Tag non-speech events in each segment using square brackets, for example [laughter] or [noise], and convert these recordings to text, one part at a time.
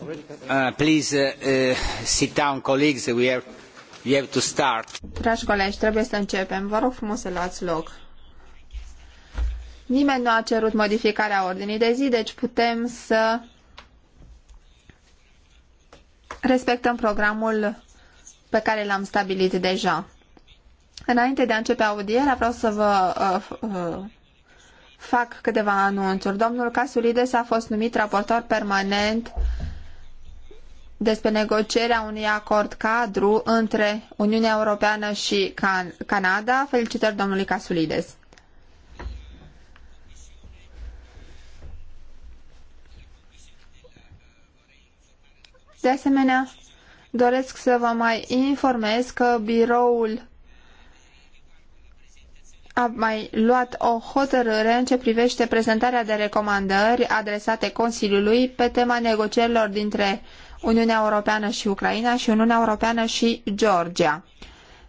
Uh, please uh, uh, sit down, colleagues. We have, we have to start. Dragi colegi, trebuie să începem. Vă rog frumos să luați loc. Nimeni nu a cerut modificarea ordinii de zi, deci putem să respectăm programul pe care l-am stabilit deja. Înainte de a începe audierea, vreau să vă uh, uh, fac câteva anunțuri. Domnul Casulides a fost numit raportor permanent despre negocierea unui acord cadru între Uniunea Europeană și Can Canada. Felicitări domnului Casulides. De asemenea, doresc să vă mai informez că biroul a mai luat o hotărâre în ce privește prezentarea de recomandări adresate Consiliului pe tema negocierilor dintre Uniunea Europeană și Ucraina și Uniunea Europeană și Georgia.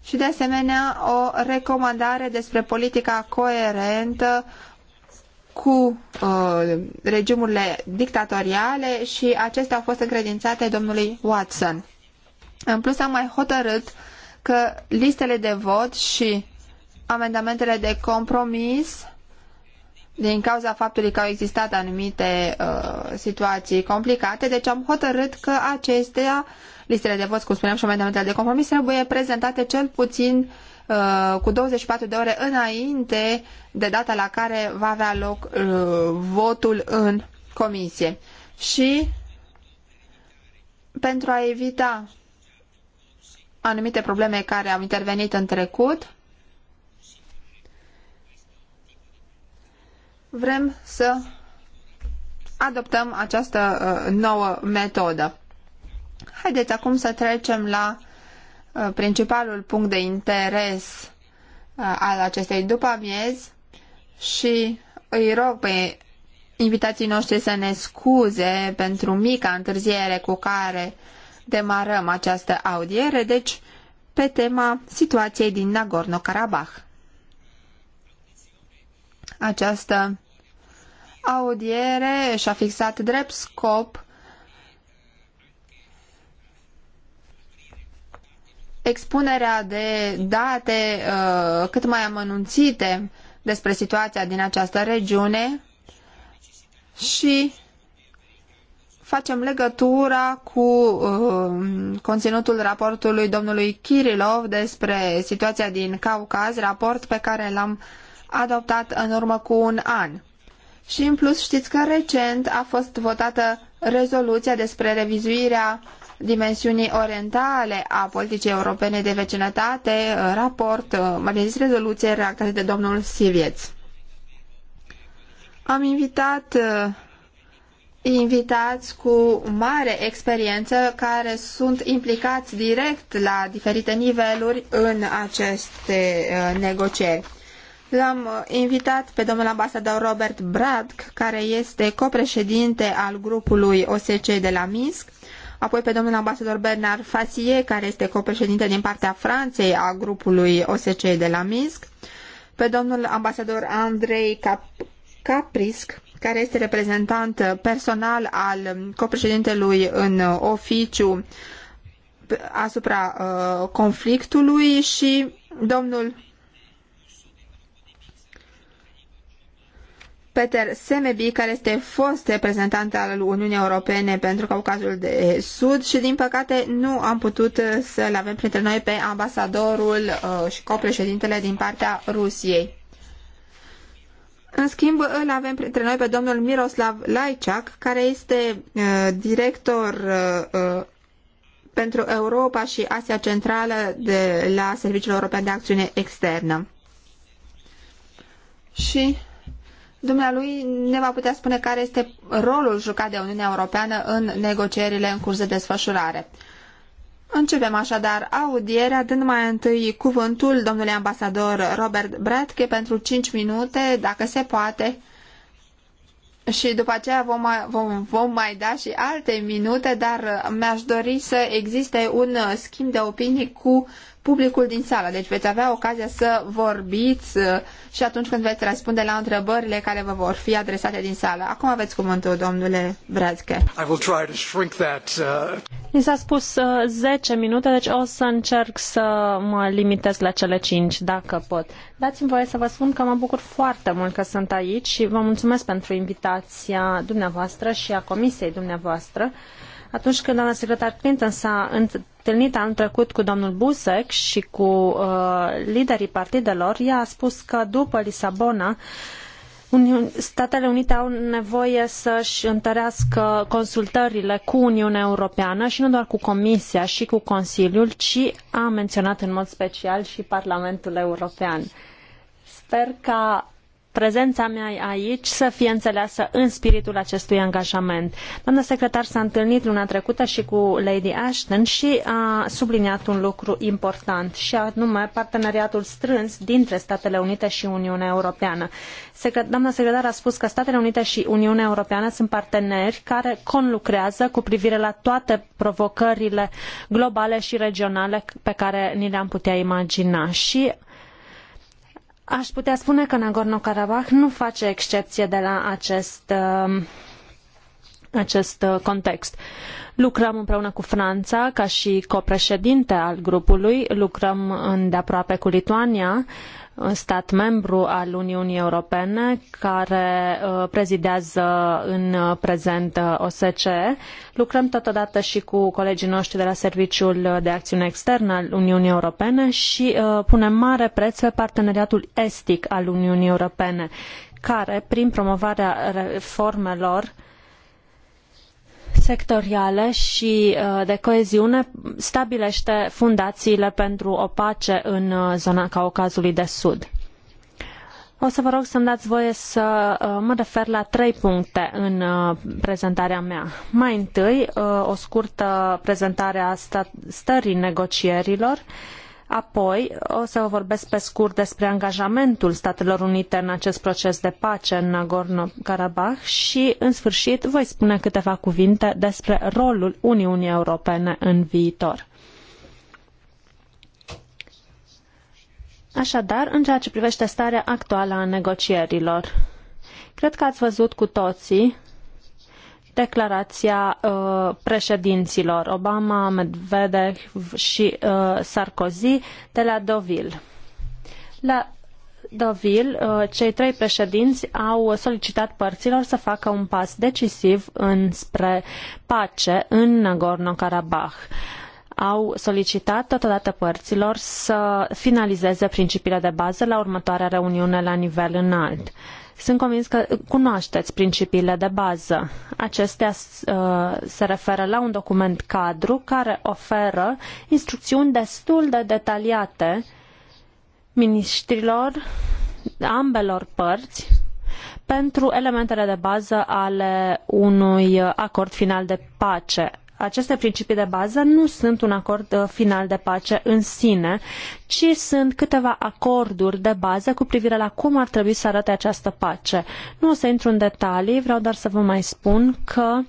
Și de asemenea o recomandare despre politica coerentă cu uh, regimurile dictatoriale și acestea au fost încredințate domnului Watson. În plus am mai hotărât că listele de vot și amendamentele de compromis din cauza faptului că au existat anumite uh, situații complicate, deci am hotărât că acestea, listele de vot, cum spuneam și amendamentele de compromis, trebuie prezentate cel puțin uh, cu 24 de ore înainte de data la care va avea loc uh, votul în comisie. Și pentru a evita anumite probleme care au intervenit în trecut, vrem să adoptăm această uh, nouă metodă. Haideți acum să trecem la uh, principalul punct de interes uh, al acestei după amiezi și îi rog pe invitații noștri să ne scuze pentru mica întârziere cu care demarăm această audiere, deci pe tema situației din Nagorno-Karabakh. Această audiere și-a fixat drept scop expunerea de date uh, cât mai amănunțite despre situația din această regiune și facem legătura cu uh, conținutul raportului domnului Kirilov despre situația din Caucaz, raport pe care l-am adoptat în urmă cu un an. Și în plus știți că recent a fost votată rezoluția despre revizuirea dimensiunii orientale a politicii europene de vecinătate, raport, mă bine zis rezoluție redactată de domnul Sivieț. Am invitat uh, invitați cu mare experiență care sunt implicați direct la diferite niveluri în aceste uh, negocieri. L-am uh, invitat pe domnul ambasador Robert Bradk, care este copreședinte al grupului OSCE de la Minsk, apoi pe domnul ambasador Bernard Fassier, care este copreședinte din partea Franței a grupului OSCE de la Minsk, pe domnul ambasador Andrei Cap- Caprisc, care este reprezentant personal al copreședintelui în oficiu asupra uh, conflictului și domnul Peter Semeby, care este fost reprezentant al Uniunii Europene pentru Caucazul de Sud și, din păcate, nu am putut uh, să-l avem printre noi pe ambasadorul uh, și copreședintele din partea Rusiei. În schimb, îl avem printre noi pe domnul Miroslav Lajciak, care este uh, director pentru Europa și Asia Centrală de la Serviciul European de Acțiune Externă. Și Dumnealui ne va putea spune care este rolul jucat de Uniunea Europeană în negocierile în curs de desfășurare. Începem așadar audierea, dând mai întâi cuvântul domnului ambasador Robert Bradke pentru 5 minute, dacă se poate, și după aceea vom, vom, vom mai da și alte minute, dar mi-aș dori să existe un schimb de opinii cu publicul din sală. Deci veți avea ocazia să vorbiți uh, și atunci când veți răspunde la întrebările care vă vor fi adresate din sală. Acum aveți cuvântul, domnule Bradke. Uh, Mi s-a spus uh, zece minute, deci o să încerc să mă limitez la cele cinci, dacă pot. Dați-mi voie să vă spun că mă bucur foarte mult că sunt aici și vă mulțumesc pentru invitația dumneavoastră și a comisiei dumneavoastră. Atunci când doamna secretar Clinton s-a întâlnit anul trecut cu domnul Busek și cu uh, liderii partidelor, ea a spus că după Lisabona Statele Unite au nevoie să-și întărească consultările cu Uniunea Europeană și nu doar cu Comisia și cu Consiliul, ci a menționat în mod special și Parlamentul European. Sper ca prezența mea aici să fie înțeleasă în spiritul acestui angajament. Doamna secretar s-a întâlnit luna trecută și cu Lady Ashton și a subliniat un lucru important și anume parteneriatul strâns dintre Statele Unite și Uniunea Europeană. Secret- doamna secretar a spus că Statele Unite și Uniunea Europeană sunt parteneri care conlucrează cu privire la toate provocările globale și regionale pe care ni le-am putea imagina și Aș putea spune că Nagorno-Karabakh nu face excepție de la acest, um, acest uh, context. Lucrăm împreună cu Franța ca și copreședinte al grupului, lucrăm îndeaproape cu Lituania, stat membru al Uniunii Europene care uh, prezidează în prezent uh, OSCE. Lucrăm totodată și cu colegii noștri de la Serviciul de Acțiune Externă al Uniunii Europene și uh, punem mare preț pe parteneriatul estic al Uniunii Europene, care, prin promovarea reformelor, sectoriale și uh, de coeziune stabilește fundațiile pentru o pace în uh, zona Caucazului de Sud. O să vă rog să-mi dați voie să uh, mă refer la trei puncte în prezentarea mea. Mai întâi, o scurtă prezentare a stării negocierilor, Apoi o să vă vorbesc pe scurt despre angajamentul Statelor Unite în acest proces de pace în Nagorno-Karabakh și, în sfârșit, voi spune câteva cuvinte despre rolul Uniunii Europene în viitor. Așadar, în ceea ce privește starea actuală a negocierilor, cred că ați văzut cu toții declarația uh, președinților Obama, Medvedev și uh, Sarkozy de la Deauville. La Deauville, uh, cei trei președinți au solicitat părților să facă un pas decisiv înspre pace în Nagorno-Karabakh. Au solicitat totodată părților să finalizeze principiile de bază la următoarea reuniune la nivel înalt. Sunt convins că cunoașteți principiile de bază. Acestea uh, se referă la un document cadru care oferă instrucțiuni destul de detaliate miniștrilor ambelor părți pentru elementele de bază ale unui acord final de pace aceste principii de bază nu sunt un acord uh, final de pace în sine, ci sunt câteva acorduri de bază cu privire la cum ar trebui să arate această pace. Nu o să intru în detalii, vreau doar să vă mai spun că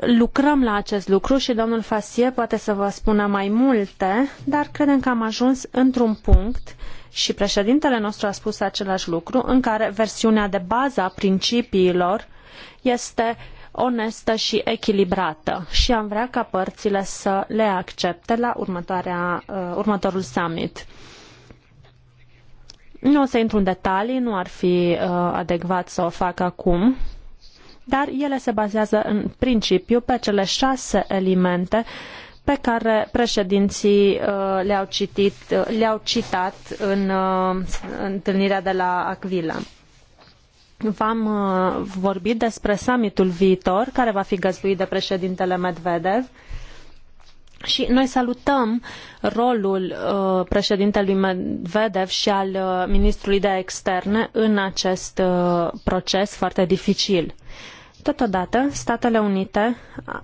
lucrăm la acest lucru și domnul Fasie poate să vă spună mai multe, dar credem că am ajuns într-un punct și președintele nostru a spus același lucru, în care versiunea de bază a principiilor este onestă și echilibrată și am vrea ca părțile să le accepte la următoarea, uh, următorul summit. Nu o să intru în detalii, nu ar fi uh, adecvat să o fac acum, dar ele se bazează în principiu pe cele șase elemente pe care președinții uh, le-au, citit, le-au citat în întâlnirea de la Aquila v-am uh, vorbit despre summitul viitor care va fi găzduit de președintele Medvedev. Și noi salutăm rolul uh, președintelui Medvedev și al uh, ministrului de externe în acest uh, proces foarte dificil. Uh, Totodată, Statele Unite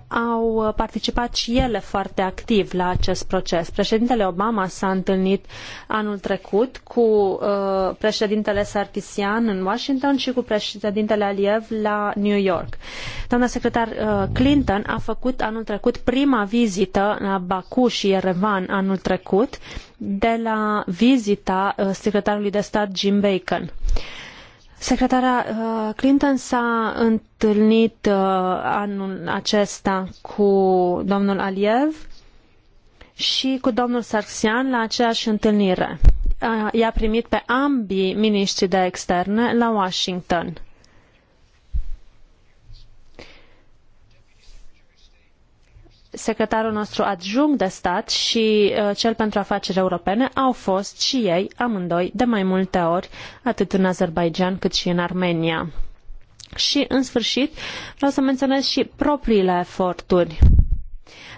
au participat și ele foarte activ la acest proces. Președintele Obama s-a întâlnit anul trecut cu uh, președintele Sarkisian în Washington și cu președintele Aliev la New York. Doamna secretar uh, Clinton a făcut anul trecut prima vizită la Baku și Erevan anul trecut de la vizita uh, secretarului de stat Jim Bacon. Uh, Secretara uh, Clinton s-a întâlnit uh, anul acesta cu domnul Aliev și cu domnul Sarxian la aceeași întâlnire. Uh, i-a primit pe ambii miniștri de externe la Washington. secretarul nostru adjunct de stat și uh, cel pentru afaceri europene au fost și ei, amândoi, de mai multe ori, atât în Azerbaijan cât și în Armenia. Și, în sfârșit, vreau să menționez și propriile eforturi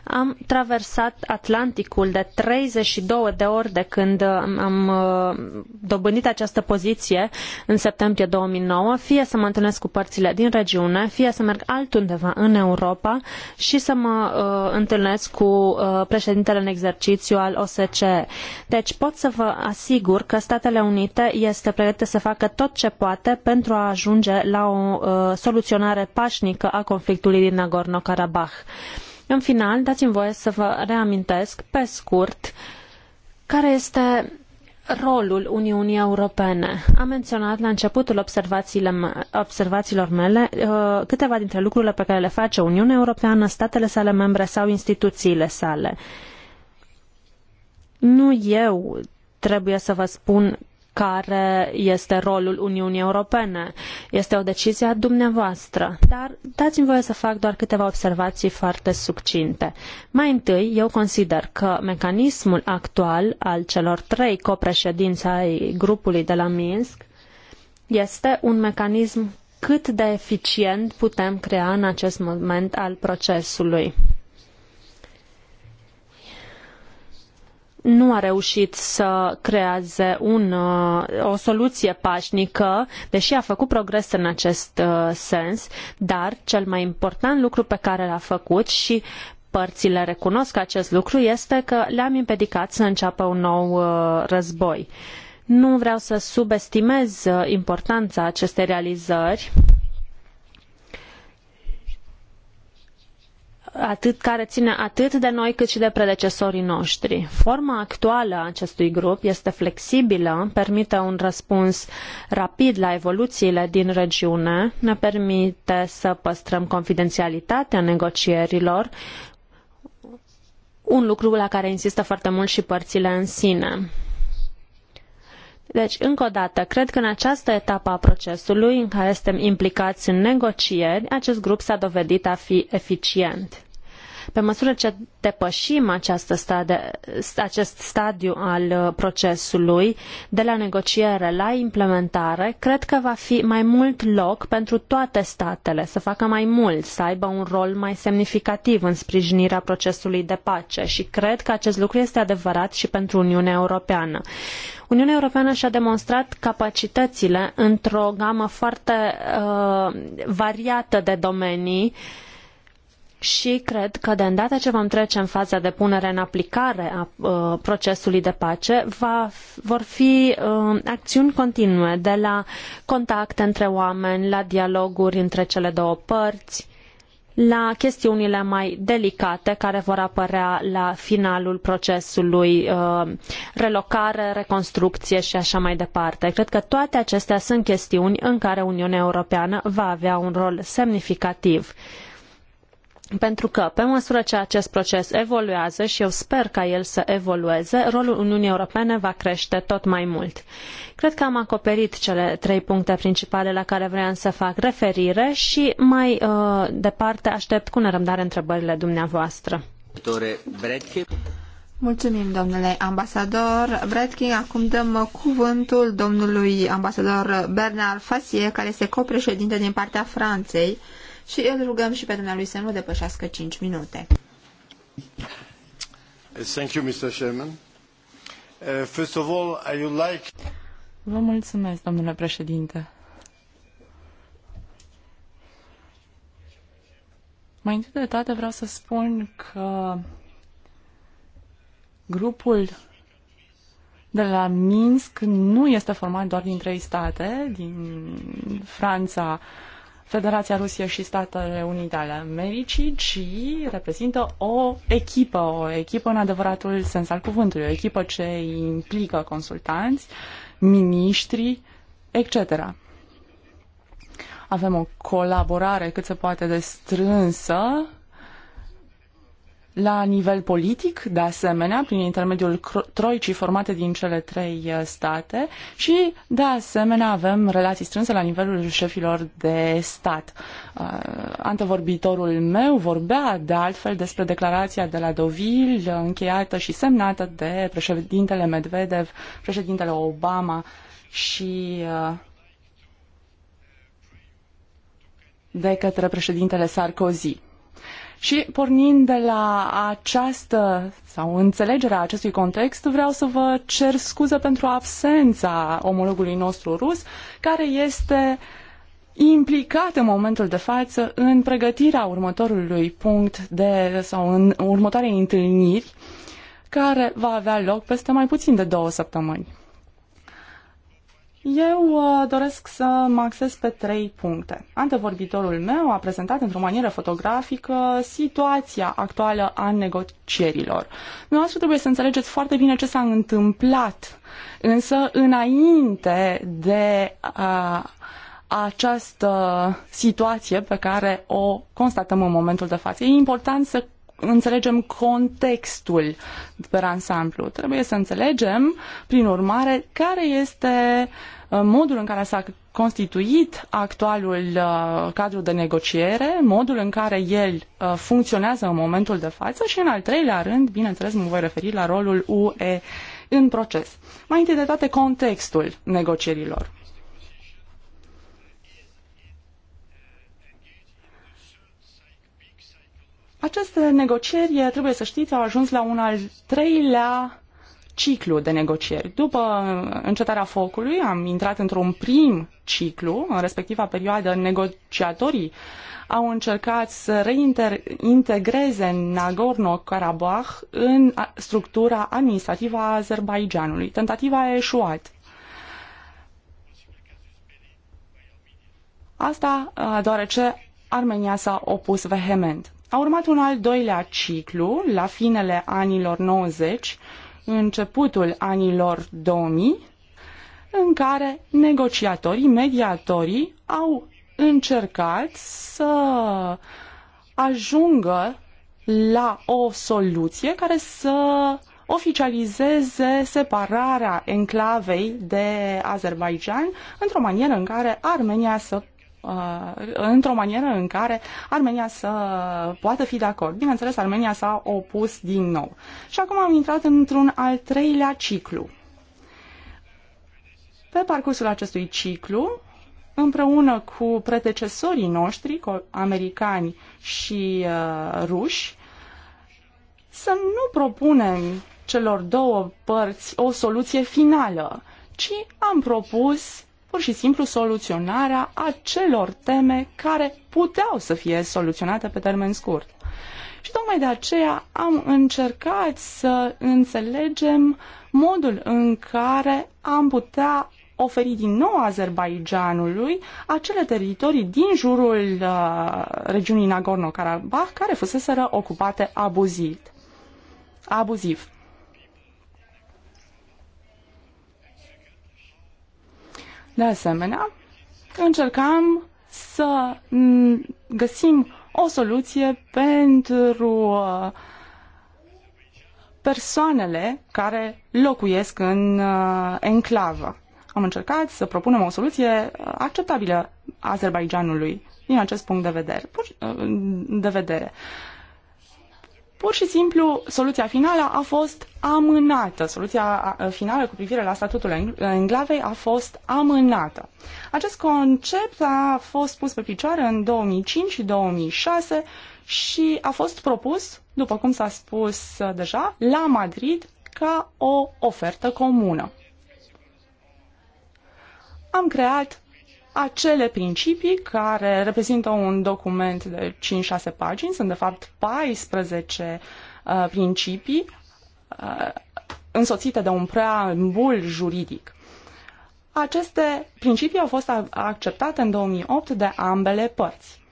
am traversat Atlanticul de 32 de ori de când am uh, dobândit această poziție în septembrie 2009, fie să mă întâlnesc cu părțile din regiune, fie să merg altundeva în Europa și să mă uh, întâlnesc cu uh, președintele în exercițiu al OSCE. Deci pot să vă asigur că Statele Unite este pregătită să facă tot ce poate pentru a ajunge la o uh, soluționare pașnică a conflictului din Nagorno-Karabakh. În final, dați-mi voie să vă reamintesc, pe scurt, care este rolul Uniunii Europene. Am menționat la începutul observațiilor mele uh, câteva dintre lucrurile pe care le face Uniunea Europeană, statele sale membre sau instituțiile sale. Nu eu trebuie să vă spun care este rolul Uniunii Europene. Este o decizie a dumneavoastră, dar dați-mi voie să fac doar câteva observații foarte succinte. Mai întâi, eu consider că mecanismul actual al celor trei copreședinți ai grupului de la Minsk este un mecanism cât de eficient putem crea în acest moment al procesului. nu a reușit să creeze un, uh, o soluție pașnică, deși a făcut progrese în acest uh, sens, dar cel mai important lucru pe care l-a făcut și părțile recunosc acest lucru este că le-am împiedicat să înceapă un nou uh, război. Nu vreau să subestimez importanța acestei realizări, atât, care ține atât de noi cât și de predecesorii noștri. Forma actuală a acestui grup este flexibilă, permite un răspuns rapid la evoluțiile din regiune, ne permite să păstrăm confidențialitatea negocierilor, un lucru la care insistă foarte mult și părțile în sine. Deci, încă o dată, cred că în această etapă a procesului în care suntem implicați în negocieri, acest grup s-a dovedit a fi eficient pe măsură ce depășim această acest stadiu al uh, procesului, de la negociere la implementare, cred că va fi mai mult loc pentru toate statele să facă mai mult, să aibă un rol mai semnificativ în sprijinirea procesului de pace și cred că acest lucru este adevărat și pentru Uniunea Europeană. Uniunea Europeană și-a demonstrat capacitățile într-o gamă foarte uh, variată de domenii uh, și cred că de îndată ce vom trece în faza de punere în aplicare a uh, procesului de pace, va, vor fi uh, acțiuni continue, de la contacte între oameni, la dialoguri între cele două părți, la chestiunile mai delicate care vor apărea la finalul procesului uh, relocare, reconstrucție și așa mai departe. Cred că toate acestea sunt chestiuni în care Uniunea Europeană va avea un rol semnificativ pentru că, pe măsură ce acest proces evoluează și eu sper ca el să evolueze, rolul Uniunii Europene va crește tot mai mult. Cred că am acoperit cele trei puncte principale la care vreau să fac referire și mai uh, departe aștept cu nerăbdare întrebările dumneavoastră. Mulțumim, domnule ambasador Bretkin. Acum dăm cuvântul domnului ambasador Bernard Fassier, care este copreședinte din partea Franței și îl rugăm și pe dumnealui să nu depășească 5 minute. Thank you, Mr. Chairman. Uh, first of all, I would like... Vă mulțumesc, domnule președinte. Mai întâi de toate vreau să spun că grupul de la Minsk nu este format doar din trei state, din Franța, Federația Rusie și Statele Unite ale Americii, ci reprezintă o echipă, o echipă în adevăratul sens al cuvântului, o echipă ce implică consultanți, miniștri, etc. Avem o colaborare cât se poate de strânsă la nivel politic, de asemenea, prin intermediul troicii formate din cele trei uh, state și, de asemenea, avem relații strânse la nivelul șefilor de stat. Uh, antevorbitorul meu vorbea, de altfel, despre declarația de la Deauville, încheiată și semnată de președintele Medvedev, președintele Obama și uh, de către președintele Sarkozy. Și pornind de la această sau înțelegerea acestui context, vreau să vă cer scuze pentru absența omologului nostru rus, care este implicat în momentul de față în pregătirea următorului punct de, sau în următoarei întâlniri, care va avea loc peste mai puțin de două săptămâni. Eu uh, doresc să mă axez pe trei puncte. Antevorbitorul meu a prezentat într-o manieră fotografică situația actuală a negocierilor. Noastră trebuie să înțelegeți foarte bine ce s-a întâmplat, însă înainte de a, uh, această situație pe care o constatăm în momentul de față. E important să înțelegem contextul pe ansamblu. Trebuie să înțelegem, prin urmare, care este uh, modul în care s-a constituit actualul uh, cadru de negociere, modul în care el uh, funcționează în momentul de față și, în al treilea rând, bineînțeles, mă voi referi la rolul UE în proces. Mai întâi de toate, contextul negocierilor. Aceste negocieri, trebuie să știți, au ajuns la un al treilea ciclu de negocieri. După încetarea focului am intrat într-un prim ciclu, în respectiva perioadă negociatorii au încercat să reintegreze Nagorno-Karabakh în structura administrativă a Azerbaijanului. Tentativa a eșuat. Asta deoarece Armenia s-a opus vehement. A urmat un al doilea ciclu, la finele anilor 90, începutul anilor 2000, în care negociatorii, mediatorii au încercat să ajungă la o soluție care să oficializeze separarea enclavei de Azerbaijan într-o manieră în care Armenia să Uh, într-o manieră în care Armenia să poată fi de acord. Bineînțeles, Armenia s-a opus din nou. Și acum am intrat într-un al treilea ciclu. Pe parcursul acestui ciclu, împreună cu predecesorii noștri, cu americani și uh, ruși, să nu propunem celor două părți o soluție finală, ci am propus pur și simplu soluționarea acelor teme care puteau să fie soluționate pe termen scurt. Și tocmai de aceea am încercat să înțelegem modul în care am putea oferi din nou Azerbaijanului acele teritorii din jurul uh, regiunii Nagorno-Karabakh care fuseseră ocupate abuziv. abuziv. De asemenea, încercam să găsim o soluție pentru uh, persoanele care locuiesc în uh, enclavă. Am încercat să propunem o soluție uh, acceptabilă Azerbaijanului din acest punct de vedere. de vedere. Pur și simplu, soluția finală a fost amânată. Soluția finală cu privire la statutul englavei a fost amânată. Acest concept a fost pus pe picioare în 2005 și 2006 și a fost propus, după cum s-a spus deja, la Madrid ca o ofertă comună. Am creat acele principii care reprezintă un document de 5-6 pagini, sunt de fapt 14 uh, principii uh, însoțite de un preambul juridic. Aceste principii au fost acceptate în 2008 de ambele părți.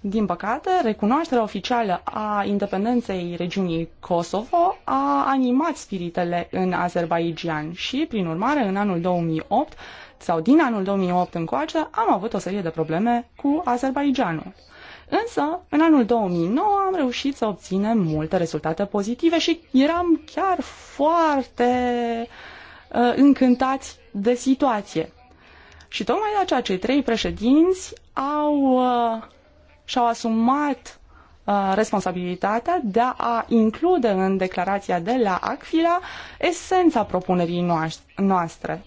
Din păcate, recunoașterea oficială a independenței regiunii Kosovo a animat spiritele în Azerbaijan și, prin urmare, în anul 2008, sau din anul 2008 încoace, am avut o serie de probleme cu Azerbaijanul. Însă, în anul 2009 am reușit să obținem multe rezultate pozitive și eram chiar foarte uh, încântați de situație. Și tocmai de aceea cei trei președinți au, uh, și-au asumat uh, responsabilitatea de a include în declarația de la ACFILA esența propunerii noastre.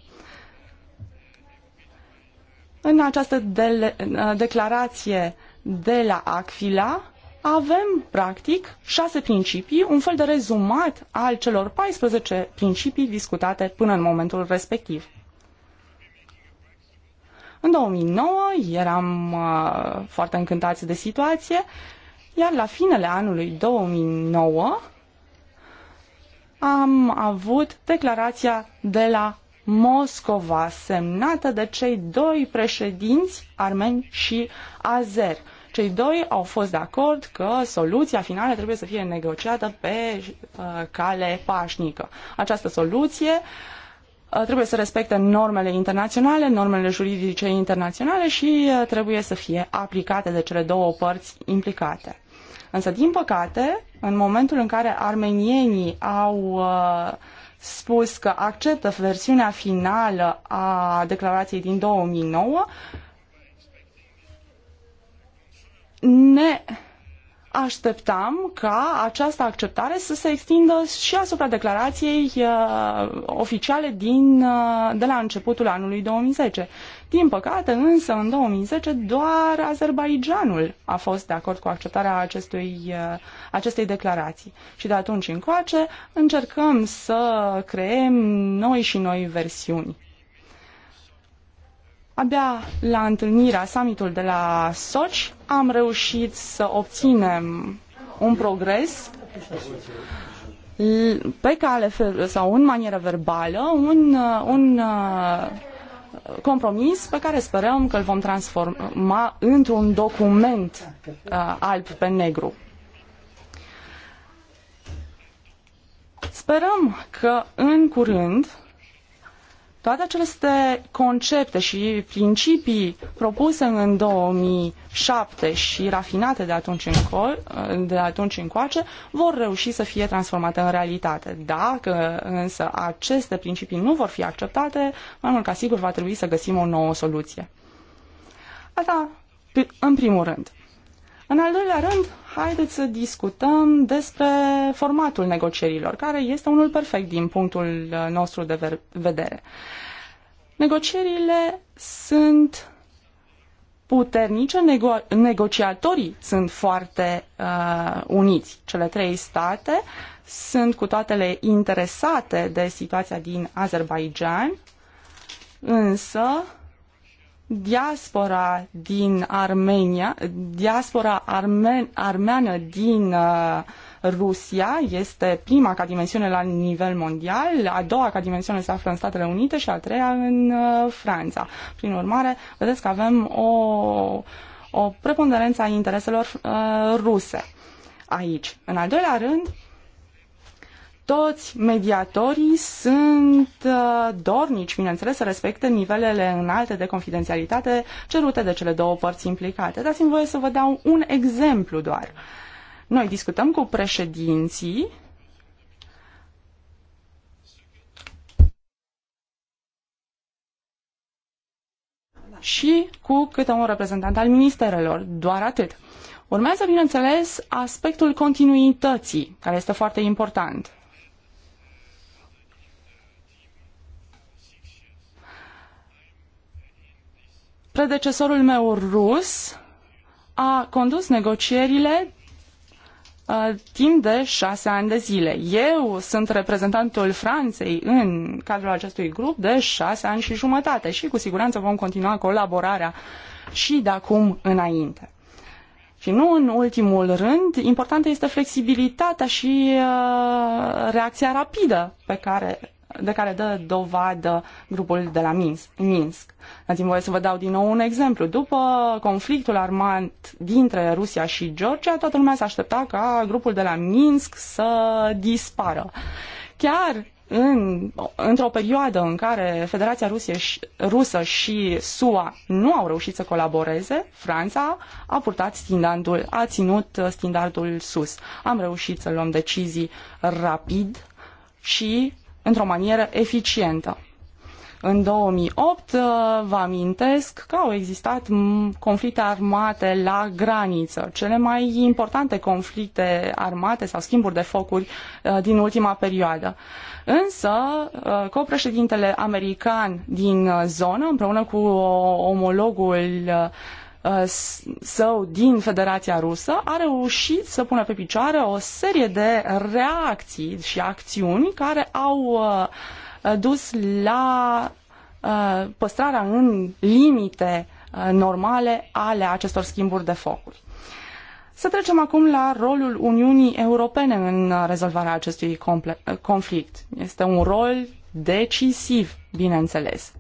În această dele, uh, declarație de la Acfila avem, practic, șase principii, un fel de rezumat al celor 14 principii discutate până în momentul respectiv. În 2009 eram uh, foarte încântați de situație, iar la finele anului 2009 am avut declarația de la Moscova, semnată de cei doi președinți armeni și azeri. Cei doi au fost de acord că soluția finală trebuie să fie negociată pe uh, cale pașnică. Această soluție uh, trebuie să respecte normele internaționale, normele juridice internaționale și uh, trebuie să fie aplicate de cele două părți implicate. Însă, din păcate, în momentul în care armenienii au uh, spus că acceptă versiunea finală a declarației din 2009, ne așteptam ca această acceptare să se extindă și asupra declarației uh, oficiale din, uh, de la începutul anului 2010. Din păcate, însă, în 2010 doar Azerbaijanul a fost de acord cu acceptarea acestui, uh, acestei declarații. Și de atunci încoace încercăm să creăm noi și noi versiuni. Abia la întâlnirea, summitul de la Sochi, am reușit să obținem un progres pe cale sau în manieră verbală, un, un uh, compromis pe care sperăm că îl vom transforma într-un document uh, alb pe negru. Sperăm că în curând toate aceste concepte și principii propuse în 2007 și rafinate de atunci, înco, de atunci încoace vor reuși să fie transformate în realitate. Dacă însă aceste principii nu vor fi acceptate, mai mult ca sigur va trebui să găsim o nouă soluție. Asta în primul rând. În al doilea rând, haideți să discutăm despre formatul negocierilor, care este unul perfect din punctul uh, nostru de vedere. Negocierile sunt puternice, nego- negociatorii sunt foarte uh, uniți. Cele trei state sunt cu toatele interesate de situația din Azerbaijan, însă diaspora din Armenia, diaspora armen, armeană din uh, Rusia este prima ca dimensiune la nivel mondial, a doua ca dimensiune se află în Statele Unite și a treia în uh, Franța. Prin urmare, vedeți că avem o, o preponderență a intereselor uh, ruse aici. În al doilea rând, toți mediatorii sunt uh, dornici, bineînțeles, să respecte nivelele înalte de confidențialitate cerute de cele două părți implicate. Dați-mi voie să vă dau un exemplu doar. Noi discutăm cu președinții și cu câte un reprezentant al ministerelor, doar atât. Urmează, bineînțeles, aspectul continuității, care este foarte important. Predecesorul meu rus a condus negocierile uh, timp de șase ani de zile. Eu sunt reprezentantul Franței în cadrul acestui grup de șase ani și jumătate și cu siguranță vom continua colaborarea și de acum înainte. Și nu în ultimul rând, importantă este flexibilitatea și uh, reacția rapidă pe care de care dă dovadă grupul de la Minsk. Dați-mi voie să vă dau din nou un exemplu. După conflictul armat dintre Rusia și Georgia, toată lumea se aștepta ca grupul de la Minsk să dispară. Chiar în, într-o perioadă în care Federația Rusie și, Rusă și SUA nu au reușit să colaboreze, Franța a purtat standardul, a ținut standardul sus. Am reușit să luăm decizii rapid și într-o manieră eficientă. În 2008, uh, vă amintesc că au existat conflicte armate la graniță, cele mai importante conflicte armate sau schimburi de focuri uh, din ultima perioadă. Însă, uh, copreședintele american din zonă, împreună cu omologul Uh, său din Federația Rusă a reușit să pună pe picioare o serie de reacții și acțiuni care au uh, dus la uh, păstrarea în limite normale ale acestor schimburi de focuri. Să trecem acum la rolul Uniunii Europene în rezolvarea acestui conflict. Este un rol decisiv, bineînțeles.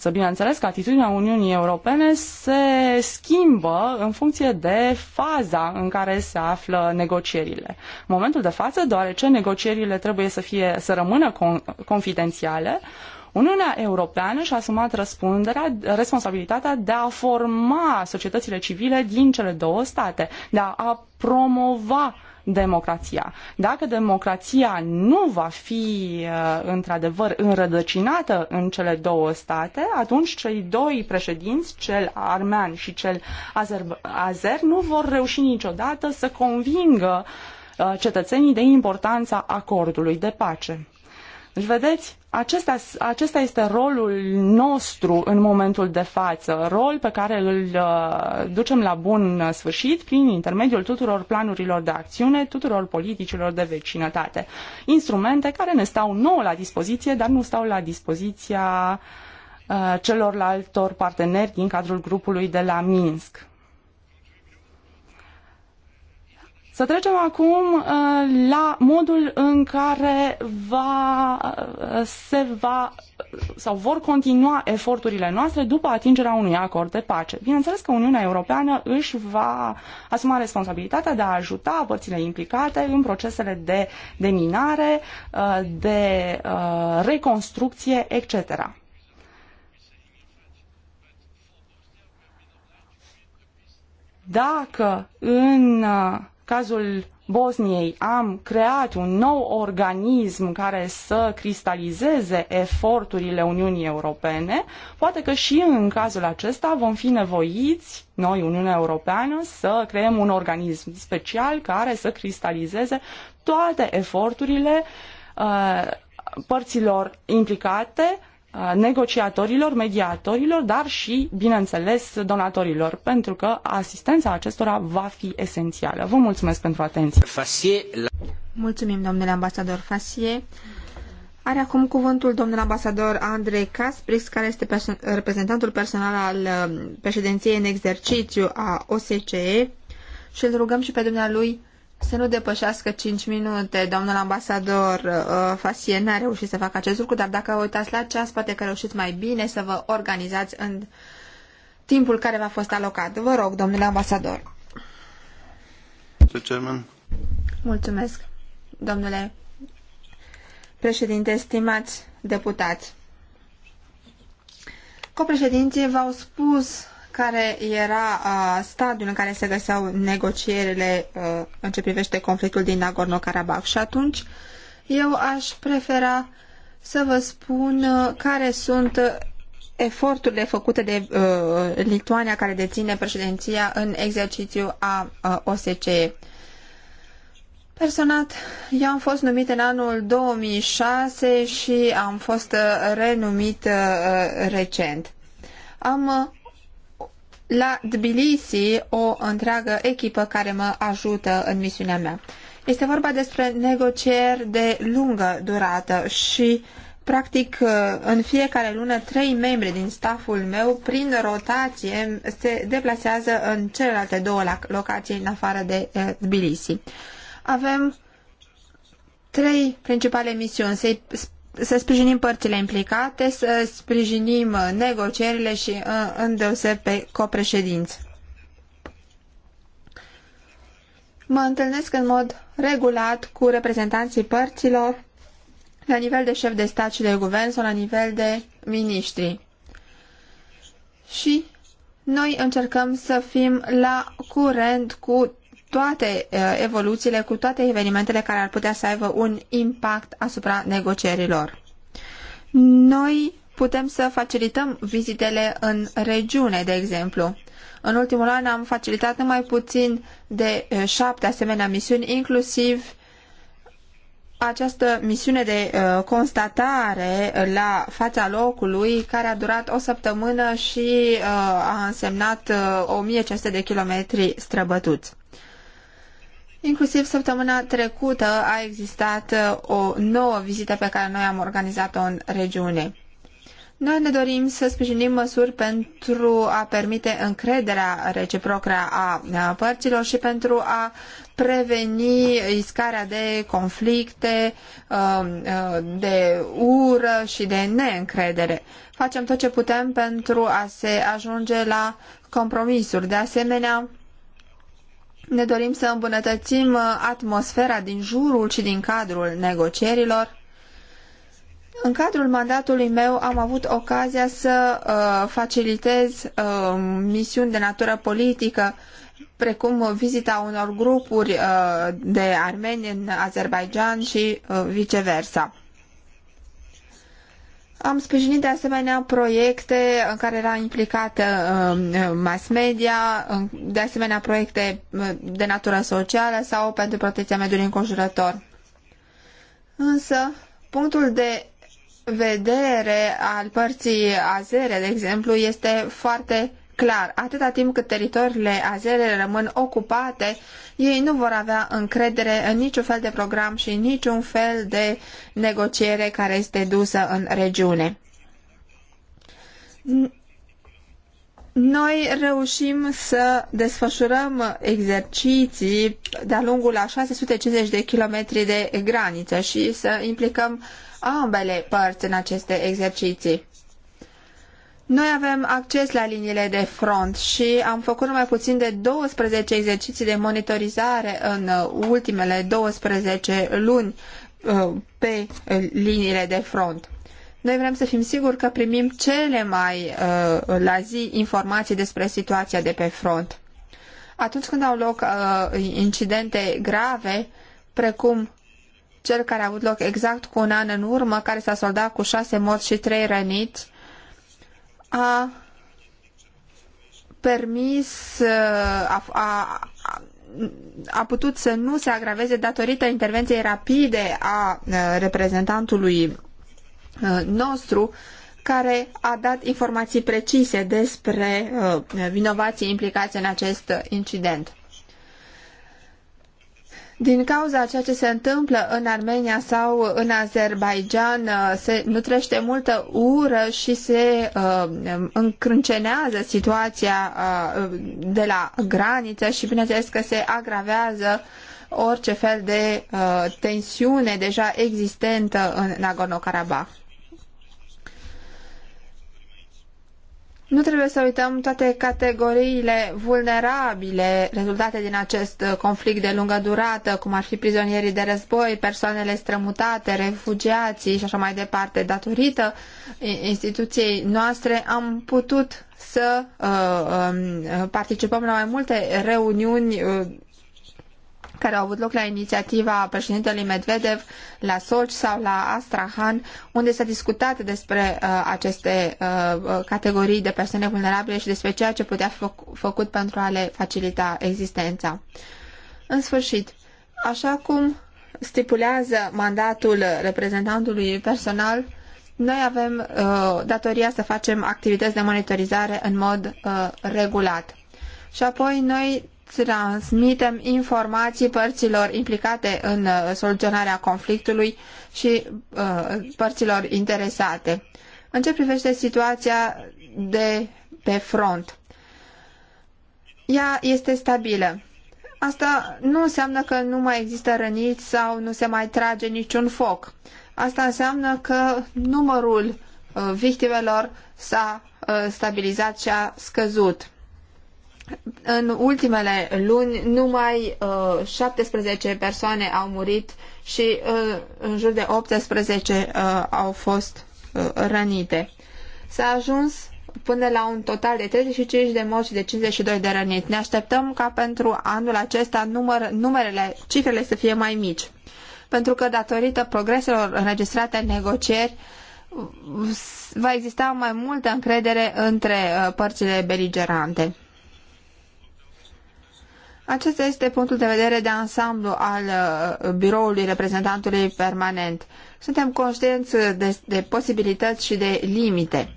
Să bineînțeles că atitudinea Uniunii Europene se schimbă în funcție de faza în care se află negocierile. În momentul de față, deoarece negocierile trebuie să, fie, să rămână con- confidențiale, Uniunea Europeană și-a asumat răspunderea, responsabilitatea de a forma societățile civile din cele două state, de a promova uh, democrația. Dacă democrația nu va fi uh, într-adevăr înrădăcinată în cele două state, atunci cei doi președinți, cel armean și cel azer, azer nu vor reuși niciodată să convingă uh, cetățenii de importanța acordului de pace. Deci, vedeți, acesta, acesta este rolul nostru în momentul de față, rol pe care îl uh, ducem la bun sfârșit prin intermediul tuturor planurilor de acțiune, tuturor politicilor de vecinătate. Instrumente care ne stau nouă la dispoziție, dar nu stau la dispoziția uh, celorlaltor parteneri din cadrul grupului de la Minsk. Să trecem acum uh, la modul în care va, uh, se va sau vor continua eforturile noastre după atingerea unui acord de pace. Bineînțeles că Uniunea Europeană își va asuma responsabilitatea de a ajuta părțile implicate în procesele de, uh, de minare, de reconstrucție, etc. Dacă în cazul Bosniei am creat un nou organism care să cristalizeze eforturile Uniunii Europene, poate că și în cazul acesta vom fi nevoiți, noi, Uniunea Europeană, să creăm un organism special care să cristalizeze toate eforturile uh, părților implicate negociatorilor, mediatorilor, dar și, bineînțeles, donatorilor, pentru că asistența acestora va fi esențială. Vă mulțumesc pentru atenție. Mulțumim, domnule ambasador Fasie. Are acum cuvântul domnul ambasador Andrei Casprix, care este perso reprezentantul personal al um, președinției în exercițiu a OSCE și îl rugăm și pe dumnealui să nu depășească 5 minute. Domnul ambasador uh, Fasie n-a reușit să facă acest lucru, dar dacă uitați la ceas, poate că reușiți mai bine să vă organizați în timpul care v-a fost alocat. Vă rog, domnule ambasador. Mulțumesc, domnule președinte, stimați deputați. Copreședinții v-au spus care era stadiul în care se găseau negocierile în ce privește conflictul din Nagorno-Karabakh. Și atunci eu aș prefera să vă spun care sunt eforturile făcute de uh, Lituania care deține președinția în exercițiu a uh, OSCE. Personat, eu am fost numit în anul 2006 și am fost uh, renumit recent. Am la Tbilisi o întreagă echipă care mă ajută în misiunea mea. Este vorba despre negocieri de lungă durată și practic în fiecare lună trei membri din staful meu prin rotație se deplasează în celelalte două locații în afară de eh, Tbilisi. Avem trei principale misiuni, se i să sprijinim părțile implicate, să sprijinim uh, negocierile și uh, îndeoseb pe copreședinți. Mă întâlnesc în mod regulat cu reprezentanții părților la nivel de șef de stat și de guvern sau la nivel de miniștri. Și noi încercăm să fim la curent cu toate eh, evoluțiile, cu toate evenimentele care ar putea să aibă un impact asupra negocierilor. Noi putem să facilităm vizitele în regiune, de exemplu. În ultimul an am facilitat numai puțin de eh, șapte asemenea misiuni, inclusiv această misiune de eh, constatare la fața locului, care a durat o săptămână și a însemnat uh, 1500 de kilometri străbătuți. Inclusiv săptămâna trecută a existat uh, o nouă vizită pe care noi am organizat-o în regiune. Noi ne dorim să sprijinim măsuri pentru a permite încrederea reciprocă a părților și pentru a preveni iscarea de conflicte, um, uh, de ură și de neîncredere. Facem tot ce putem pentru a se ajunge la compromisuri. De asemenea, ne dorim să îmbunătățim uh, atmosfera din jurul și din cadrul negocierilor. În cadrul mandatului meu am avut ocazia să uh, facilitez uh, misiuni de natură politică, precum vizita unor grupuri uh, de armeni în Azerbaijan și uh, viceversa. Am sprijinit de asemenea proiecte în care era implicată uh, uh, mass media, de asemenea proiecte uh, de natură socială sau pentru protecția mediului înconjurător. Însă, punctul de vedere al părții azere, de exemplu, este foarte clar, atâta timp cât teritoriile azere rămân ocupate, ei nu vor avea încredere în niciun fel de program și niciun fel de negociere care este dusă în regiune. Noi reușim să desfășurăm exerciții de-a lungul a 650 de kilometri de graniță și să implicăm ambele părți în aceste exerciții. Noi avem acces la liniile de front și am făcut numai puțin de 12 exerciții de monitorizare în uh, ultimele 12 luni uh, pe uh, liniile de front. Noi vrem să fim siguri că primim cele mai la zi informații despre situația de pe front. Atunci când au loc incidente grave, precum cel care a avut loc exact cu un an în urmă, care s-a soldat cu șase morți și trei răniți, a permis, a, a, a putut să nu se agraveze datorită intervenției rapide a reprezentantului nostru care a dat informații precise despre vinovații implicați în acest incident. Din cauza a ceea ce se întâmplă în Armenia sau în Azerbaijan, uh, se nutrește multă ură și se uh, încrâncenează situația uh, de la graniță și bineînțeles că se agravează orice fel de uh, tensiune deja existentă în Nagorno-Karabakh. Nu trebuie să uităm toate categoriile vulnerabile rezultate din acest uh, conflict de lungă durată, cum ar fi prizonierii de război, persoanele strămutate, refugiații și așa mai departe. Datorită uh, instituției noastre am putut să uh, um, participăm la mai multe reuniuni uh, care au avut loc la inițiativa președintelui Medvedev la Sochi sau la Astrahan, unde s-a discutat despre uh, aceste uh, uh categorii de persoane vulnerabile și despre ceea ce putea fi făcut pentru a le facilita existența. În sfârșit, așa cum stipulează mandatul reprezentantului personal, noi avem uh, datoria să facem activități de monitorizare în mod uh, regulat. Și apoi noi transmitem informații părților implicate în uh, soluționarea conflictului și uh, părților interesate. În ce privește situația de pe front? Ea este stabilă. Asta nu înseamnă că nu mai există răniți sau nu se mai trage niciun foc. Asta înseamnă că numărul uh, victimelor s-a uh, stabilizat și a scăzut. În ultimele luni, numai uh, 17 persoane au murit și uh, în jur de 18 uh, au fost uh, rănite. S-a ajuns până la un total de 35 de morți și de 52 de răniți. Ne așteptăm ca pentru anul acesta număr, numerele, cifrele să fie mai mici. Pentru că datorită progreselor înregistrate în negocieri, va exista mai multă încredere între uh, părțile beligerante. Acesta este punctul de vedere de ansamblu al uh, biroului reprezentantului permanent. Suntem conștienți de, de posibilități și de limite.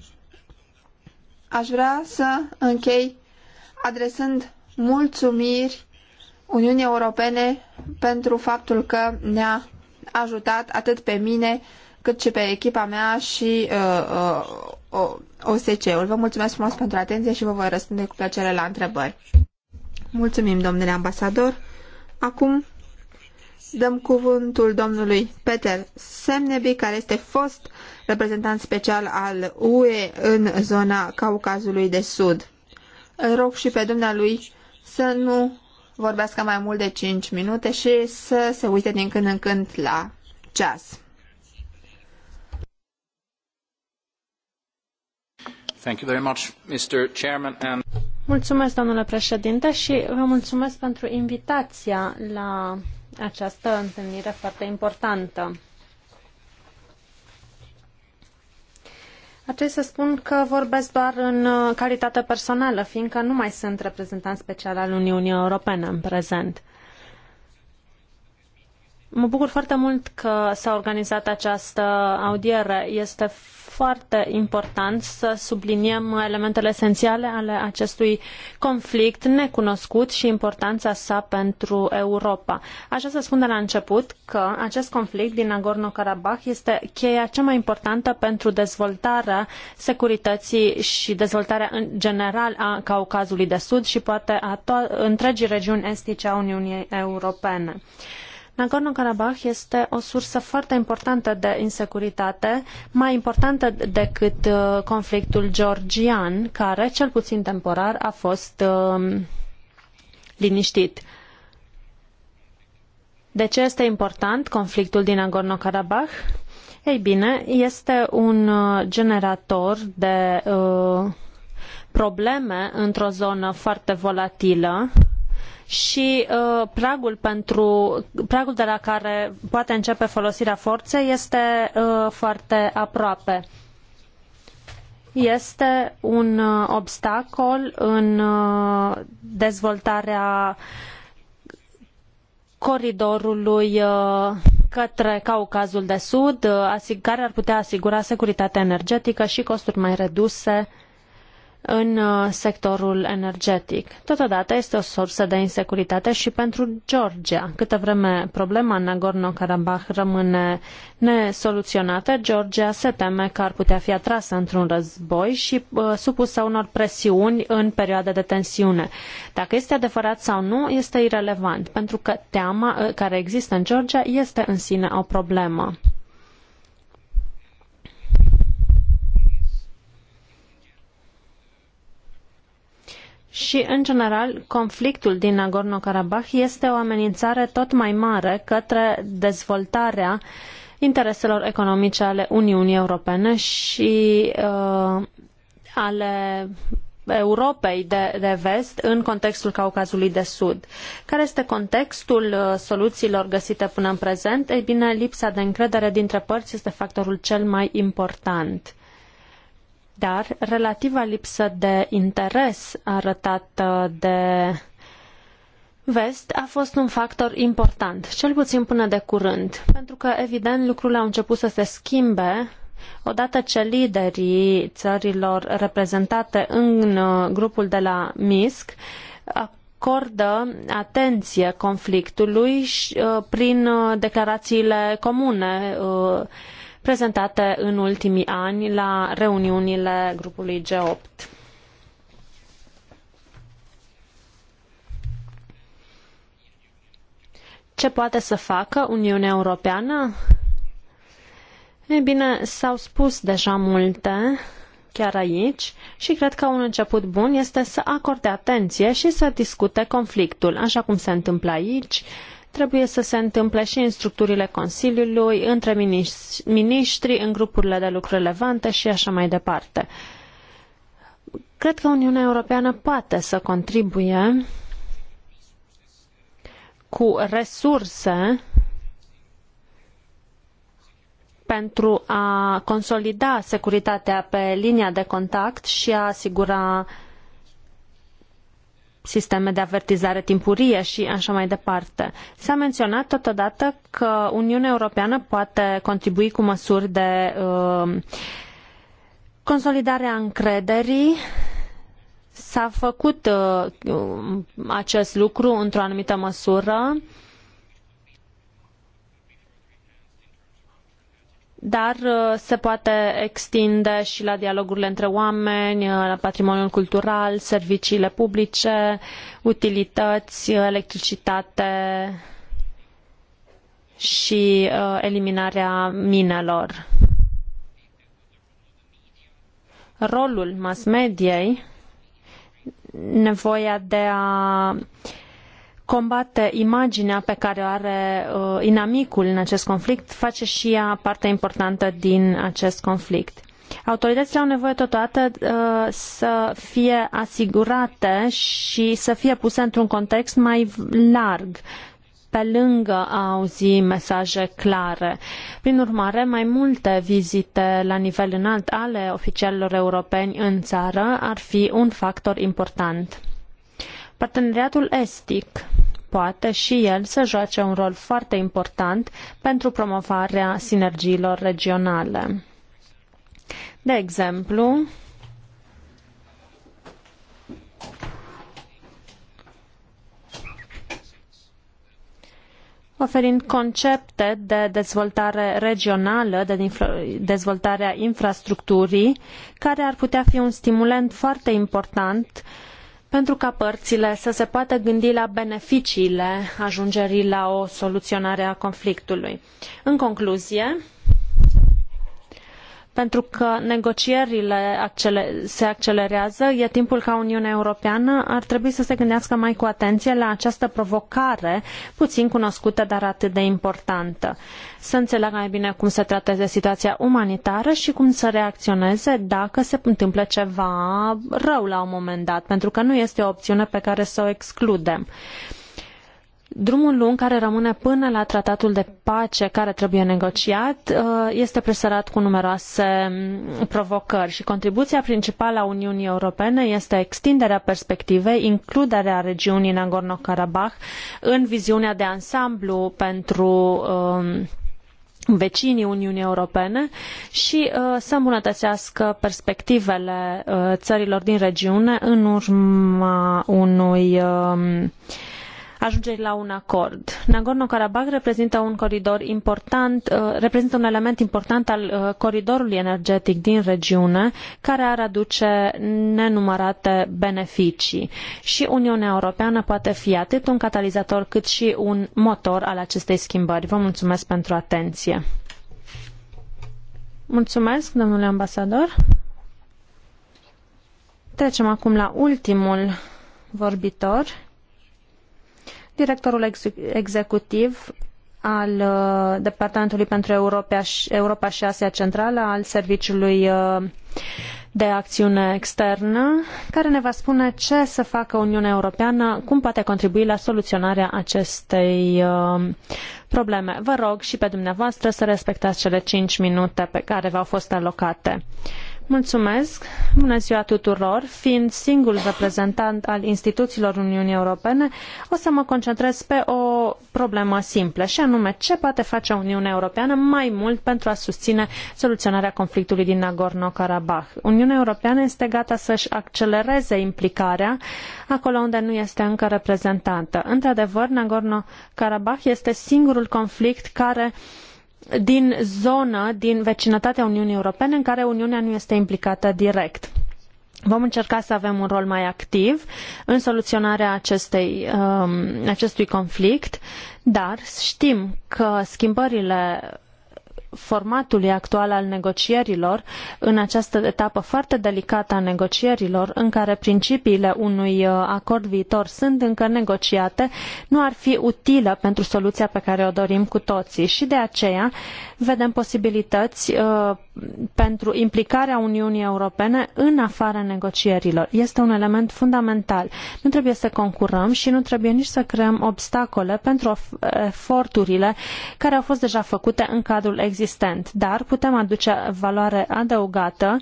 Aș vrea să închei adresând mulțumiri Uniunii Europene pentru faptul că ne-a ajutat atât pe mine cât și pe echipa mea și uh, uh, OSCE-ul. Vă mulțumesc frumos pentru atenție și vă voi răspunde cu plăcere la întrebări. Mulțumim, domnule ambasador. Acum dăm cuvântul domnului Peter Semnebi, care este fost reprezentant special al UE în zona Caucazului de Sud. Îl rog și pe dumnealui să nu vorbească mai mult de 5 minute și să se uite din când în când la ceas. Thank you very much, Mr. Chairman, and Mulțumesc, domnule președinte, și vă mulțumesc pentru invitația la această întâlnire foarte importantă. Ar trebui să spun că vorbesc doar în calitate personală, fiindcă nu mai sunt reprezentant special al Uniunii Europene în prezent. Mă bucur foarte mult că s-a organizat această audiere. Este foarte important să subliniem elementele esențiale ale acestui conflict necunoscut și importanța sa pentru Europa. Așa să spun de la început că acest conflict din Nagorno-Karabakh este cheia cea mai importantă pentru dezvoltarea securității și dezvoltarea în general a Caucazului de Sud și poate a întregii regiuni estice a Uniunii Europene. Nagorno-Karabakh este o sursă foarte importantă de insecuritate, mai importantă decât uh, conflictul georgian, care, cel puțin temporar, a fost um, liniștit. De ce este important conflictul din Nagorno-Karabakh? Ei bine, este un uh, generator de uh, probleme într-o zonă foarte volatilă, și uh, pragul, pentru, pragul de la care poate începe folosirea forței este uh, foarte aproape. Este un uh, obstacol în uh, dezvoltarea coridorului uh, către Caucazul de Sud, uh, care ar putea asigura securitatea energetică și costuri mai reduse uh, în uh, sectorul energetic. Totodată este o sursă de insecuritate și pentru Georgia. Câtă vreme problema Nagorno-Karabakh rămâne nesoluționată, Georgia se teme că ar putea fi atrasă într-un război și uh, supusă unor presiuni în perioade de tensiune. Dacă este adevărat sau nu, este irelevant, pentru că teama uh, care există în Georgia este în sine o problemă. și, în general, conflictul din Nagorno-Karabakh este o amenințare tot mai mare către dezvoltarea intereselor economice ale Uniunii Europene și uh, ale Europei de, de vest în contextul Caucazului de Sud. Care este contextul uh, soluțiilor găsite până în prezent? Ei bine, lipsa de încredere dintre părți este factorul cel mai important. Dar relativa lipsă de interes arătată de Vest a fost un factor important, cel puțin până de curând, pentru că, evident, lucrurile au început să se schimbe odată ce liderii țărilor reprezentate în uh, grupul de la MISC acordă atenție conflictului uh, prin uh, declarațiile comune prezentate în ultimii ani la reuniunile grupului G8. Ce poate să facă Uniunea Europeană? Ei bine, s-au spus deja multe chiar aici și cred că un început bun este să acorde atenție și să discute conflictul, așa cum se întâmplă aici, uh, trebuie să se întâmple și în structurile Consiliului, între miniștri, în grupurile de lucru relevante și așa mai departe. Cred că Uniunea Europeană poate să contribuie cu resurse pentru a consolida securitatea pe linia de contact și a asigura uh, sisteme de avertizare timpurie și așa mai departe. S-a menționat totodată că Uniunea Europeană poate contribui cu măsuri de uh, consolidare a încrederii S-a făcut uh, acest lucru într-o anumită măsură. dar uh, se poate extinde și la dialogurile între oameni, uh, la patrimoniul cultural, serviciile publice, utilități, uh, electricitate și eliminarea minelor. Rolul mass mediei, nevoia de a combate imaginea pe care o are uh, inamicul în acest conflict, face și ea parte importantă din acest conflict. Autoritățile au nevoie totodată uh, să fie asigurate și să fie puse într-un context mai larg, pe lângă a auzi mesaje clare. Prin urmare, mai multe vizite la nivel înalt ale oficialilor europeni în țară ar fi un factor important. Parteneriatul estic poate și el să joace un rol foarte important pentru promovarea sinergiilor regionale. De exemplu, oferind concepte de dezvoltare regională, de dezvoltarea infrastructurii, care ar putea fi un stimulent foarte important uh, pentru ca părțile să se poată gândi la beneficiile ajungerii la o soluționare a conflictului. În concluzie, pentru că negocierile se accelerează, e timpul ca Uniunea Europeană ar trebui să se gândească mai cu atenție la această provocare puțin cunoscută, dar atât de importantă. Să înțeleagă mai bine cum să trateze situația umanitară și cum să reacționeze dacă se întâmplă ceva rău la un moment dat, pentru că nu este o opțiune pe care să o excludem. Drumul lung care rămâne până la tratatul de pace care trebuie negociat uh, este presărat cu numeroase mm, provocări și contribuția principală a Uniunii Europene este extinderea perspectivei, includerea regiunii Nagorno-Karabakh în viziunea de ansamblu pentru um, vecinii Uniunii Europene și uh, să îmbunătățească perspectivele uh, țărilor din regiune în urma unui um, ajungerii la un acord. nagorno karabah reprezintă un coridor important, uh, reprezintă un element important al uh, coridorului energetic din regiune, care ar aduce nenumărate beneficii. Și Uniunea Europeană poate fi atât un catalizator cât și un motor al acestei schimbări. Vă mulțumesc pentru atenție. Mulțumesc, domnule ambasador. Trecem acum la ultimul vorbitor, directorul executiv al uh, Departamentului pentru Europa și, Europa și Asia Centrală al Serviciului uh, de Acțiune Externă, care ne va spune ce să facă Uniunea Europeană, cum poate contribui la soluționarea acestei uh, probleme. Vă rog și pe dumneavoastră să respectați cele cinci minute pe care v-au fost alocate. Uh, Bună ziua tuturor! Fiind singurul reprezentant al instituțiilor Uniunii Europene, o să mă concentrez pe o problemă simplă, și anume ce poate face Uniunea Europeană mai mult pentru a susține soluționarea conflictului din Nagorno-Karabakh. Uniunea Europeană este gata să-și accelereze implicarea acolo unde nu este încă reprezentată. Într-adevăr, Nagorno-Karabakh este singurul conflict care uh, din zonă, din vecinătatea Uniunii Europene, în care Uniunea nu este implicată direct. Vom încerca să avem un rol mai activ în soluționarea acestei, um, acestui conflict, dar știm că schimbările formatului actual al negocierilor, în această etapă foarte delicată a negocierilor, în care principiile unui uh, acord viitor sunt încă negociate, nu ar fi utilă pentru soluția pe care o dorim cu toții. Și de aceea vedem posibilități uh, pentru implicarea Uniunii Europene în afara negocierilor. Este un element fundamental. Nu trebuie să concurăm și nu trebuie nici să creăm obstacole pentru eforturile care au fost deja făcute în cadrul existenței existent, dar putem aduce valoare adăugată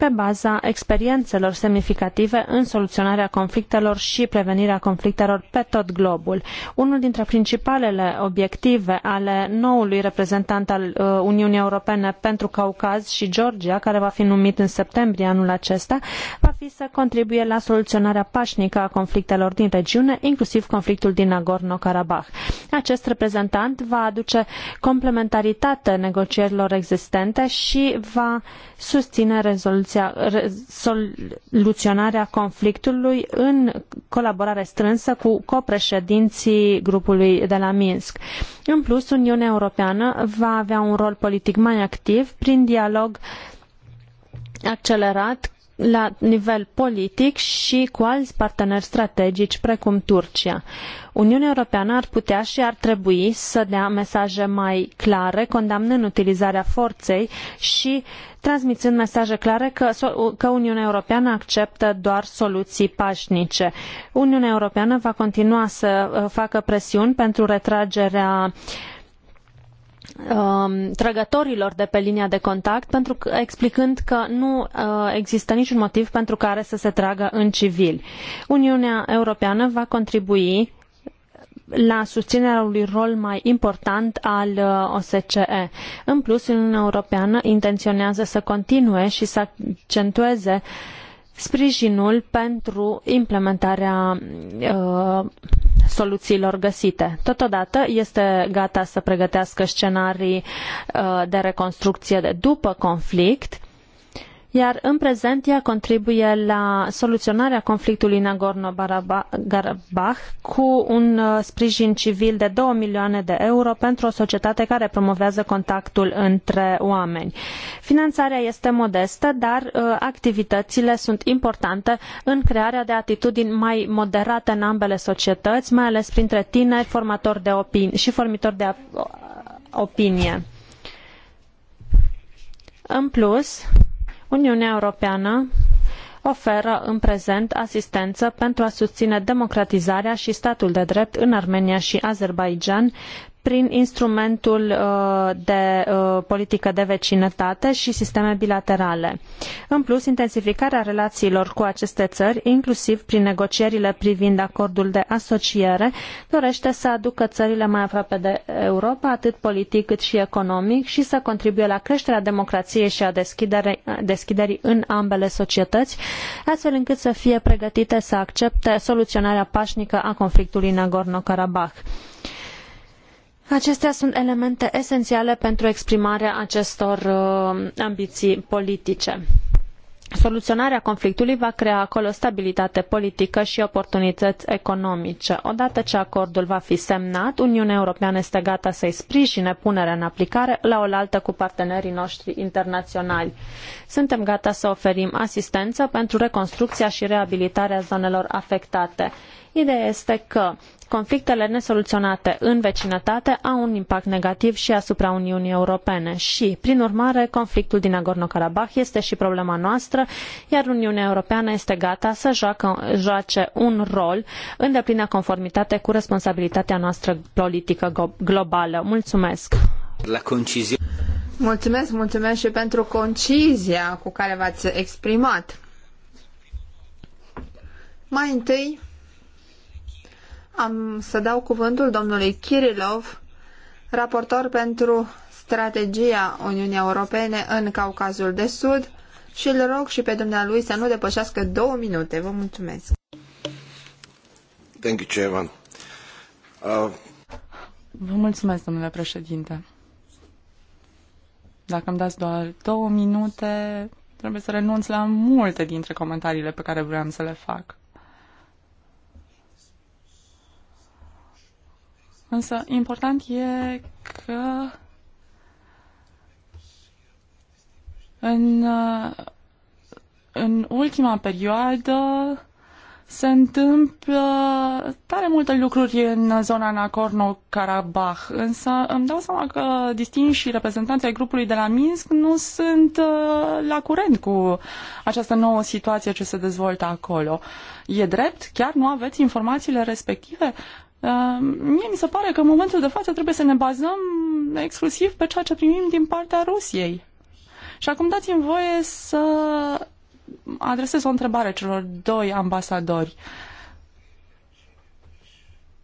pe baza experiențelor semnificative în soluționarea conflictelor și prevenirea conflictelor pe tot globul. Unul dintre principalele obiective ale noului reprezentant al uh, Uniunii Europene pentru Caucaz și Georgia, care va fi numit în septembrie anul acesta, va fi să contribuie la soluționarea pașnică a conflictelor din regiune, inclusiv conflictul din Nagorno-Karabakh. Acest reprezentant va aduce complementaritate negocierilor existente și va susține rezoluția, soluționarea conflictului în colaborare strânsă cu copreședinții grupului de la Minsk. În plus, Uniunea Europeană va avea un rol politic mai activ prin dialog accelerat la nivel politic și cu alți parteneri strategici precum Turcia. Uniunea Europeană ar putea și ar trebui să dea mesaje mai clare condamnând utilizarea forței și transmițând mesaje clare că, că Uniunea Europeană acceptă doar soluții pașnice. Uniunea Europeană va continua să uh, facă presiuni pentru retragerea um, trăgătorilor de pe linia de contact, pentru că, explicând că nu uh, există niciun motiv pentru care să se tragă în civil. Uniunea Europeană va contribui la susținerea unui rol mai important al uh, OSCE. În plus, Uniunea Europeană intenționează să continue și să accentueze sprijinul pentru implementarea uh, soluțiilor găsite. Totodată este gata să pregătească scenarii uh, de reconstrucție de după conflict iar în prezent ea contribuie la soluționarea conflictului Nagorno-Karabakh cu un uh, sprijin civil de 2 milioane de euro pentru o societate care promovează contactul între oameni. Finanțarea este modestă, dar uh, activitățile sunt importante în crearea de atitudini mai moderate în ambele societăți, mai ales printre tineri formatori de opinii și formitori de opinie. În plus, Uniunea Europeană oferă în prezent asistență pentru a susține democratizarea și statul de drept în Armenia și Azerbaijan prin instrumentul uh, de uh, politică de vecinătate și sisteme bilaterale. În plus, intensificarea relațiilor cu aceste țări, inclusiv prin negocierile privind acordul de asociere, dorește să aducă țările mai aproape de Europa, atât politic cât și economic, și să contribuie la creșterea democrației și a deschiderii în ambele societăți, astfel încât să fie pregătite să accepte soluționarea pașnică a conflictului Nagorno-Karabakh. Acestea sunt elemente esențiale pentru exprimarea acestor uh, ambiții politice. Soluționarea conflictului va crea acolo stabilitate politică și oportunități economice. Odată ce acordul va fi semnat, Uniunea Europeană este gata să-i sprijine punerea în aplicare la oaltă cu partenerii noștri internaționali. Suntem gata să oferim asistență pentru reconstrucția și reabilitarea zonelor afectate. Ideea este că conflictele nesoluționate în vecinătate au un impact negativ și asupra Uniunii Europene și, prin urmare, conflictul din Nagorno-Karabakh este și problema noastră, iar Uniunea Europeană este gata să joacă, joace un rol în deplină conformitate cu responsabilitatea noastră politică globală. Mulțumesc! La concizie. Mulțumesc, mulțumesc și pentru concizia cu care v-ați exprimat. Mai întâi, am să dau cuvântul domnului Kirilov, raportor pentru strategia Uniunii Europene în Caucazul de Sud și îl rog și pe dumnealui să nu depășească două minute. Vă mulțumesc. Thank you, Chairman. Uh... Vă mulțumesc, domnule președinte. Dacă îmi dați doar două minute, trebuie să renunț la multe dintre comentariile pe care vreau să le fac. Însă important e că în, în ultima perioadă se întâmplă tare multe lucruri în zona Nagorno-Karabakh, însă îmi dau seama că distinși reprezentanții ai grupului de la Minsk nu sunt uh, la curent cu această nouă situație ce se dezvoltă acolo. E drept? Chiar nu aveți informațiile respective? Ehm, mie mi se pare că în momentul de față trebuie să ne bazăm exclusiv pe ceea ce primim din partea Rusiei. Și acum dați-mi voie să adresez o întrebare celor doi ambasadori.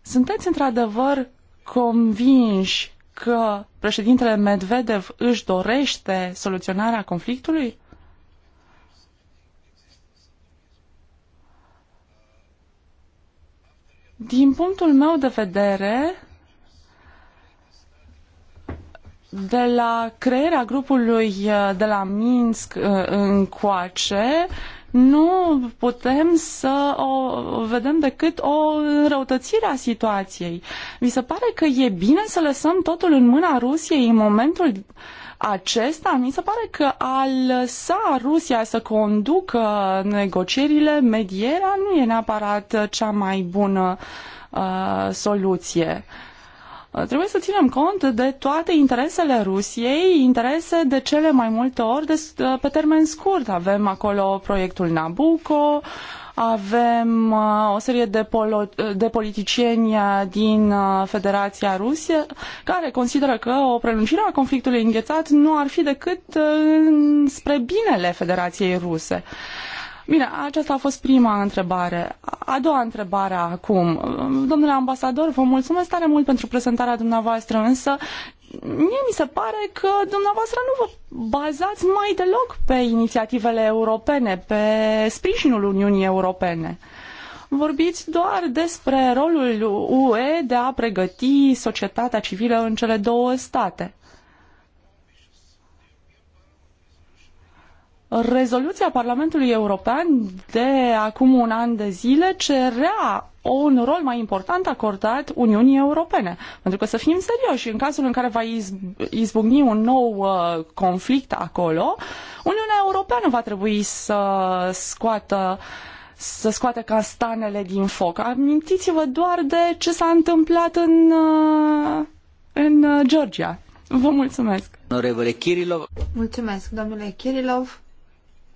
Sunteți într-adevăr convinși că președintele Medvedev își dorește soluționarea conflictului? Din punctul meu de vedere, de la crearea grupului uh, de la Minsk uh, în coace, nu putem să o vedem decât o înrăutățire a situației. Mi se pare că e bine să lăsăm totul în mâna Rusiei în momentul acesta, mi se pare că a lăsa Rusia să conducă negocierile, medierea, nu e neapărat cea mai bună uh, soluție. Uh, trebuie să ținem cont de toate interesele Rusiei, interese de cele mai multe ori de, uh, pe termen scurt. Avem acolo proiectul Nabucco, uh, avem uh, o serie de, polo- de politicieni uh, din uh, Federația Rusie care consideră că o prelungire a conflictului înghețat nu ar fi decât spre binele Federației Ruse. Bine, aceasta a fost prima întrebare. A doua întrebare acum. Domnule ambasador, vă mulțumesc tare mult pentru prezentarea dumneavoastră, însă mie mi se pare că dumneavoastră nu vă bazați mai deloc pe inițiativele europene, pe sprijinul Uniunii Europene. Vorbiți doar despre rolul UE de a pregăti societatea civilă în cele două state. Rezoluția Parlamentului European de acum un an de zile cerea un rol mai important acordat Uniunii Europene. Pentru că să fim serioși, în cazul în care va izbucni un nou uh, conflict acolo, Uniunea Europeană va trebui să scoată să scoate castanele din foc. Amintiți-vă doar de ce s-a întâmplat în, uh, în uh, Georgia. Vă mulțumesc. Norevole Kirilov. Mulțumesc, domnule Kirilov.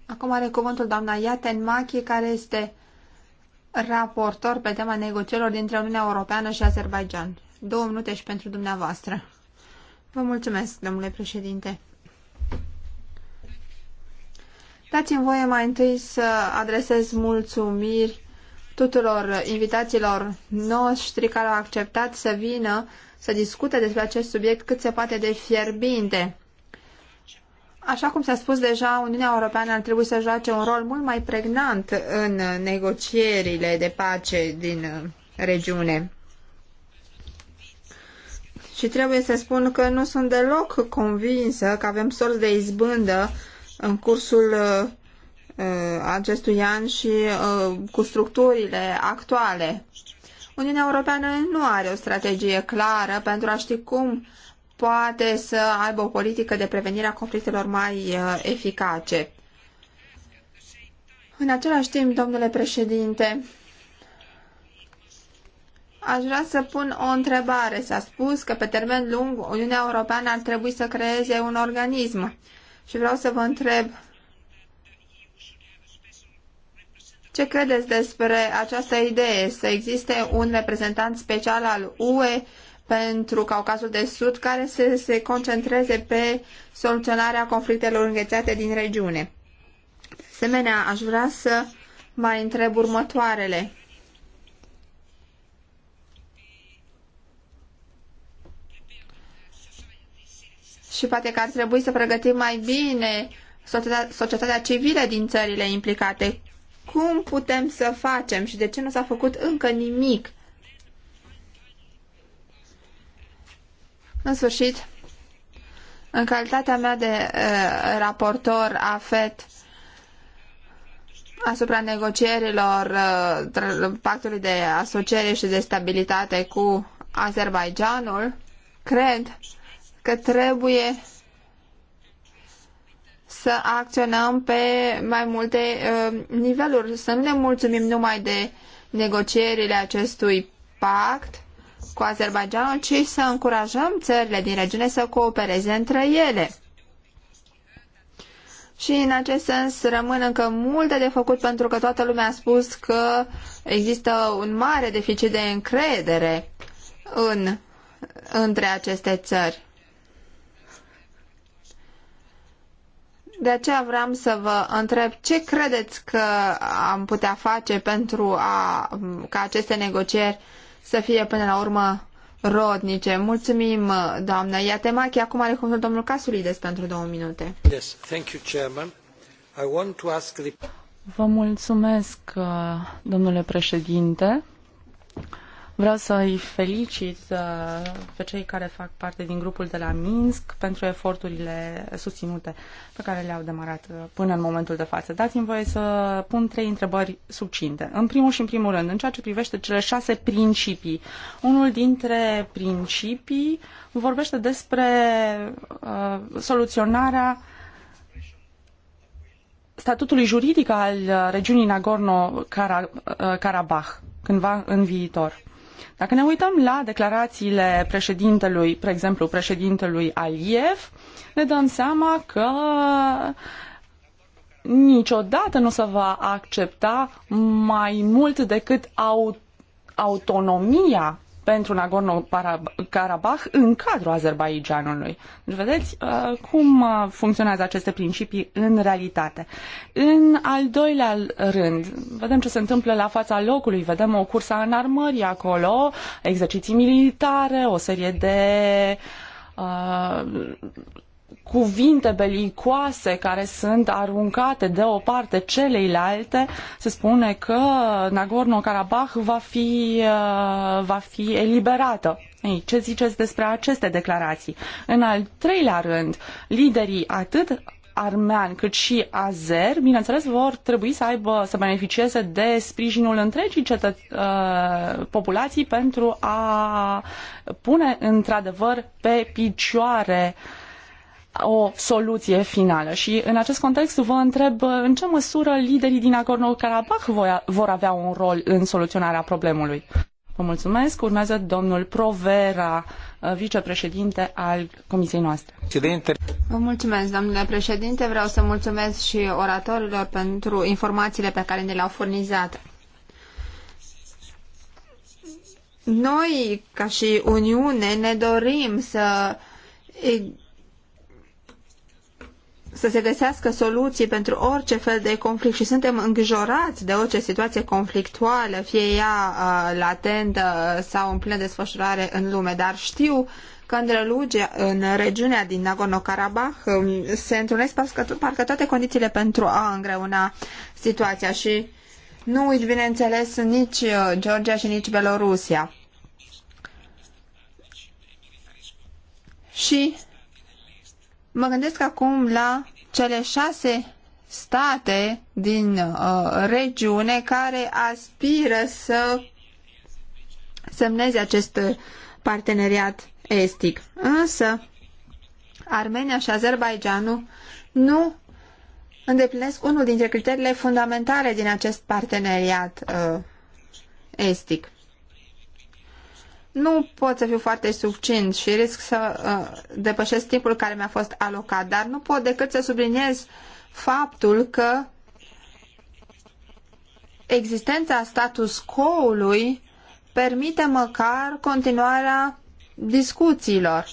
Acum are cuvântul doamna Iaten Machie, care este raportor pe tema negocierilor dintre Uniunea Europeană și Azerbaijan. Două minute și pentru dumneavoastră. Vă mulțumesc, domnule președinte. Dați-mi voie mai întâi să adresez mulțumiri tuturor invitațiilor noștri care au acceptat să vină să discute despre acest subiect cât se poate de fierbinte. Așa cum s-a spus deja, Uniunea Europeană ar trebui să joace un rol mult mai pregnant în negocierile de pace din uh, regiune. Și trebuie să spun că nu sunt deloc convinsă că avem sorți de izbândă în cursul uh, uh, acestui an și uh, cu structurile actuale. Uniunea Europeană nu are o strategie clară pentru a ști cum poate să aibă o politică de prevenire a conflictelor mai uh, eficace. În același timp, domnule președinte, Aș vrea să pun o întrebare. S-a spus că pe termen lung Uniunea Europeană ar trebui să creeze un organism. Și vreau să vă întreb ce credeți despre această idee, să existe un reprezentant special al UE pentru Caucazul de Sud care să se concentreze pe soluționarea conflictelor înghețate din regiune. De asemenea, aș vrea să mai întreb următoarele. Și poate că ar trebui să pregătim mai bine societatea civilă din țările implicate. Cum putem să facem și de ce nu s-a făcut încă nimic În sfârșit, în calitatea mea de uh, raportor AFET asupra negocierilor uh, pactului de asociere și de stabilitate cu Azerbaijanul, cred că trebuie să acționăm pe mai multe uh, niveluri, să nu ne mulțumim numai de negocierile acestui pact, cu Azerbaijanul, ci să încurajăm țările din regiune să coopereze între ele. Și în acest sens rămân încă multe de făcut pentru că toată lumea a spus că există un mare deficit de încredere în, între aceste țări. De aceea vreau să vă întreb ce credeți că am putea face pentru a, ca aceste negocieri să fie până la urmă rodnice. Mulțumim, tema Iatemachi. Acum are cuvântul domnul Casulides pentru două minute. Yes, thank you, Chairman. I want to ask the... Vă mulțumesc, uh, domnule președinte. Vreau să-i felicit uh, pe cei care fac parte din grupul de la Minsk pentru eforturile susținute pe care le-au demarat uh, până în momentul de față. Dați-mi voie să pun trei întrebări subcinte. În primul și în primul rând, în ceea ce privește cele șase principii, unul dintre principii vorbește despre uh, soluționarea statutului juridic al uh, regiunii Nagorno-Karabakh cândva în viitor. Dacă ne uităm la declarațiile președintelui, spre exemplu, președintelui Aliev, ne dăm seama că niciodată nu se va accepta mai mult decât autonomia pentru Nagorno-Karabakh în cadrul Azerbaijanului. Deci vedeți uh, cum uh, funcționează aceste principii în realitate. În al doilea rând, vedem ce se întâmplă la fața locului, vedem o cursă în armării acolo, exerciții militare, o serie de uh, cuvinte belicoase care sunt aruncate de o parte celeilalte, se spune că Nagorno-Karabakh va fi, uh, va fi eliberată. Ei, ce ziceți despre aceste declarații? În al treilea rând, liderii atât armean cât și azer, bineînțeles, vor trebui să aibă, să beneficieze de sprijinul întregii cetă, uh, populații pentru a pune într-adevăr pe picioare uh, o soluție finală. Și în acest context vă întreb uh, în ce măsură liderii din Nagorno-Karabakh vor avea un rol în soluționarea problemului. Vă mulțumesc. Urmează domnul Provera, uh, vicepreședinte al comisiei noastre. Vă mulțumesc, domnule președinte. Vreau să mulțumesc și oratorilor pentru informațiile pe care ne le-au furnizat. Noi, ca și Uniune, ne dorim să să se găsească soluții pentru orice fel de conflict și suntem îngrijorați de orice situație conflictuală, fie ea latentă sau în plină desfășurare în lume, dar știu că în reluge, în regiunea din Nagorno-Karabakh um, se întrunesc parcă, parcă toate condițiile pentru a îngreuna situația și nu uit, bineînțeles, nici uh, Georgia și nici Belorusia. Și Mă gândesc acum la cele șase state din uh, regiune care aspiră să semneze acest parteneriat estic. Însă, Armenia și Azerbaijanul nu îndeplinesc unul dintre criteriile fundamentale din acest parteneriat uh, estic. Nu pot să fiu foarte succint și risc să uh, depășesc timpul care mi-a fost alocat, dar nu pot decât să subliniez faptul că existența status quo-ului permite măcar continuarea discuțiilor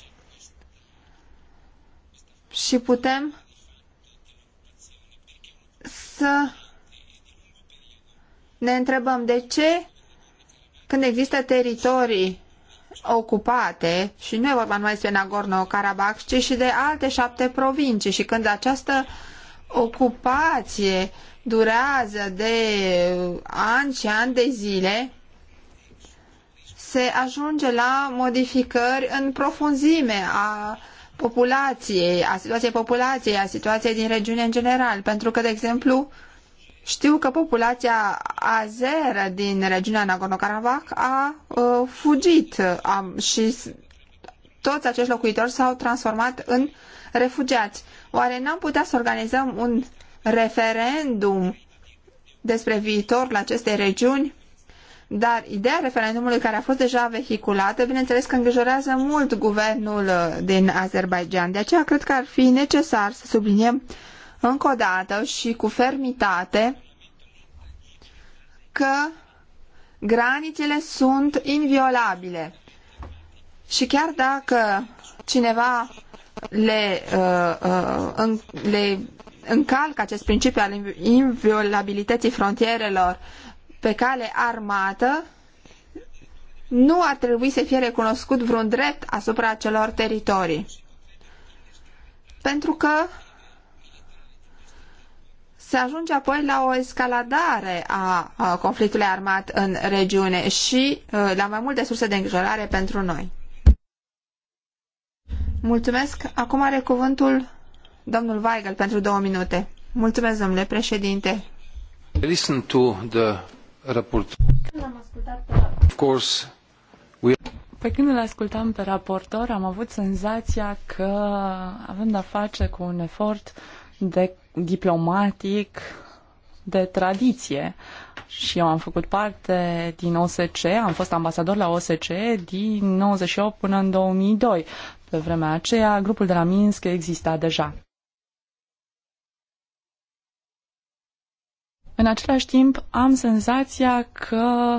și putem să ne întrebăm de ce când există teritorii ocupate și nu e vorba numai despre Nagorno-Karabakh, ci și de alte șapte provincii și când această ocupație durează de ani și ani de zile, se ajunge la modificări în profunzime a populației, a situației populației, a situației din regiune în general. Pentru că, de exemplu, știu că populația azeră din regiunea Nagorno-Karabakh a uh, fugit a, și toți acești locuitori s-au transformat în refugiați. Oare n-am putea să organizăm un referendum despre viitorul acestei regiuni? Dar ideea referendumului care a fost deja vehiculată, bineînțeles că îngrijorează mult guvernul uh, din Azerbaijan. De aceea cred că ar fi necesar să subliniem uh, încă o dată și cu fermitate că granițele sunt inviolabile. Și chiar dacă cineva le, uh, uh, le încalcă acest principiu al inviolabilității frontierelor pe cale armată, nu ar trebui să fie recunoscut vreun drept asupra acelor teritorii. Pentru că se ajunge apoi la o escaladare a, a conflictului armat în regiune și a, uh, la mai multe surse de îngrijorare pentru noi. Mulțumesc. Acum are cuvântul domnul Weigel pentru două minute. Mulțumesc, domnule președinte. Listen to the report. Of course, we... Pe când îl ascultam pe raportor, am avut senzația că avem de-a face cu un efort de diplomatic de tradiție și eu am făcut parte din OSCE, am fost ambasador la OSCE din 98 până în 2002. Pe vremea aceea, grupul de la Minsk exista deja. În același timp, am senzația că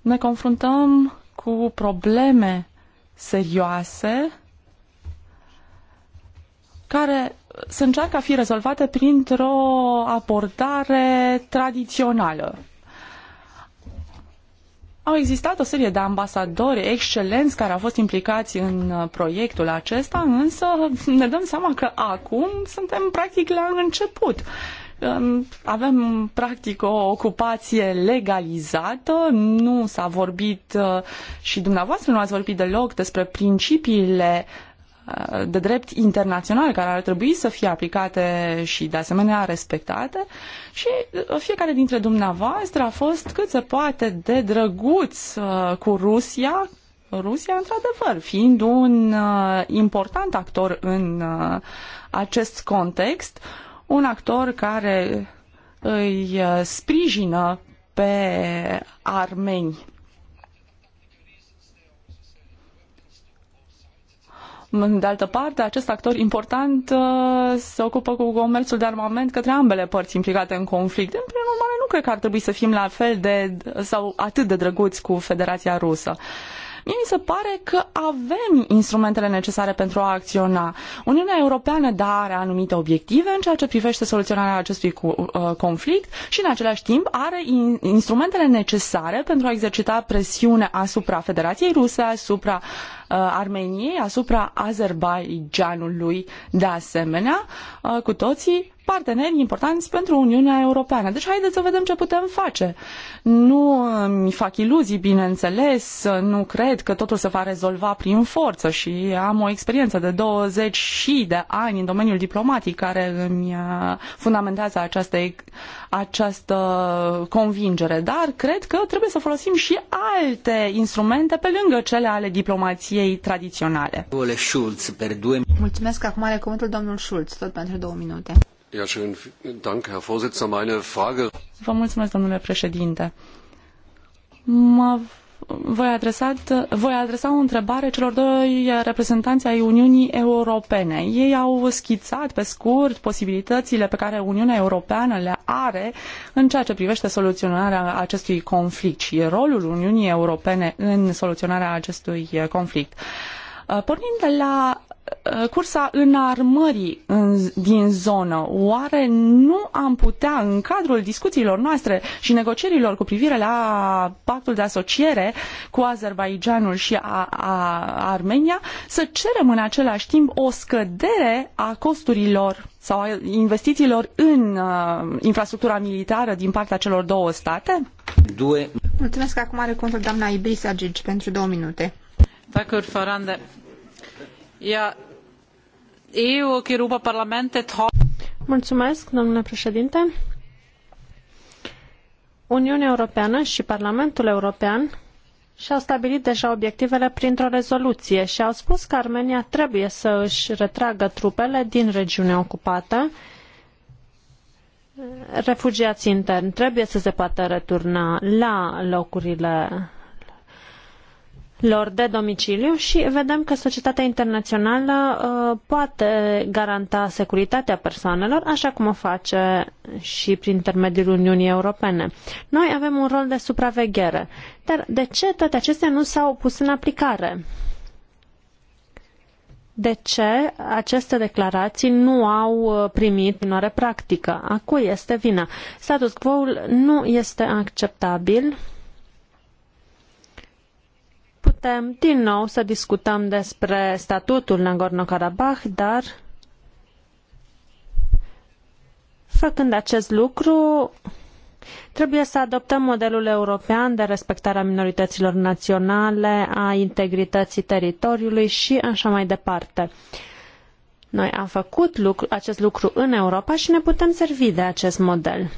ne confruntăm cu probleme serioase care se încearcă a fi rezolvate printr-o abordare tradițională. Au existat o serie de ambasadori excelenți care au fost implicați în proiectul acesta, însă ne dăm seama că acum suntem practic la început. Avem practic o ocupație legalizată, nu s-a vorbit uh, și dumneavoastră nu ați vorbit deloc despre principiile uh, Uh, de drept internațional care ar trebui să fie aplicate și de asemenea respectate și uh, fiecare dintre dumneavoastră a fost cât se poate de drăguț uh, cu Rusia, Rusia, într-adevăr, fiind un important actor în acest context, un actor care îi sprijină pe armeni De altă parte, acest actor important uh, se ocupă cu comerțul de armament către ambele părți implicate în conflict. În primul rând, nu cred că ar trebui să fim la fel de sau atât de drăguți cu Federația Rusă. Mie mi se pare că avem instrumentele necesare pentru a acționa. Uniunea Europeană da are anumite obiective în ceea ce privește soluționarea acestui uh, conflict și în același timp are instrumentele necesare pentru a exercita presiune asupra Federației Ruse, asupra uh, Armeniei, asupra Azerbaijanului de asemenea. Uh, cu toții parteneri importanți pentru Uniunea Europeană. Deci haideți să vedem ce putem face. Nu mi fac iluzii, bineînțeles, nu cred că totul se va rezolva prin forță și am o experiență de 20 și de ani în domeniul diplomatic care îmi uh, fundamentează această, această convingere, dar cred că trebuie să folosim și alte instrumente pe lângă cele ale diplomației tradiționale. Mulțumesc, acum are cuvântul domnul Schulz, tot pentru două minute. Vă mulțumesc, domnule președinte. Mă voi, adresa, voi adresa o întrebare celor doi reprezentanți ai Uniunii Europene. Ei au schițat pe scurt posibilitățile pe care Uniunea Europeană le are în ceea ce privește soluționarea acestui conflict și rolul Uniunii Europene în soluționarea acestui conflict. Pornind de la Uh, cursa înarmării în, din zonă, oare nu am putea, în cadrul discuțiilor noastre și negocierilor cu privire la pactul de asociere cu Azerbaijanul și a, a Armenia, să cerem în același timp o scădere a costurilor sau a investițiilor în uh, infrastructura militară din partea celor două state? Due. Mulțumesc. Acum are contul doamna Ibris Agici pentru două minute. Dacă urfărande... Mulțumesc, domnule președinte. Uniunea Europeană și Parlamentul European și-au stabilit deja obiectivele printr-o rezoluție și au spus că Armenia trebuie să își retragă trupele din regiunea ocupată. Refugiații interni trebuie să se poată returna la locurile lor de domiciliu și vedem că societatea internațională uh, poate garanta securitatea persoanelor, așa cum o face și prin intermediul Uniunii Europene. Noi avem un rol de supraveghere, dar de ce toate acestea nu s-au pus în aplicare? De ce aceste declarații nu au uh, primit continuare practică? A cui este vina? Status quo-ul nu este acceptabil putem din nou să discutăm despre statutul Nagorno-Karabakh, dar făcând acest lucru, Trebuie să adoptăm modelul european de respectare a minorităților naționale, a integrității teritoriului și așa mai departe. Noi am făcut lucru, acest lucru în Europa și ne putem servi de acest model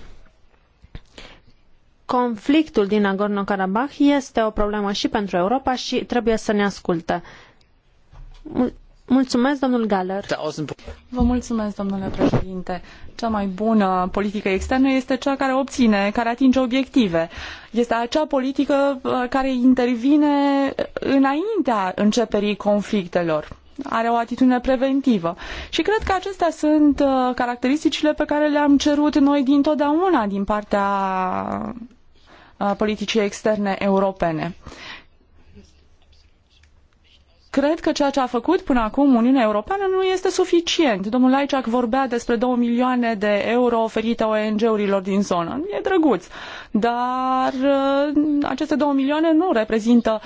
conflictul din Nagorno-Karabakh este o problemă și pentru Europa și trebuie să ne asculte. Mulțumesc, domnul Galler. Vă mulțumesc, domnule președinte. Cea mai bună politică externă este cea care obține, care atinge obiective. Este acea politică uh, care intervine înaintea începerii conflictelor are o atitudine preventivă. Și cred că acestea sunt uh, caracteristicile pe care le-am cerut noi dintotdeauna din partea politicii externe europene. Cred că ceea ce a făcut până acum Uniunea Europeană nu este suficient. Domnul Laiceac vorbea despre 2 milioane de euro oferite ONG-urilor din zonă. E drăguț. Dar uh, aceste 2 milioane nu reprezintă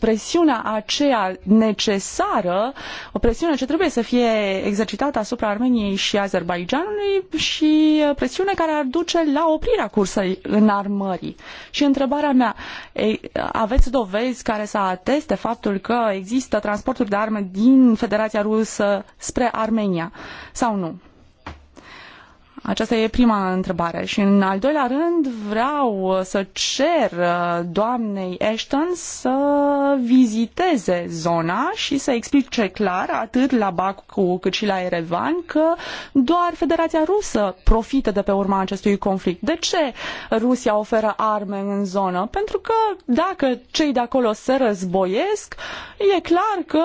presiunea aceea necesară, o presiune ce trebuie să fie exercitată asupra Armeniei și Azerbaijanului și uh, presiune care ar duce la oprirea cursei în armării. Și întrebarea mea, aveți dovezi care să ateste faptul că există transporturi de arme din Federația Rusă spre Armenia sau nu? Aceasta e prima întrebare. Și în al doilea rând vreau uh, să cer uh, doamnei Ashton să viziteze zona și să explice clar atât la Baku cât și la Erevan că doar Federația Rusă profită de pe urma acestui conflict. De ce Rusia oferă arme în zonă? Pentru că dacă cei de acolo se războiesc, e clar că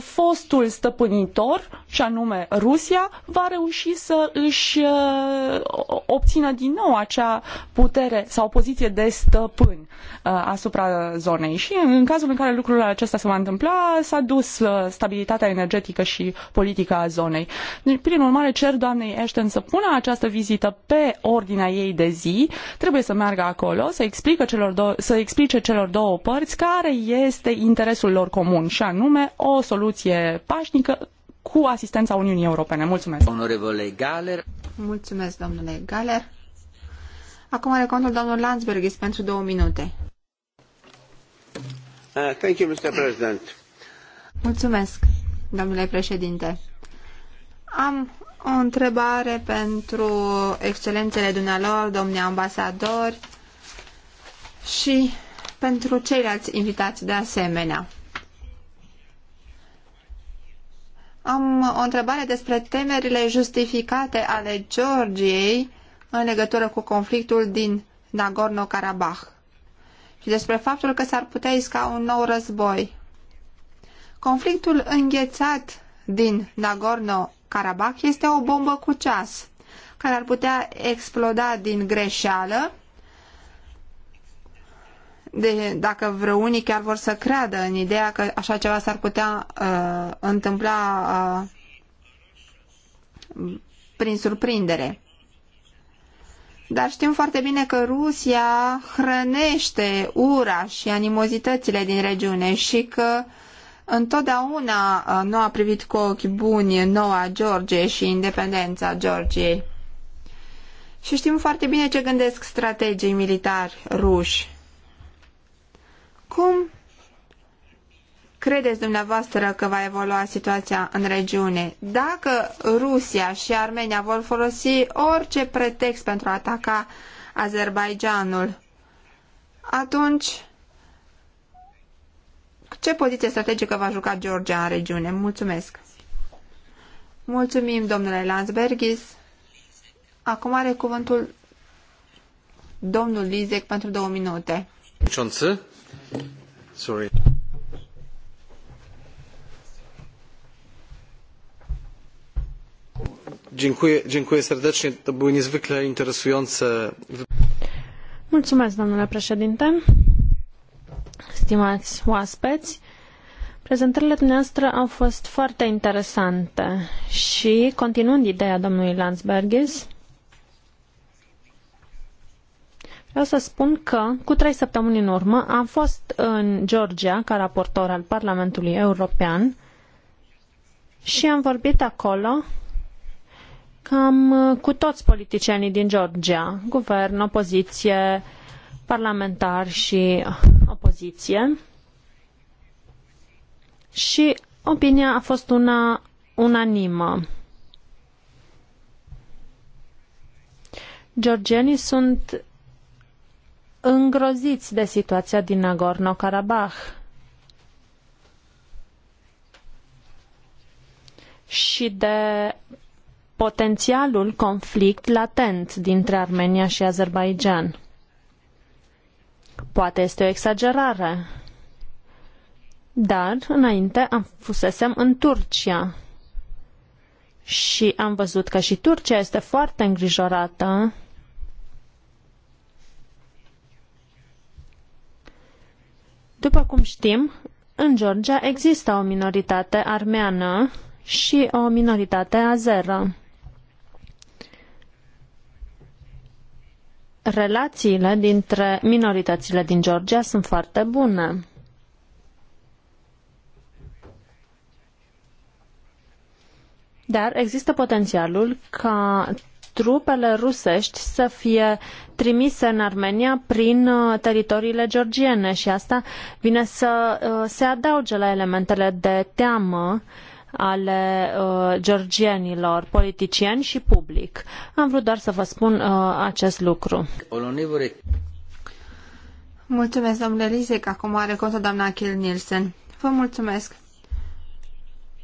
fostul stăpânitor și anume Rusia, va reuși să își uh, obțină din nou acea putere sau poziție de stăpân uh, asupra zonei. Și în cazul în care lucrul acesta se va întâmpla, s-a dus uh, stabilitatea energetică și politică a zonei. Deci, prin urmare, cer doamnei Ashton să pună această vizită pe ordinea ei de zi, trebuie să meargă acolo, să, explică celor două, să explice celor două părți care este interesul lor comun, și anume o soluție pașnică cu asistența Uniunii Europene. Mulțumesc! Onorevole Galer. Mulțumesc, domnule Galer. Acum are contul domnul Landsbergis pentru două minute. Uh, thank you, Mr. President. Mulțumesc, domnule președinte. Am o întrebare pentru excelențele dumnealor, domni ambasadori și pentru ceilalți invitați de asemenea. Am o întrebare despre temerile justificate ale Georgiei în legătură cu conflictul din Nagorno-Karabakh și despre faptul că s-ar putea isca un nou război. Conflictul înghețat din Nagorno-Karabakh este o bombă cu ceas care ar putea exploda din greșeală de, dacă vreunii chiar vor să creadă în ideea că așa ceva s-ar putea uh, întâmpla uh, prin surprindere. Dar știm foarte bine că Rusia hrănește ura și animozitățile din regiune și că întotdeauna uh, nu a privit cu ochi buni noua George și independența Georgiei. Și știm foarte bine ce gândesc strategii militari ruși cum credeți dumneavoastră că va evolua situația în regiune? Dacă Rusia și Armenia vor folosi orice pretext pentru a ataca Azerbaijanul, atunci ce poziție strategică va juca Georgia în regiune? Mulțumesc! Mulțumim, domnule Landsbergis. Acum are cuvântul domnul Lizec pentru două minute. Sorry. Dziękuję, dziękuję serdecznie. To były niezwykle interesujące. Mulțumesc, domnule președinte. Stimați oaspeți, prezentările dumneavoastră au fost foarte interesante și, continuând ideea domnului Landsbergis, Vreau să spun că, cu trei săptămâni în urmă, am fost în Georgia ca raportor al Parlamentului European și am vorbit acolo cam uh, cu toți politicienii din Georgia, guvern, opoziție, parlamentar și uh, opoziție. Și opinia a fost una unanimă. Georgienii sunt îngroziți de situația din Nagorno-Karabakh. și de potențialul conflict latent dintre Armenia și Azerbaijan. Poate este o exagerare, dar înainte am fusesem în Turcia și am văzut că și Turcia este foarte îngrijorată După cum știm, în Georgia există o minoritate armeană și o minoritate azeră. Relațiile dintre minoritățile din Georgia sunt foarte bune. Dar există potențialul ca trupele rusești să fie trimise în Armenia prin uh, teritoriile georgiene și asta vine să uh, se adauge la elementele de teamă ale uh, georgienilor, politicieni și public. Am vrut doar să vă spun acest lucru. Mulțumesc, domnule Lizec. Acum are contul doamna Kiel Nielsen. Vă mulțumesc.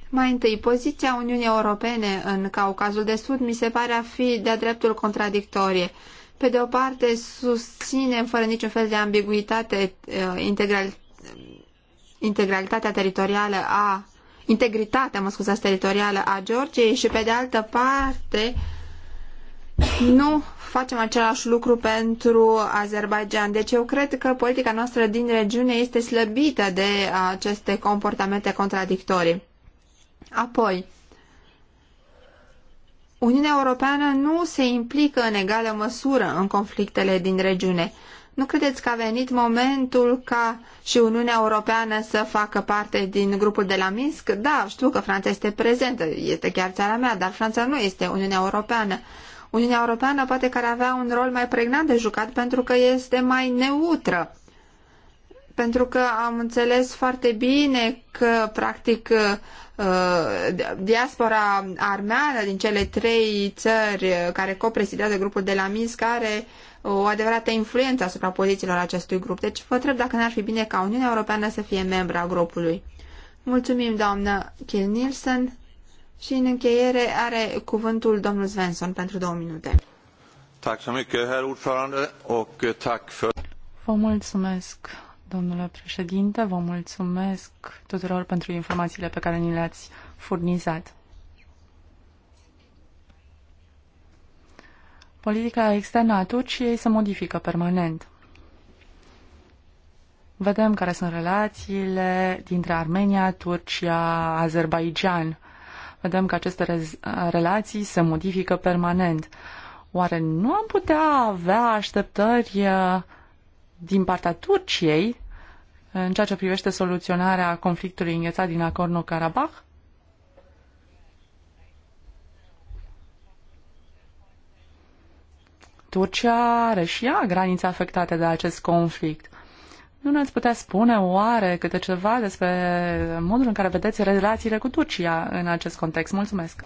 Mai întâi, poziția Uniunii Europene în Caucazul de Sud mi se pare a fi de-a dreptul contradictorie. Pe de o parte, susține, fără niciun fel de ambiguitate uh, integral, integralitatea teritorială a integritatea, mă scuzați, teritorială a Georgiei și pe de altă parte nu facem același lucru pentru Azerbaijan. Deci eu cred că politica noastră din regiune este slăbită de aceste comportamente contradictorii. Apoi, Uniunea Europeană nu se implică în egală măsură în conflictele din regiune. Nu credeți că a venit momentul ca și Uniunea Europeană să facă parte din grupul de la Minsk? Da, știu că Franța este prezentă, este chiar țara mea, dar Franța nu este Uniunea Europeană. Uniunea Europeană poate că ar avea un rol mai pregnant de jucat pentru că este mai neutră pentru că am înțeles foarte bine că, practic, uh, diaspora armeană din cele trei țări care copresidează grupul de la Minsk are o adevărată influență asupra pozițiilor acestui grup. Deci vă întreb dacă n-ar fi bine ca Uniunea Europeană să fie membra grupului. Mulțumim, doamnă Kiel Nielsen. Și în încheiere are cuvântul domnul Svensson pentru două minute. Eh, vă mulțumesc, Domnule președinte, vă mulțumesc tuturor pentru informațiile pe care ni le-ați furnizat. Politica externă a Turciei se modifică permanent. Vedem care sunt relațiile dintre Armenia, Turcia, Azerbaijan. Vedem că aceste relații se modifică permanent. Oare nu am putea avea așteptări uh, din partea Turciei în ceea ce privește soluționarea conflictului înghețat din acorno karabakh Turcia are și ea granițe afectate de acest conflict. Nu ne-ați putea spune oare câte ceva despre modul în care vedeți relațiile cu Turcia în acest context? Mulțumesc!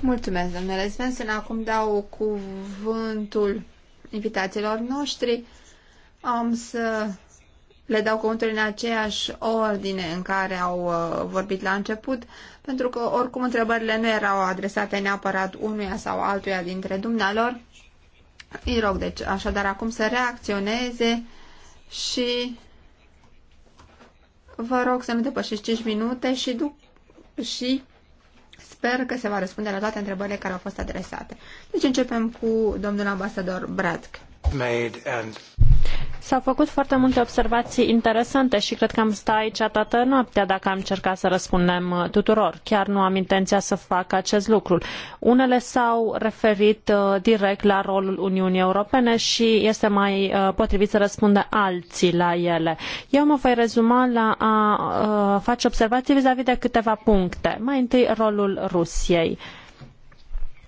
Mulțumesc, domnule Svensson. Acum dau cuvântul invitațiilor noștri. Am să le dau contul în aceeași ordine în care au uh, vorbit la început, pentru că oricum întrebările nu erau adresate neapărat unuia sau altuia dintre dumnealor. Îi rog, deci, așadar, acum să reacționeze și vă rog să nu depășiți 5 minute și, duc, și sper că se va răspunde la toate întrebările care au fost adresate. Deci începem cu domnul ambasador Bradk. S-au făcut foarte multe observații interesante și cred că am sta aici toată noaptea dacă am cercat să răspundem uh, tuturor. Chiar nu am intenția să fac acest lucru. Unele s-au referit uh, direct la rolul Uniunii Europene și este mai uh, potrivit să răspundă alții la ele. Eu mă voi rezuma la a face observații vis a -vis de câteva puncte. Mai întâi rolul Rusiei.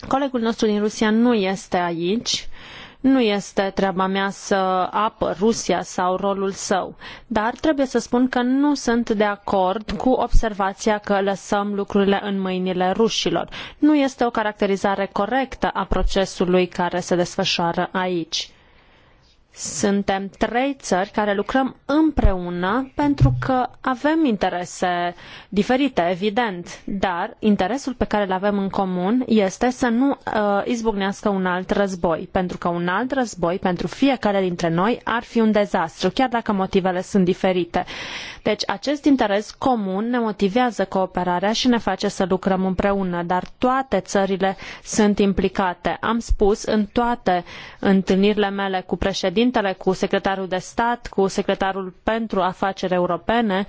Colegul nostru din Rusia nu este aici. Uh, nu este treaba mea să apăr Rusia sau rolul său, dar trebuie să spun că nu sunt de acord cu observația că lăsăm lucrurile în mâinile rușilor. Nu este o caracterizare corectă a procesului care se desfășoară aici. Suntem trei țări care lucrăm împreună pentru că avem interese diferite, evident, dar interesul pe care îl avem în comun este să nu uh, izbucnească un alt război, pentru că un alt război pentru fiecare dintre noi ar fi un dezastru, chiar dacă motivele sunt diferite. Deci acest interes comun ne motivează cooperarea și ne face să lucrăm împreună, dar toate țările sunt implicate. Am spus în toate întâlnirile mele cu președintele președintele, cu secretarul de stat, cu secretarul pentru afaceri europene.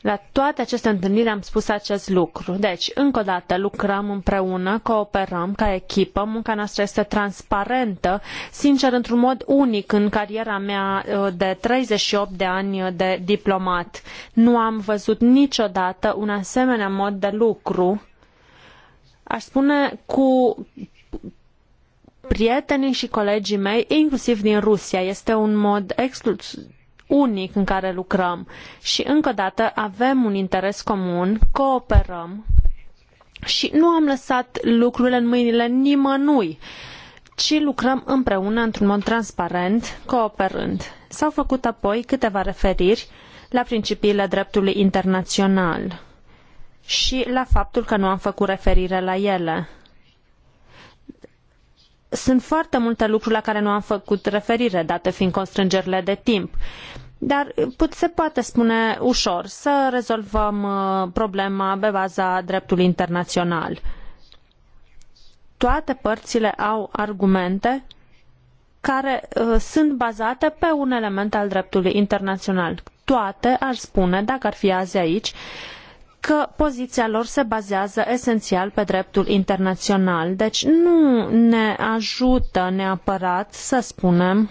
La toate aceste întâlniri am spus acest lucru. Deci, încă o dată, lucrăm împreună, cooperăm ca echipă, munca noastră este transparentă. Sincer, într-un mod unic în cariera mea uh, de 38 de ani uh, de diplomat, nu am văzut niciodată un asemenea mod de lucru, aș spune, cu prietenii și colegii mei, inclusiv din Rusia. Este un mod exclusiv unic în care lucrăm și încă o dată avem un interes comun, cooperăm și nu am lăsat lucrurile în mâinile nimănui, ci lucrăm împreună într-un mod transparent, cooperând. S-au făcut apoi câteva referiri la principiile dreptului internațional și la faptul că nu am făcut referire la ele sunt foarte multe lucruri la care nu am făcut referire, date fiind constrângerile de timp. Dar se poate spune ușor să rezolvăm uh, problema pe baza dreptului internațional. Toate părțile au argumente care uh, sunt bazate pe un element al dreptului internațional. Toate, aș spune, dacă ar fi azi aici, uh, că poziția lor se bazează esențial pe dreptul internațional. Deci nu ne ajută neapărat să spunem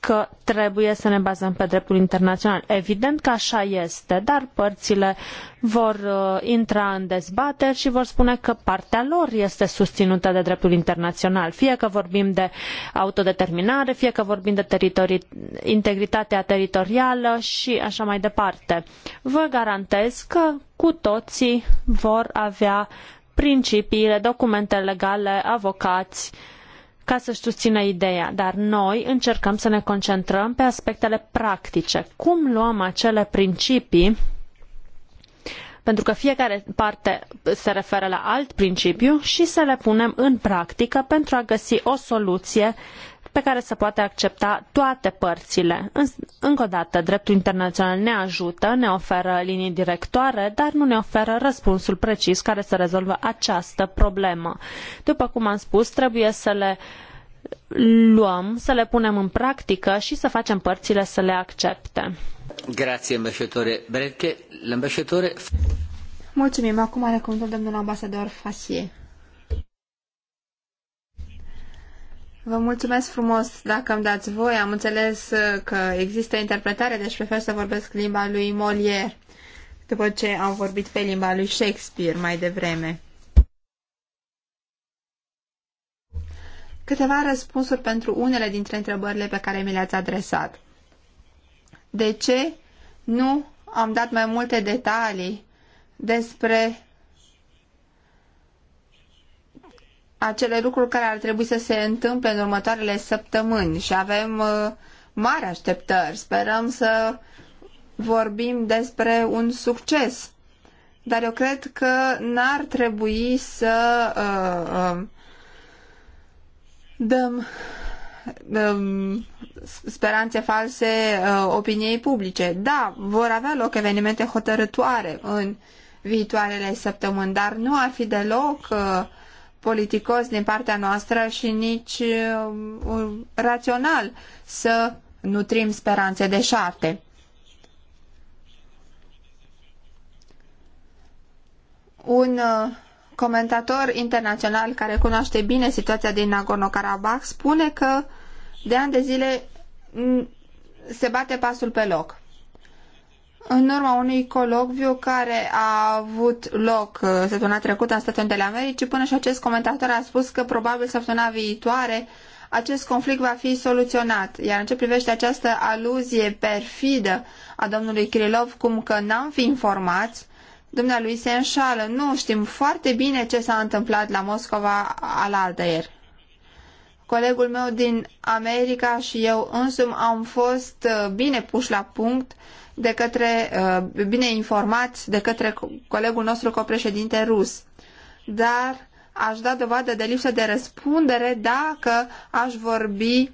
că trebuie să ne bazăm pe dreptul internațional. Evident că așa este, dar părțile vor uh, intra în dezbateri și vor spune că partea lor este susținută de dreptul internațional. Fie că vorbim de autodeterminare, fie că vorbim de teritori- integritatea teritorială și așa mai departe. Vă garantez că cu toții vor avea principiile, documente legale, avocați, uh, ca să-și susțină ideea, dar noi încercăm să ne concentrăm pe aspectele practice. Cum luăm acele principii pentru că fiecare parte se referă la alt principiu și să le punem în practică pentru a găsi o soluție pe care să poate accepta toate părțile. Încă o dată, dreptul internațional ne ajută, ne oferă linii directoare, dar nu ne oferă răspunsul precis care să rezolvă această problemă. După cum am spus, trebuie să le luăm, să le punem în practică și să facem părțile să le accepte. Grazie, Bredke. L'ambasciatore... Mulțumim. Acum are cuvântul domnul ambasador Fasie. Vă mulțumesc frumos dacă îmi dați voi. Am înțeles uh, că există interpretare, deci prefer să vorbesc limba lui Molière, după ce am vorbit pe limba lui Shakespeare mai devreme. Câteva răspunsuri pentru unele dintre întrebările pe care mi le-ați adresat. De ce nu am dat mai multe detalii despre acele lucruri care ar trebui să se întâmple în următoarele săptămâni și avem uh, mari așteptări. Sperăm să vorbim despre un succes. Dar eu cred că n-ar trebui să uh, um, dăm um, speranțe false uh, opiniei publice. Da, vor avea loc evenimente hotărătoare în viitoarele săptămâni, dar nu ar fi deloc uh, politicos din partea noastră și nici uh, rațional să nutrim speranțe șarte. Un uh, comentator internațional care cunoaște bine situația din Nagorno-Karabakh spune că de ani de zile se bate pasul pe loc în urma unui colocviu care a avut loc uh, săptămâna trecută în Statele Unite ale Americii, până și acest comentator a spus că probabil săptămâna viitoare acest conflict va fi soluționat. Iar în ce privește această aluzie perfidă a domnului Kirilov, cum că n-am fi informați, dumnealui se înșală. Nu știm foarte bine ce s-a întâmplat la Moscova alaltăieri. Colegul meu din America și eu însumi am fost uh, bine puși la punct de către, uh, bine informați de către colegul nostru copreședinte rus. Dar aș da dovadă de lipsă de răspundere dacă aș vorbi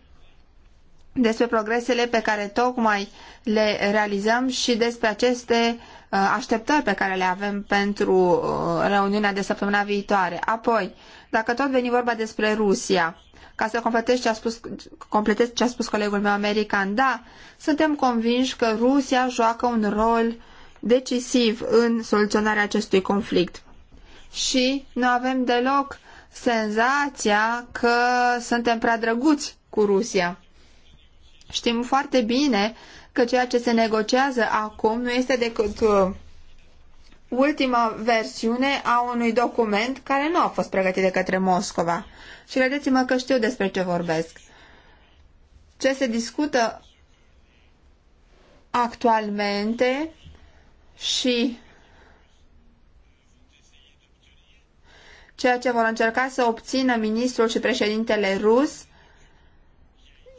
despre progresele pe care tocmai le realizăm și despre aceste uh, așteptări pe care le avem pentru reuniunea de săptămâna viitoare. Apoi, dacă tot veni vorba despre Rusia, ca să completez ce a spus, completez ce a spus colegul meu american, da, suntem convinși că Rusia joacă un rol decisiv în soluționarea acestui conflict. Și nu avem deloc senzația că suntem prea drăguți cu Rusia. Știm foarte bine că ceea ce se negociază acum nu este decât uh, ultima versiune a unui document care nu a fost pregătit de către Moscova. Și credeți-mă că știu despre ce vorbesc. Ce se discută actualmente și ceea ce vor încerca să obțină ministrul și președintele rus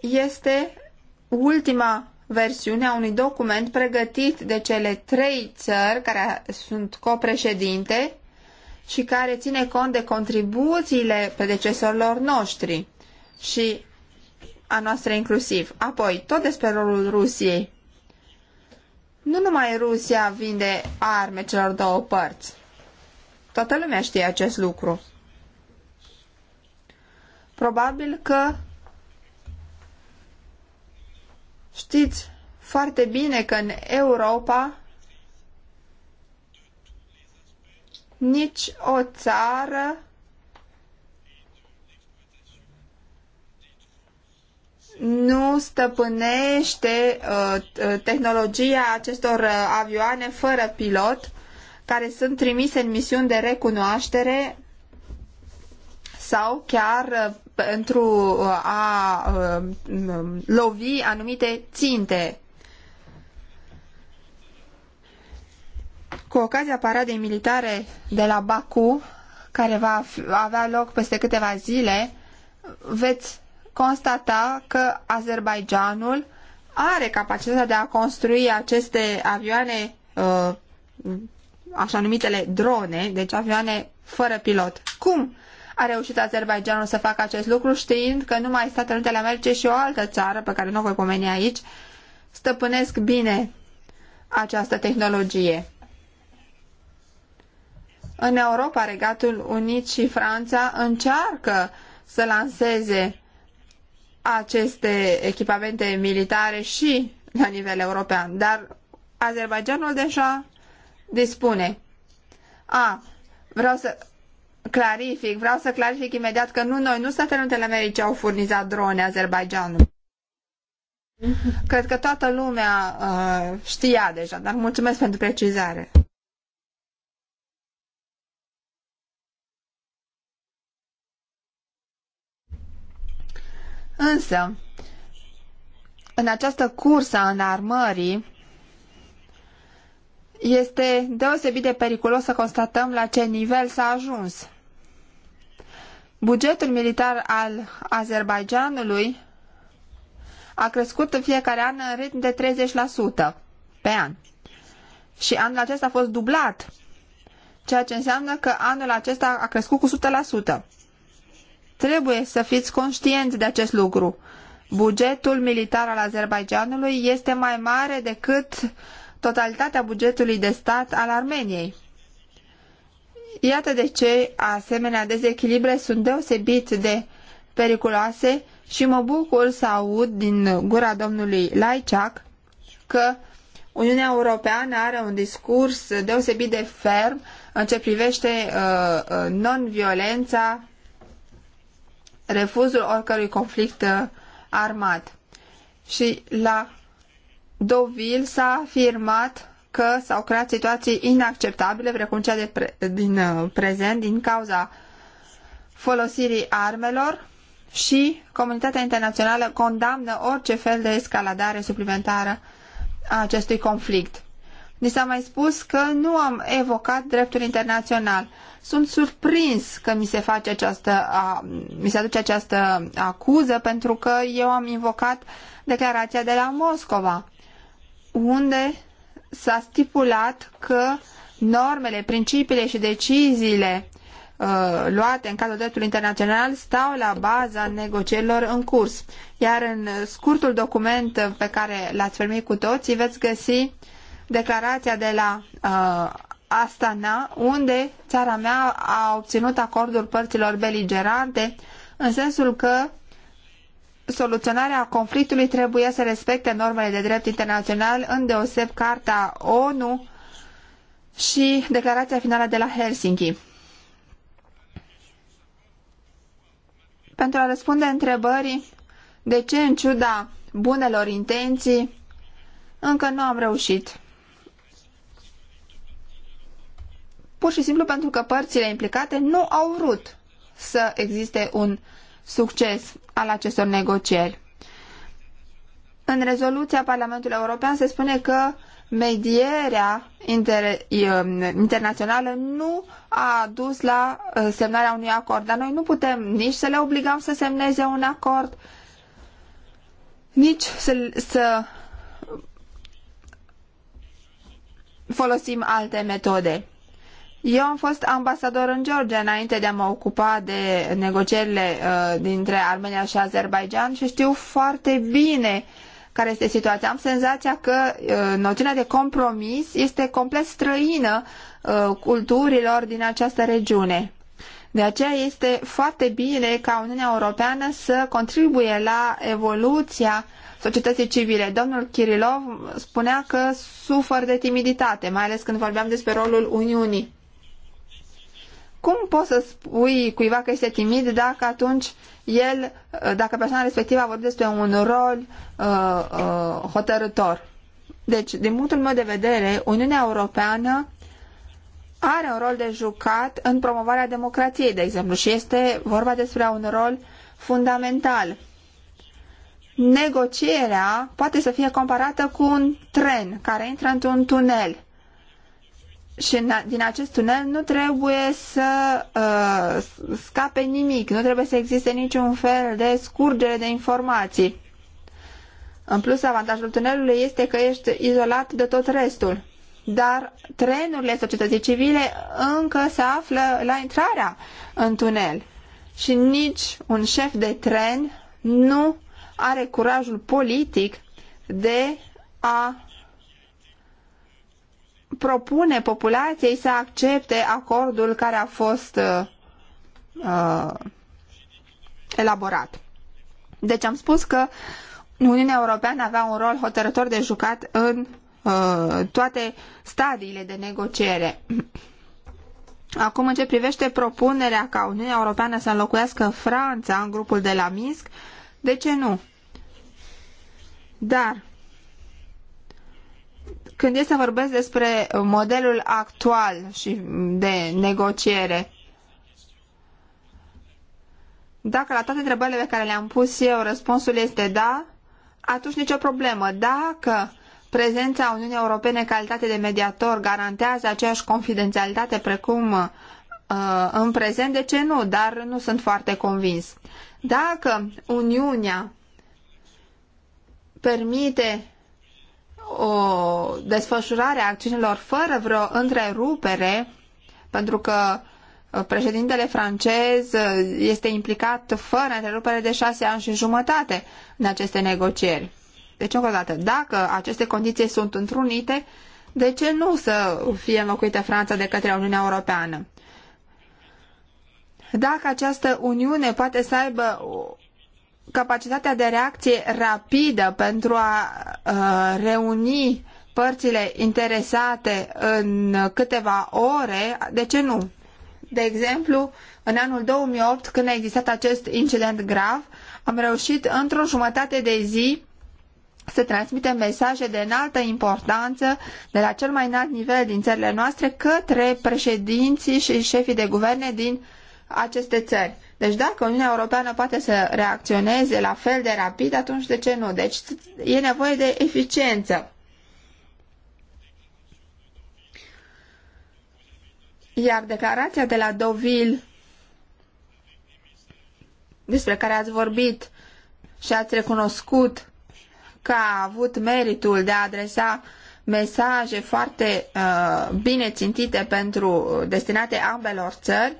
este ultima versiune a unui document pregătit de cele trei țări care sunt copreședinte și care ține cont de contribuțiile predecesorilor noștri și a noastră inclusiv. Apoi, tot despre rolul Rusiei. Nu numai Rusia vinde arme celor două părți. Toată lumea știe acest lucru. Probabil că Știți foarte bine că în Europa nici o țară nu stăpânește uh, uh tehnologia acestor uh, avioane fără pilot care sunt trimise în misiuni de recunoaștere sau chiar uh, pentru uh, a uh, lovi anumite ținte. Cu ocazia paradei militare de la Baku, care va avea loc peste câteva zile, veți constata că Azerbaijanul are capacitatea de a construi aceste avioane, așa numitele drone, deci avioane fără pilot. Cum a reușit Azerbaijanul să facă acest lucru știind că numai Statele Unite ale Americii și o altă țară, pe care nu o voi pomeni aici, stăpânesc bine această tehnologie. În Europa, Regatul Unit și Franța încearcă să lanseze aceste echipamente militare și la nivel european, dar Azerbaijanul deja dispune. A, vreau să clarific, vreau să clarific imediat că nu noi, nu Statele Unite ale Americii au furnizat drone Azerbaijanului. Cred că toată lumea uh, știa deja, dar mulțumesc pentru precizare. Însă, în această cursă în armării, este deosebit de periculos să constatăm la ce nivel s-a ajuns. Bugetul militar al Azerbaijanului a crescut în fiecare an în ritm de 30% pe an. Și anul acesta a fost dublat, ceea ce înseamnă că anul acesta a crescut cu 100%. Trebuie să fiți conștienți de acest lucru. Bugetul militar al Azerbaijanului este mai mare decât totalitatea bugetului de stat al Armeniei. Iată de ce asemenea dezechilibre sunt deosebit de periculoase și mă bucur să aud din gura domnului Laiciac că Uniunea Europeană are un discurs deosebit de ferm în ce privește uh, uh non-violența, refuzul oricărui conflict uh, armat. Și la Deauville s-a afirmat că s-au creat situații inacceptabile, precum cea de pre din uh, prezent, din cauza folosirii armelor și comunitatea internațională condamnă orice fel de escaladare suplimentară a acestui conflict. Ni s-a mai spus că nu am evocat dreptul internațional. Sunt surprins că mi se face această, a, mi se aduce această acuză pentru că eu am invocat declarația de la Moscova, unde s-a stipulat că normele, principiile și deciziile uh, luate în cadrul dreptului internațional stau la baza negocierilor în curs. Iar în scurtul document pe care l-ați primit cu toții veți găsi declarația de la uh, Astana, unde țara mea a obținut acordul părților beligerante în sensul că soluționarea conflictului trebuie să respecte normele de drept internațional, îndeoseb Carta ONU și declarația finală de la Helsinki. Pentru a răspunde întrebării de ce, în ciuda bunelor intenții, încă nu am reușit. Pur și simplu pentru că părțile implicate nu au vrut să existe un succes al acestor negocieri. În rezoluția Parlamentului European se spune că medierea inter um, internațională nu a dus la uh, semnarea unui acord, dar noi nu putem nici să le obligăm să semneze un acord, nici să, să folosim alte metode. Eu am fost ambasador în Georgia înainte de a mă ocupa de negocierile uh, dintre Armenia și Azerbaijan și știu foarte bine care este situația. Am senzația că uh, noțiunea de compromis este complet străină uh, culturilor din această regiune. De aceea este foarte bine ca Uniunea Europeană să contribuie la evoluția societății civile. Domnul Kirilov spunea că sufăr de timiditate, mai ales când vorbeam despre rolul Uniunii cum poți să spui cuiva că este timid dacă atunci el, dacă persoana respectivă a vorbit despre un rol uh, uh, hotărător? Deci, din punctul meu de vedere, Uniunea Europeană are un rol de jucat în promovarea democrației, de exemplu, și este vorba despre un rol fundamental. Negocierea poate să fie comparată cu un tren care intră într-un tunel și din acest tunel nu trebuie să uh, scape nimic, nu trebuie să existe niciun fel de scurgere de informații. În plus, avantajul tunelului este că ești izolat de tot restul. Dar trenurile societății civile încă se află la intrarea în tunel și nici un șef de tren nu are curajul politic de a propune populației să accepte acordul care a fost uh, uh, elaborat. Deci am spus că Uniunea Europeană avea un rol hotărător de jucat în uh, toate stadiile de negociere. Acum, în ce privește propunerea ca Uniunea Europeană să înlocuiască Franța în grupul de la Minsk, de ce nu? Dar când e să vorbesc despre modelul actual și de negociere, dacă la toate întrebările pe care le-am pus eu răspunsul este da, atunci nicio problemă. Dacă prezența Uniunii Europene în calitate de mediator garantează aceeași confidențialitate precum uh, în prezent, de ce nu? Dar nu sunt foarte convins. Dacă Uniunea permite o desfășurare a acțiunilor fără vreo întrerupere, pentru că uh, președintele francez uh, este implicat fără întrerupere de șase ani și jumătate în aceste negocieri. Deci, încă o dată, dacă aceste condiții sunt întrunite, de ce nu să fie înlocuită Franța de către Uniunea Europeană? Dacă această Uniune poate să aibă capacitatea de reacție rapidă pentru a uh, reuni părțile interesate în câteva ore, de ce nu? De exemplu, în anul 2008, când a existat acest incident grav, am reușit într-o jumătate de zi să transmitem mesaje de înaltă importanță de la cel mai înalt nivel din țările noastre către președinții și șefii de guverne din aceste țări. Deci dacă Uniunea Europeană poate să reacționeze la fel de rapid, atunci de ce nu? Deci e nevoie de eficiență. Iar declarația de la Deauville despre care ați vorbit și ați recunoscut că a avut meritul de a adresa mesaje foarte uh, bine țintite pentru uh, destinate ambelor țări,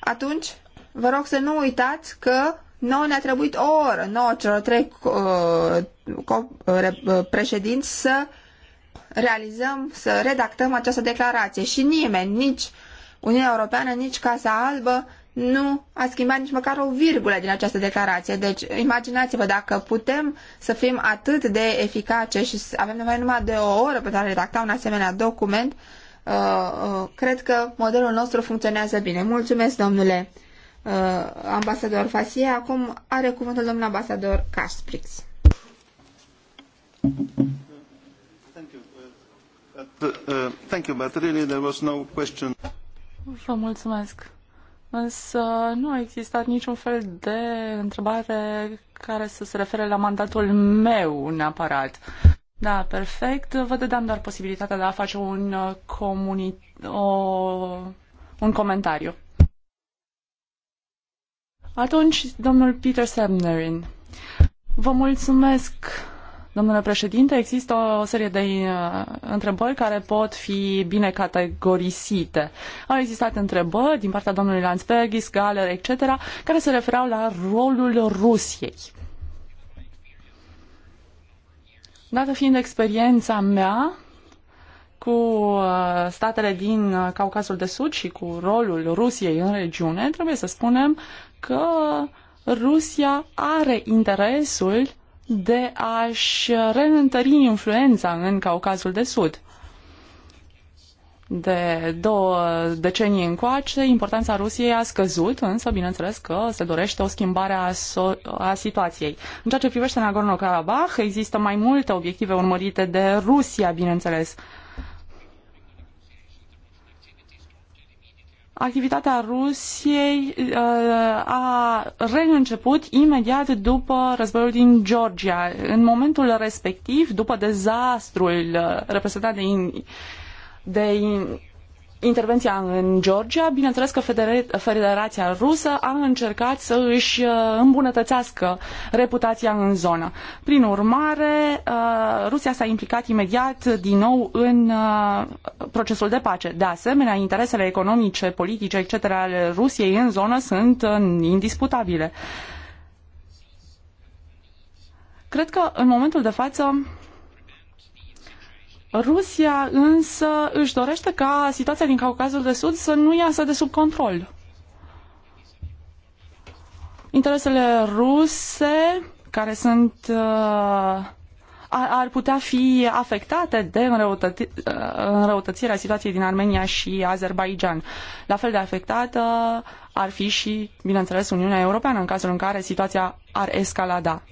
atunci vă rog să nu uitați că nouă ne-a trebuit o oră, nouă celor trei uh, uh, uh, președinți să realizăm, să redactăm această declarație și nimeni, nici Uniunea Europeană, nici Casa Albă nu a schimbat nici măcar o virgulă din această declarație. Deci, imaginați-vă dacă putem să fim atât de eficace și avem nevoie numai de o oră pentru a redacta un asemenea document, uh, uh, cred că modelul nostru funcționează bine. Mulțumesc, domnule Uh, ambasador Fasie. Acum are cuvântul domnul ambasador Kasprix. Vă mulțumesc. Însă nu a existat niciun fel de întrebare care să se refere la mandatul meu neapărat. Da, perfect. Vă dădeam doar posibilitatea de a face un, uh, comuni- o, un comentariu. Atunci, domnul Peter Semnerin. Vă mulțumesc, domnule președinte. Există o serie de uh, întrebări care pot fi bine categorisite. Au existat întrebări din partea domnului Landsbergis, Galer, etc., care se refereau la rolul Rusiei. Dată fiind experiența mea cu uh, statele din uh, Caucazul de Sud și cu rolul Rusiei în regiune, trebuie să spunem că Rusia are interesul de a-și reîntări influența în Caucazul de Sud. De două decenii încoace, importanța Rusiei a scăzut, însă bineînțeles că se dorește o schimbare a, so- a situației. În ceea ce privește Nagorno-Karabakh, există mai multe obiective urmărite de Rusia, bineînțeles. Uh, activitatea Rusiei uh, a reînceput imediat după războiul din Georgia. În momentul respectiv, după dezastrul uh, reprezentat de, de intervenția în Georgia, bineînțeles că Federația Rusă a încercat să își uh, îmbunătățească reputația în zonă. Prin urmare, uh, Rusia s-a implicat imediat din nou în uh, procesul de pace. De asemenea, interesele economice, politice, etc. ale Rusiei în zonă sunt indisputabile. Cred că în momentul de față Rusia însă își dorește ca situația din Caucazul de Sud să nu iasă de sub control. Interesele ruse care sunt uh, ar putea fi afectate de înrăutăți uh, înrăutățirea situației din Armenia și Azerbaijan. La fel de afectată ar fi și, bineînțeles, Uniunea Europeană în cazul în care situația ar escalada.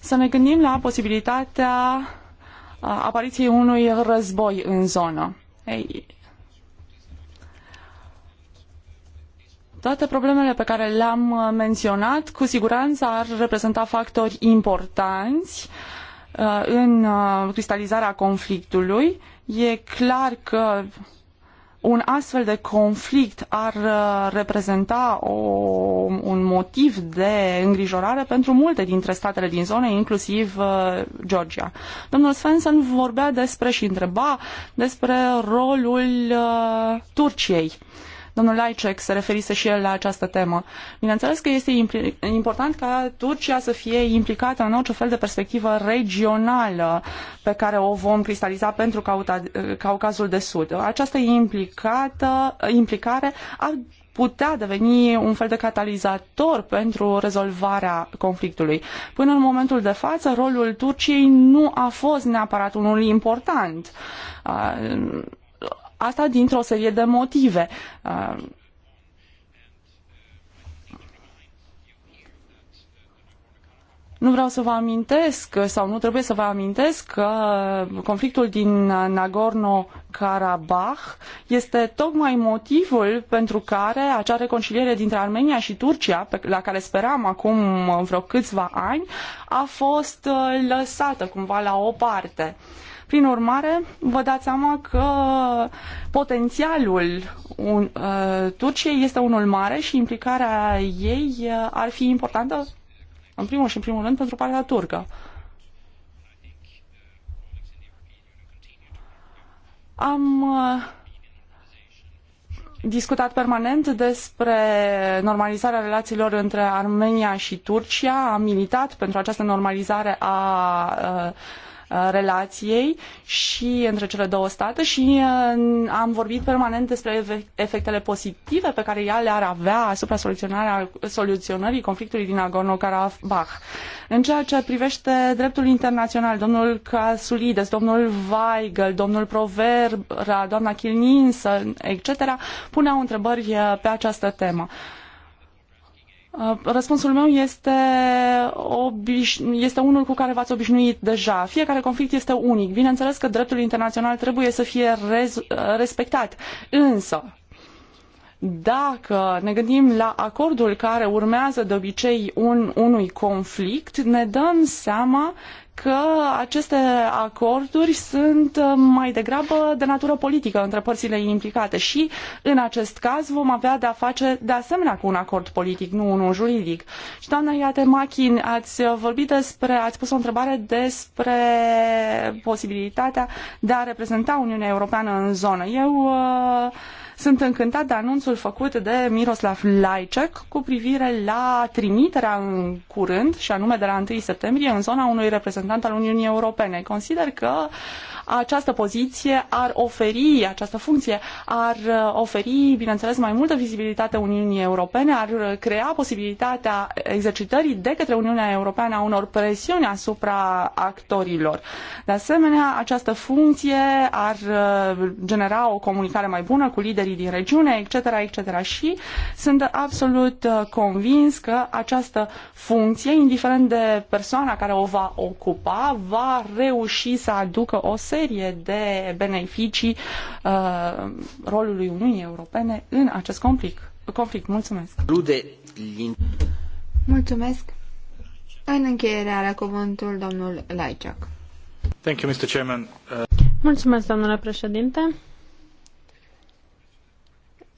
Să ne gândim la posibilitatea apariției unui război în zonă. Ei, toate problemele pe care le-am menționat cu siguranță ar reprezenta factori importanți uh, în uh, cristalizarea conflictului. E clar că un astfel de conflict ar uh, reprezenta o, un motiv de îngrijorare pentru multe dintre statele din zonă, inclusiv uh, Georgia. Domnul Svensson vorbea despre și întreba despre rolul uh, Turciei. Uh, Domnul Lajcek se referise și el la această temă. Bineînțeles că este important ca Turcia să fie implicată în orice fel de perspectivă regională pe care o vom cristaliza pentru Caucazul de Sud. Această implicată, implicare ar putea deveni un fel de catalizator pentru rezolvarea conflictului. Până în momentul de față, rolul Turciei nu a fost neapărat unul important. Asta dintr-o serie de motive. Uh, nu vreau să vă amintesc sau nu trebuie să vă amintesc că conflictul din Nagorno-Karabakh este tocmai motivul pentru care acea reconciliere dintre Armenia și Turcia, pe, la care speram acum vreo câțiva ani, a fost uh, lăsată cumva la o parte. Uh, prin urmare, vă dați seama că potențialul un, uh, Turciei este unul mare și implicarea ei uh, ar fi importantă, în primul și în primul rând, pentru partea turcă. Am uh, discutat permanent despre normalizarea relațiilor între Armenia și Turcia, am militat pentru această normalizare a uh, Uh, relației și între cele două state și uh, am vorbit permanent despre efectele pozitive pe care ea le-ar avea asupra soluționării conflictului din Nagorno-Karabakh. În ceea ce privește dreptul internațional, domnul Casulides, domnul Weigel, domnul Proverbra, doamna Chilninsă, etc., puneau întrebări uh, pe această temă. Uh, răspunsul meu este, obiș- este unul cu care v-ați obișnuit deja. Fiecare conflict este unic. Bineînțeles că dreptul internațional trebuie să fie respectat. Însă, dacă ne gândim la acordul care urmează de obicei un, unui conflict, ne dăm seama că aceste acorduri sunt uh, mai degrabă de natură politică între părțile implicate și în acest caz vom avea de-a face de asemenea cu un acord politic, nu unul juridic. Și doamna Iatemachin, ați vorbit despre, ați pus o întrebare despre posibilitatea de a reprezenta Uniunea Europeană în zonă. Eu uh, sunt încântat de anunțul făcut de Miroslav Lajcek cu privire la trimiterea în curând, și anume de la 1 septembrie, în zona unui reprezentant al Uniunii Europene. Consider că uh, această poziție ar oferi, această funcție ar uh, oferi, bineînțeles, mai multă vizibilitate Uniunii Europene, ar uh, crea posibilitatea exercitării de către Uniunea Europeană a unor presiuni asupra actorilor. De asemenea, această funcție ar uh, genera o comunicare mai bună cu liderii din regiune, etc., etc. Și sunt absolut convins că această funcție, indiferent de persoana care o va ocupa, va reuși să aducă o serie de beneficii uh, rolului Uniunii Europene în acest conflict. conflict. Mulțumesc! Mulțumesc! În încheiere are cuvântul domnul Laiceac. Thank you, Mr. Chairman. Uh... Mulțumesc, domnule președinte.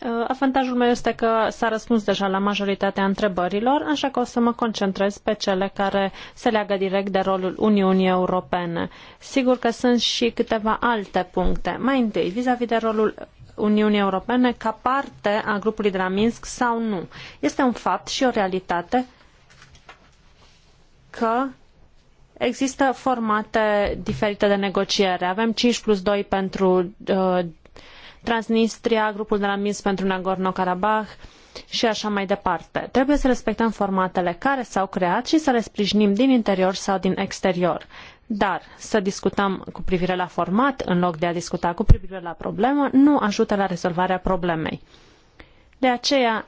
Uh, avantajul meu este că s-a răspuns deja la majoritatea întrebărilor, așa că o să mă concentrez pe cele care se leagă direct de rolul Uniunii Europene. Sigur că sunt și câteva alte puncte. Mai întâi, vis-a-vis de rolul Uniunii Europene ca parte a grupului de la Minsk sau nu. Este un fapt și o realitate că există formate diferite de negociere. Avem 5 plus 2 pentru uh, Transnistria, grupul de la Minsk pentru Nagorno-Karabakh și așa mai departe. Trebuie să respectăm formatele care s-au creat și să le sprijinim din interior sau din exterior. Dar să discutăm cu privire la format în loc de a discuta cu privire la problemă nu ajută la rezolvarea problemei. De aceea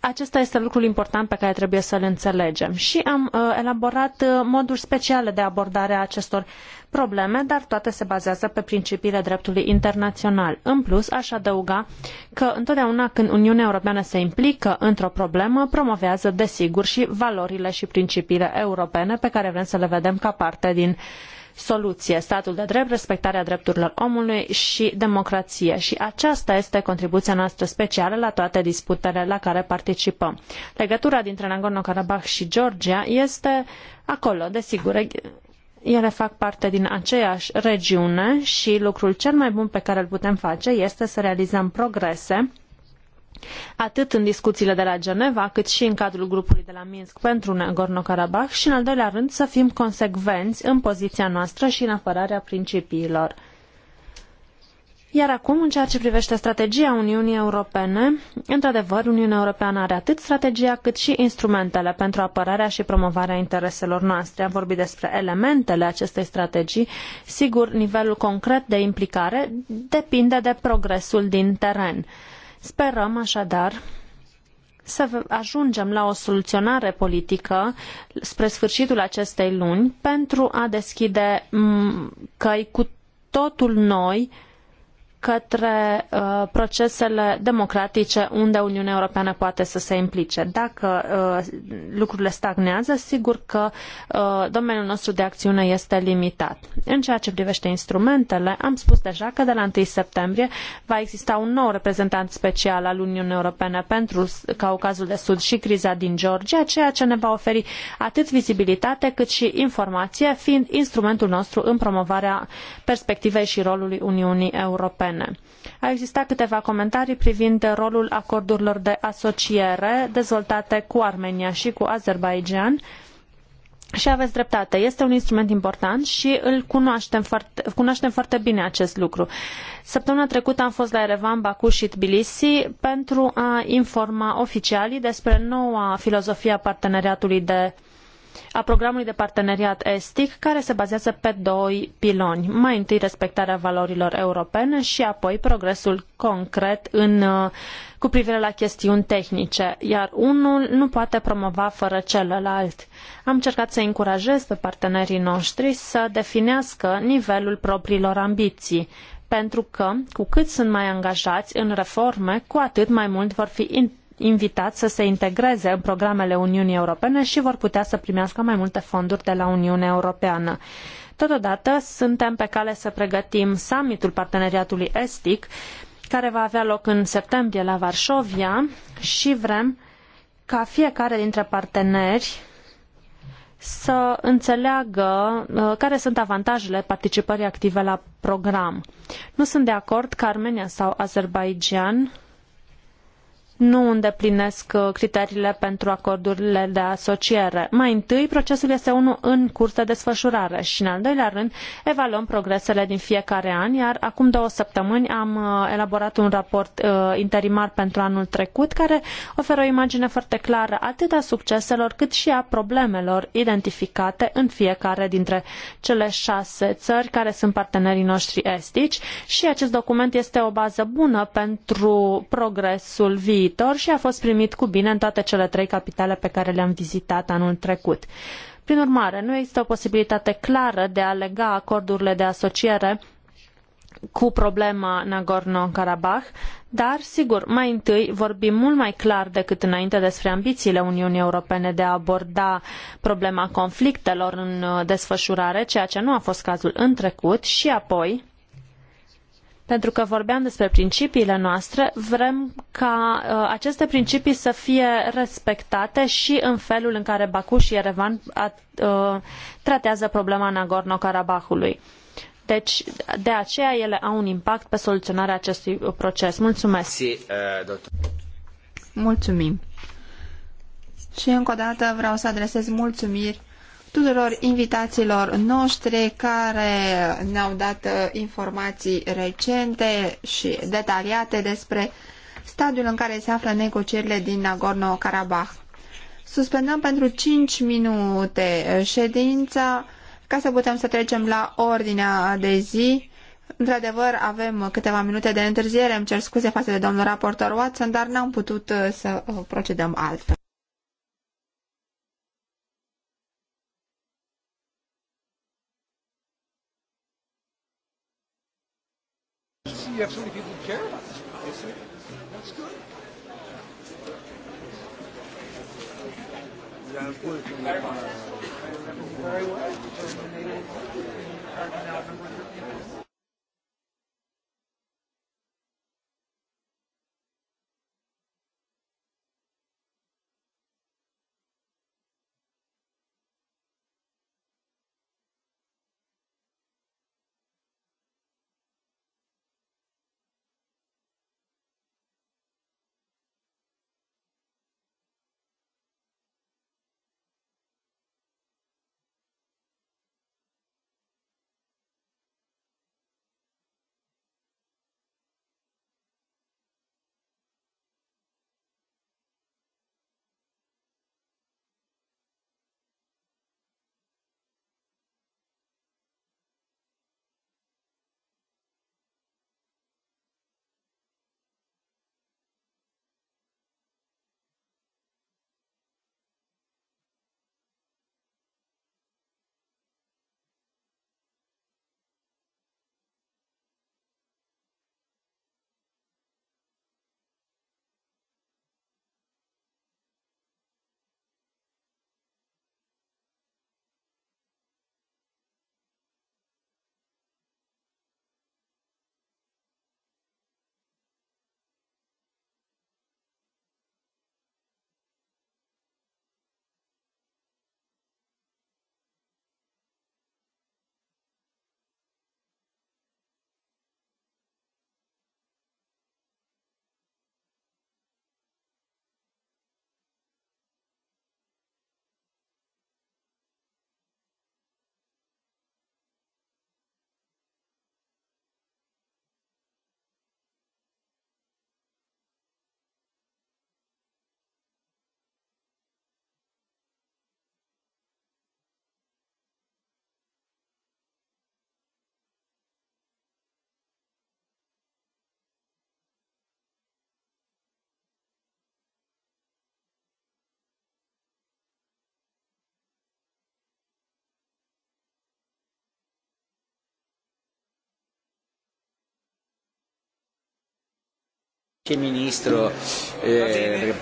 acesta este lucrul important pe care trebuie să-l înțelegem. Și am uh, elaborat uh, moduri speciale de abordare a acestor probleme, dar toate se bazează pe principiile dreptului internațional. În plus, aș adăuga că întotdeauna când Uniunea Europeană se implică într-o problemă, promovează, desigur, și valorile și principiile europene pe care vrem să le vedem ca parte din uh, soluție, statul de drept, respectarea drepturilor omului și democrație. Și aceasta este contribuția noastră specială la toate disputele la care participăm. Legătura dintre Nagorno-Karabakh și Georgia este acolo, desigur, ele fac parte din aceeași regiune și lucrul cel mai bun pe care îl putem face este să realizăm progrese atât în discuțiile de la Geneva, cât și în cadrul grupului de la Minsk pentru Nagorno-Karabakh și, în al doilea rând, să fim consecvenți în poziția noastră și în apărarea principiilor. Iar acum, în ceea ce privește strategia Uniunii Europene, într-adevăr, Uniunea Europeană are atât strategia cât și instrumentele pentru apărarea și promovarea intereselor noastre. Am vorbit despre elementele acestei strategii. Sigur, nivelul concret de implicare depinde de progresul din teren. Sperăm așadar să ajungem la o soluționare politică spre sfârșitul acestei luni pentru a deschide căi cu totul noi către uh, procesele democratice unde Uniunea Europeană poate să se implice. Dacă uh, lucrurile stagnează, sigur că uh, domeniul nostru de acțiune este limitat. În ceea ce privește instrumentele, am spus deja că de la 1 septembrie va exista un nou reprezentant special al Uniunii Europene pentru Caucazul de Sud și criza din Georgia, ceea ce ne va oferi atât vizibilitate cât și informație, fiind instrumentul nostru în promovarea perspectivei și rolului Uniunii Europene Europene. Au existat câteva comentarii privind rolul acordurilor de asociere dezvoltate cu Armenia și cu Azerbaijan. Și aveți dreptate, este un instrument important și îl cunoaștem foarte, cunoaștem foarte bine acest lucru. Săptămâna trecută am fost la Erevan, Baku și Tbilisi pentru a informa oficialii despre noua filozofie a parteneriatului de a programului de parteneriat estic, care se bazează pe doi piloni. Mai întâi respectarea valorilor europene și apoi progresul concret în, uh, cu privire la chestiuni tehnice, iar unul nu poate promova fără celălalt. Am încercat să încurajez pe partenerii noștri să definească nivelul propriilor ambiții, pentru că, cu cât sunt mai angajați în reforme, cu atât mai mult vor fi invitați să se integreze în programele Uniunii Europene și vor putea să primească mai multe fonduri de la Uniunea Europeană. Totodată, suntem pe cale să pregătim summitul parteneriatului estic, care va avea loc în septembrie la Varșovia și vrem ca fiecare dintre parteneri să înțeleagă uh, care sunt avantajele participării active la program. Nu sunt de acord că Armenia sau Azerbaijan nu îndeplinesc uh, criteriile pentru acordurile de asociere. Mai întâi, procesul este unul în curs de desfășurare și, în al doilea rând, evaluăm progresele din fiecare an, iar acum două săptămâni am uh, elaborat un raport uh, interimar pentru anul trecut care oferă o imagine foarte clară atât a succeselor cât și a problemelor identificate în fiecare dintre cele șase țări care sunt partenerii noștri estici și acest document este o bază bună pentru progresul viitor viitor și a fost primit cu bine în toate cele trei capitale pe care le-am vizitat anul trecut. Prin urmare, nu există o posibilitate clară de a lega acordurile de asociere cu problema Nagorno-Karabakh, dar, sigur, mai întâi vorbim mult mai clar decât înainte despre ambițiile Uniunii Europene de a aborda problema conflictelor în desfășurare, ceea ce nu a fost cazul în trecut, și apoi pentru că vorbeam despre principiile noastre, vrem ca uh, aceste principii să fie respectate și în felul în care Baku și Erevan uh, tratează problema Nagorno-Karabahului. Deci, de aceea ele au un impact pe soluționarea acestui proces. Mulțumesc! Uh, Mulțumim! Și încă o dată vreau să adresez mulțumiri tuturor invitațiilor noștri care ne-au dat uh, informații recente și detaliate despre stadiul în care se află negocierile din Nagorno-Karabakh. Suspendăm pentru 5 minute uh, ședința ca să putem să trecem la ordinea de zi. Într-adevăr, avem câteva minute de întârziere, îmi cer scuze față de domnul raportor Watson, dar n-am putut uh, să procedăm altfel. you have so many people who care about this. That's, that's good. Uh, Very well. Ministro, eh,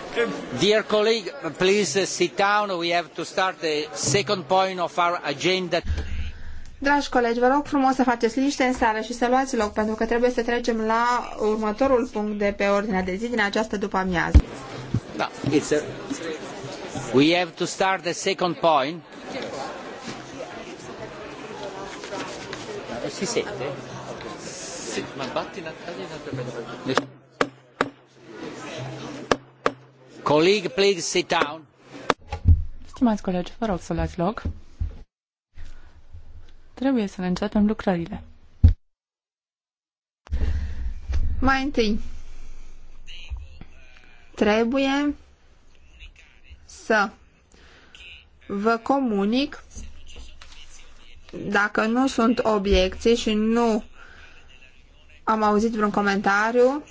dear colleague, please eh, sit down. We have to start the second point of our agenda. Dragi colegi, vă rog frumos să faceți liniște în sală și să luați loc, pentru că trebuie să trecem la următorul punct de pe ordinea de zi din această după-amiază. No, da, it's a... We have to start the second point. Si sente? Sì, ma batti la taglia Colleague, please sit down. Stimați colegi, vă rog să luați loc. Trebuie să ne începem lucrările. Mai întâi, trebuie să vă comunic dacă nu sunt obiecții și nu am auzit vreun comentariu,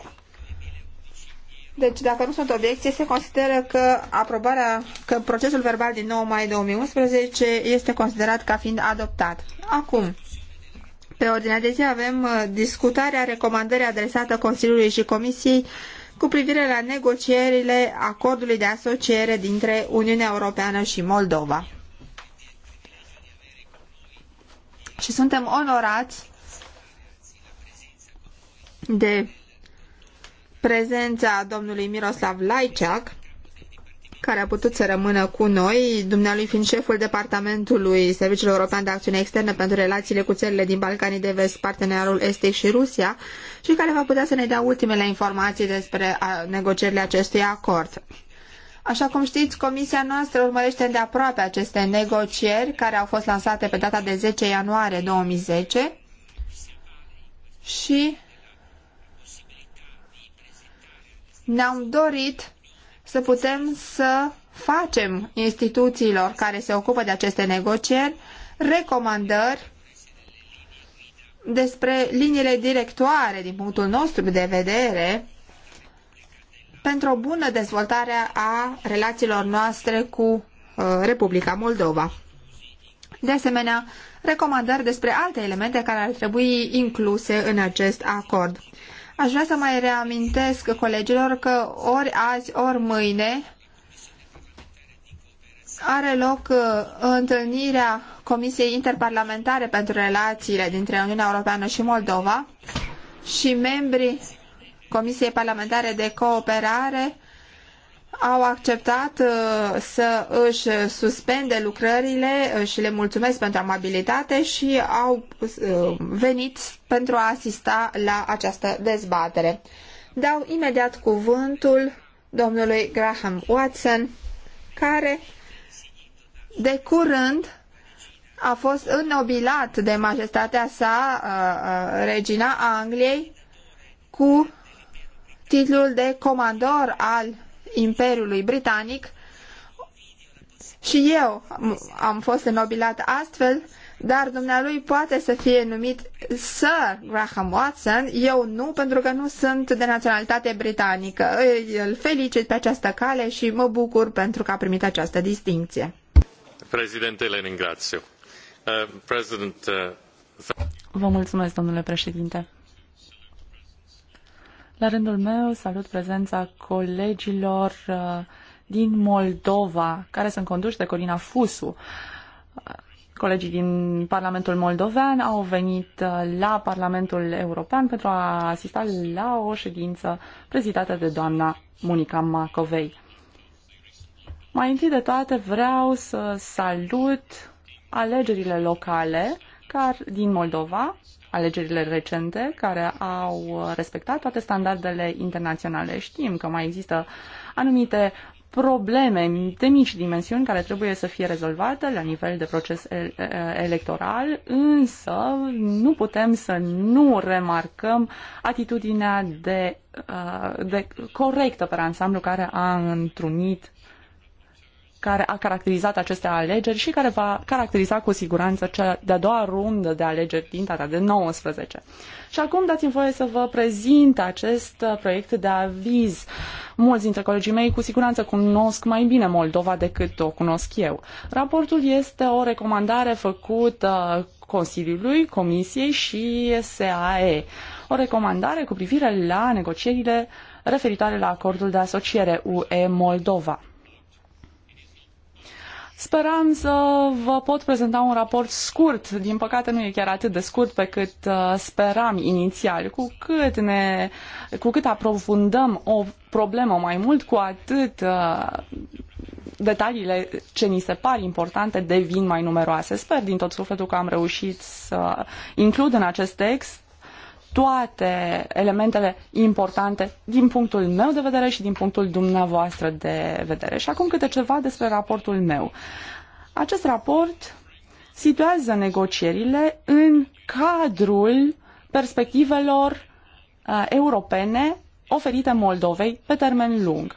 deci, dacă nu sunt obiecții, se consideră că aprobarea, că procesul verbal din 9 mai 2011 este considerat ca fiind adoptat. Acum, pe ordinea de zi avem uh, discutarea recomandării adresată Consiliului și Comisiei cu privire la negocierile acordului de asociere dintre Uniunea Europeană și Moldova. Și suntem onorați de prezența domnului Miroslav Laiceac, care a putut să rămână cu noi, dumnealui fiind șeful departamentului Serviciului European de Acțiune Externă pentru relațiile cu țările din Balcanii de Vest, partenerul Estic și Rusia, și care va putea să ne dea ultimele informații despre negocierile acestui acord. Așa cum știți, comisia noastră urmărește aproape aceste negocieri care au fost lansate pe data de 10 ianuarie 2010 și ne-am dorit să putem să facem instituțiilor care se ocupă de aceste negocieri recomandări despre liniile directoare din punctul nostru de vedere pentru o bună dezvoltare a relațiilor noastre cu uh, Republica Moldova. De asemenea, recomandări despre alte elemente care ar trebui incluse în acest acord. Aș vrea să mai reamintesc colegilor că ori azi, ori mâine are loc uh, întâlnirea Comisiei Interparlamentare pentru Relațiile dintre Uniunea Europeană și Moldova și membrii Comisiei Parlamentare de Cooperare au acceptat uh, să își suspende lucrările uh, și le mulțumesc pentru amabilitate și au uh, venit pentru a asista la această dezbatere. Dau imediat cuvântul domnului Graham Watson, care de curând a fost înnobilat de majestatea sa, regina Angliei, cu titlul de comandor al Imperiului Britanic și eu am fost înnobilat astfel, dar dumnealui poate să fie numit Sir Graham Watson, eu nu, pentru că nu sunt de naționalitate britanică. Îl felicit pe această cale și mă bucur pentru că a primit această distinție. Președintele, ringrazio. Uh, uh... Vă mulțumesc, domnule președinte. La rândul meu salut prezența colegilor uh, din Moldova, care sunt conduși de Corina Fusu. Uh, colegii din Parlamentul Moldovean au venit uh, la Parlamentul European pentru a asista la o ședință prezidată de doamna Monica Macovei. Mai întâi de toate vreau să salut alegerile locale care, din Moldova, alegerile recente care au respectat toate standardele internaționale. Știm că mai există anumite probleme de mici dimensiuni care trebuie să fie rezolvate la nivel de proces electoral, însă nu putem să nu remarcăm atitudinea de, uh, de corectă pe ansamblu care a întrunit care a caracterizat aceste alegeri și care va caracteriza cu siguranță cea de-a doua rundă de alegeri din data de 19. Și acum dați-mi voie să vă prezint acest uh, proiect de aviz. Mulți dintre colegii mei cu siguranță cunosc mai bine Moldova decât o cunosc eu. Raportul este o recomandare făcută Consiliului, Comisiei și SAE. O recomandare cu privire la negocierile referitoare la acordul de asociere UE-Moldova. Speram să vă pot prezenta un raport scurt, din păcate nu e chiar atât de scurt pe cât uh, speram inițial. Cu cât, ne, cu cât aprofundăm o problemă mai mult, cu atât uh, detaliile ce ni se par importante devin mai numeroase. Sper din tot sufletul că am reușit să includ în acest text toate elementele importante din punctul meu de vedere și din punctul dumneavoastră de vedere. Și acum câte ceva despre raportul meu. Acest raport situează negocierile în cadrul perspectivelor uh, europene oferite Moldovei pe termen lung.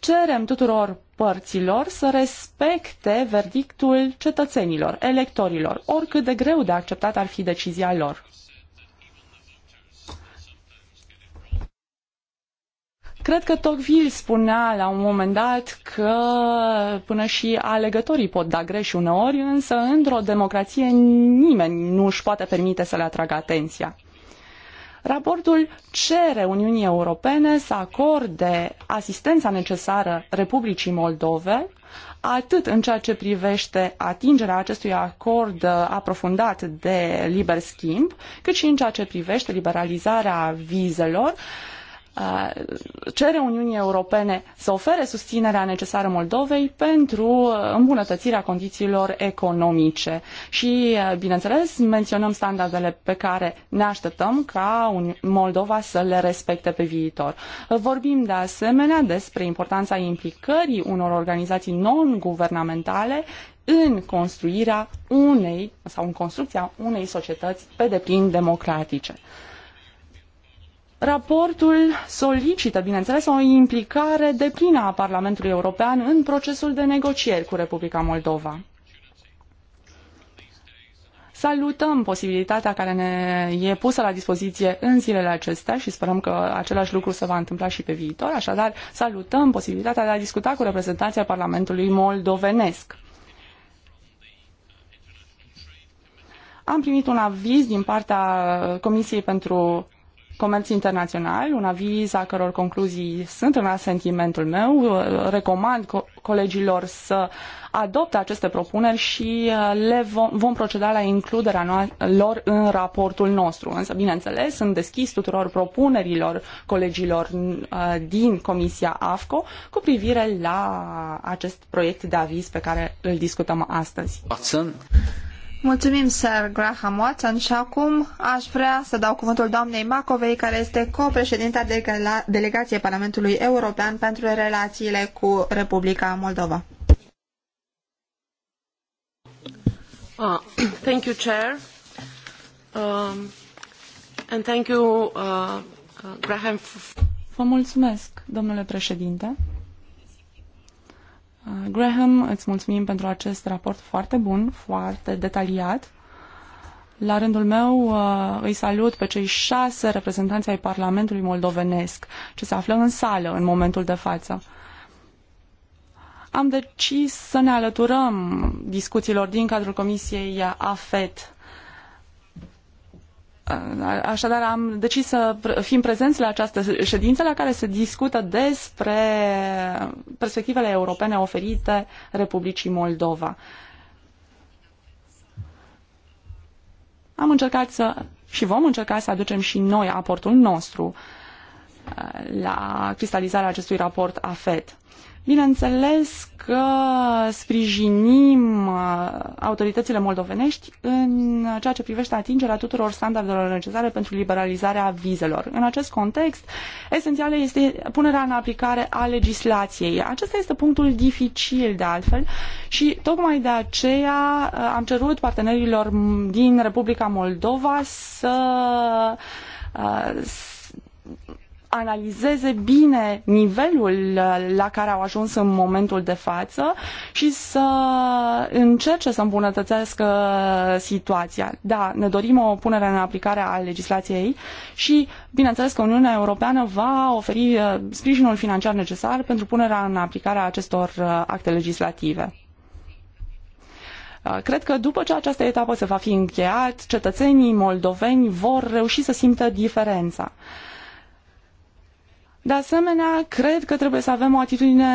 Cerem tuturor părților să respecte verdictul cetățenilor, electorilor, oricât de greu de acceptat ar fi decizia lor. Cred că Tocqueville spunea la un moment dat că până și alegătorii pot da greș uneori, însă într-o democrație nimeni nu își poate permite să le atragă atenția. Raportul cere Uniunii Europene să acorde asistența necesară Republicii Moldove, atât în ceea ce privește atingerea acestui acord aprofundat de liber schimb, cât și în ceea ce privește liberalizarea vizelor, uh, Uh, cere Uniunii Europene să ofere susținerea necesară Moldovei pentru uh, îmbunătățirea condițiilor economice. Și, uh, bineînțeles, menționăm standardele pe care ne așteptăm ca Moldova să le respecte pe viitor. Vorbim de asemenea despre importanța implicării unor organizații non-guvernamentale în construirea unei sau în construcția unei societăți pe deplin democratice. Raportul solicită, bineînțeles, o implicare deplină a Parlamentului European în procesul de negocieri cu Republica Moldova. Salutăm posibilitatea care ne e pusă la dispoziție în zilele acestea și sperăm că același lucru se va întâmpla și pe viitor, așadar salutăm posibilitatea de a discuta cu reprezentanția Parlamentului moldovenesc. Am primit un aviz din partea Comisiei pentru Comerț Internațional, un aviz a căror concluzii sunt în asentimentul meu. Recomand co colegilor să adopte aceste propuneri și uh, le vom, vom proceda la includerea lor în raportul nostru. Însă, bineînțeles, sunt deschis tuturor propunerilor colegilor uh, din Comisia AFCO cu privire la acest proiect de aviz pe care îl discutăm astăzi. Watson. Mulțumim, Sir Graham Watson, și acum aș vrea să dau cuvântul doamnei Macovei, care este copreședinta delega delegației Parlamentului European pentru relațiile cu Republica Moldova. Uh, [clears throat] thank you, Chair. Uh, and thank you, uh, uh Graham. Vă mulțumesc, domnule președinte. Uh, Graham, îți mulțumim pentru acest raport foarte bun, foarte detaliat. La rândul meu uh, îi salut pe cei șase reprezentanți ai Parlamentului Moldovenesc, ce se află în sală în momentul de față. Am decis să ne alăturăm discuțiilor din cadrul Comisiei AFET Așadar, am decis să fim prezenți la această ședință la care se discută despre perspectivele europene oferite Republicii Moldova. Am încercat să și vom încerca să aducem și noi aportul nostru uh, la cristalizarea acestui raport AFET. Bineînțeles că sprijinim uh, autoritățile moldovenești în ceea ce privește atingerea tuturor standardelor necesare pentru liberalizarea vizelor. În acest context, esențială este punerea în aplicare a legislației. Acesta este punctul dificil, de altfel, și tocmai de aceea uh, am cerut partenerilor din Republica Moldova să, să uh, analizeze bine nivelul la care au ajuns în momentul de față și să încerce să îmbunătățească situația. Da, ne dorim o punere în aplicare a legislației și, bineînțeles, că Uniunea Europeană va oferi uh, sprijinul financiar necesar pentru punerea în aplicare a acestor uh, acte legislative. Uh, cred că după ce această etapă se va fi încheiat, cetățenii moldoveni vor reuși să simtă diferența. Uh, de asemenea, cred că trebuie să avem o atitudine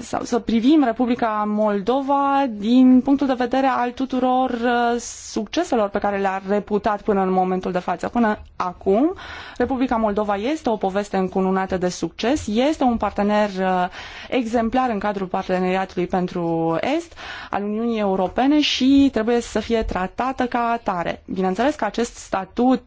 sau să privim Republica Moldova din punctul de vedere al tuturor uh, succeselor pe care le-a reputat până în momentul de față. Până acum, Republica Moldova este o poveste încununată de succes, este un partener uh, exemplar în cadrul parteneriatului pentru Est al Uniunii Europene și trebuie să fie tratată ca atare. Bineînțeles că acest statut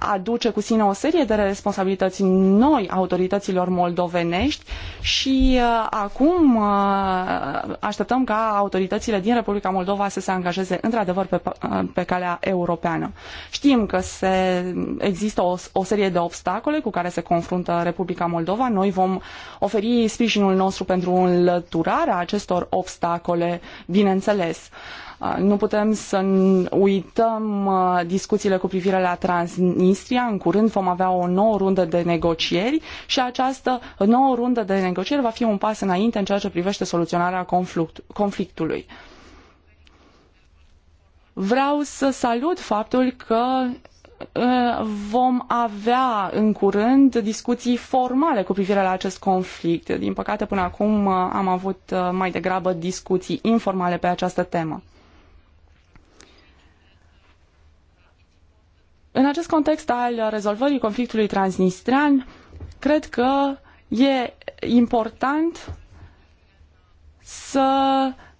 aduce cu sine o serie de responsabilități noi autorităților moldovenești și uh, acum uh, așteptăm ca autoritățile din Republica Moldova să se angajeze într-adevăr pe, uh, pe calea europeană. Știm că se, există o, o serie de obstacole cu care se confruntă Republica Moldova. Noi vom oferi sprijinul nostru pentru înlăturarea acestor obstacole, bineînțeles. Uh, Uh, nu putem să uităm uh, discuțiile cu privire la Transnistria. În curând vom avea o nouă rundă de negocieri și această nouă rundă de negocieri va fi un pas înainte în ceea ce privește soluționarea conflictului. Vreau să salut faptul că uh, vom avea în curând discuții formale cu privire la acest conflict. Din păcate, până acum am avut mai degrabă discuții informale pe această temă. În acest context al rezolvării conflictului transnistrian, cred că e important să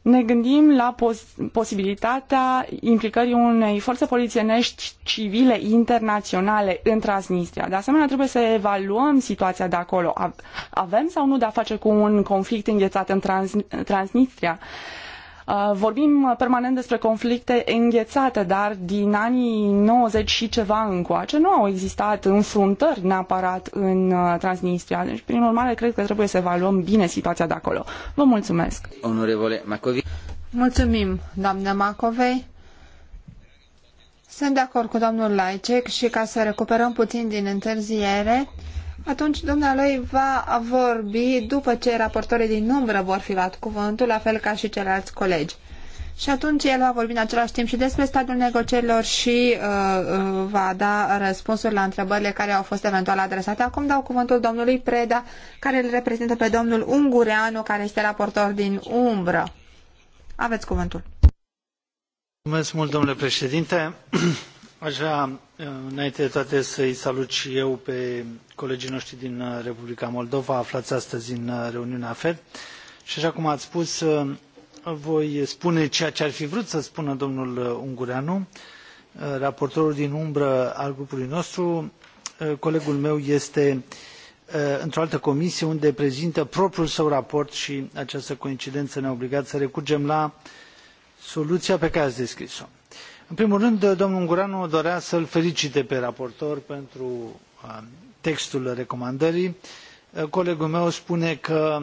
ne gândim la pos posibilitatea implicării unei forțe polițienești civile internaționale în Transnistria. De asemenea, trebuie să evaluăm situația de acolo. Avem sau nu de a face cu un conflict înghețat în Trans Transnistria? Uh, vorbim uh, permanent despre conflicte înghețate, dar din anii 90 și ceva încoace nu au existat înfruntări neapărat în uh, Transnistria. Deci, prin urmare, cred că trebuie să evaluăm bine situația de acolo. Vă mulțumesc! Onorevole Macovei. Mulțumim, doamnă Macovei. Sunt de acord cu domnul Laicec și ca să recuperăm puțin din întârziere, atunci dumnealui va vorbi după ce raportorii din umbră vor fi luat cuvântul, la fel ca și ceilalți colegi. Și atunci el va vorbi în același timp și despre stadiul negocierilor și uh, uh va da răspunsuri la întrebările care au fost eventual adresate. Acum dau cuvântul domnului Preda, care îl reprezintă pe domnul Ungureanu, care este raportor din umbră. Aveți cuvântul. Mulțumesc mult, domnule președinte. [clears throat] Aș vrea, eh, înainte de toate, să-i salut și eu pe colegii noștri din eh, Republica Moldova, aflați astăzi în eh, reuniunea FED. Și așa cum ați spus, voi spune ceea ce ar fi vrut să spună domnul Ungureanu, raportorul din umbră al grupului nostru. Colegul meu este într-o altă comisie unde prezintă propriul său raport și această coincidență ne-a obligat să recurgem la soluția pe care ați descris-o în primul rând domnul ungureanu dorea să îl felicite pe raportor pentru uh, textul recomandării. Uh, colegul meu spune că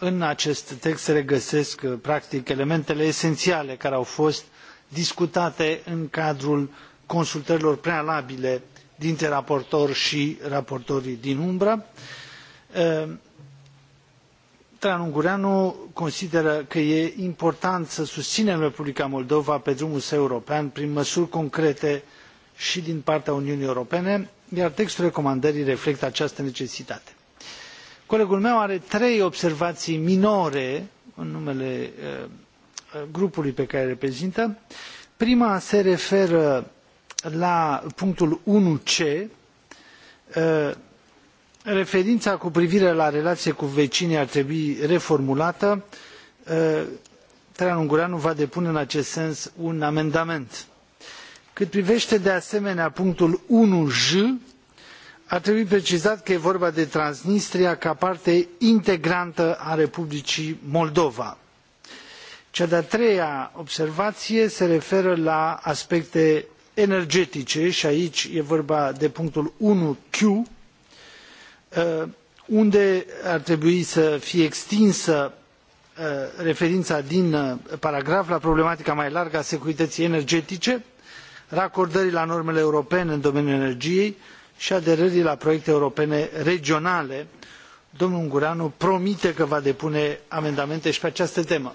în acest text se regăsesc uh, practic elementele eseniale care au fost discutate în cadrul consultărilor prealabile dintre raportor i raportorii din umbră. Traian Ungureanu consideră că e important să susinem Republica Moldova pe drumul său european prin măsuri concrete și din partea Uniunii Europene, iar textul recomandării reflectă această necesitate. Colegul meu are trei observații minore în numele uh, uh, grupului pe care îl reprezintă. Prima se referă la punctul unu c uh, referința cu privire la relațiile cu vecinii ar trebui reformulată. Uh, Traian Ungureanu va depune în acest sens un amendament. Cât privește de asemenea punctul 1J, ar trebui precizat că e vorba de Transnistria ca parte integrantă a Republicii Moldova. Cea de-a treia observație se referă la aspecte energetice și aici e vorba de punctul 1Q, Uh, unde ar trebui să fie extinsă uh, referința din uh, paragraf la problematica mai largă a securității energetice racordării la normele europene în domeniul energiei și aderării la proiecte europene regionale. domnul ungureanu promite că va depune amendamente și pe această temă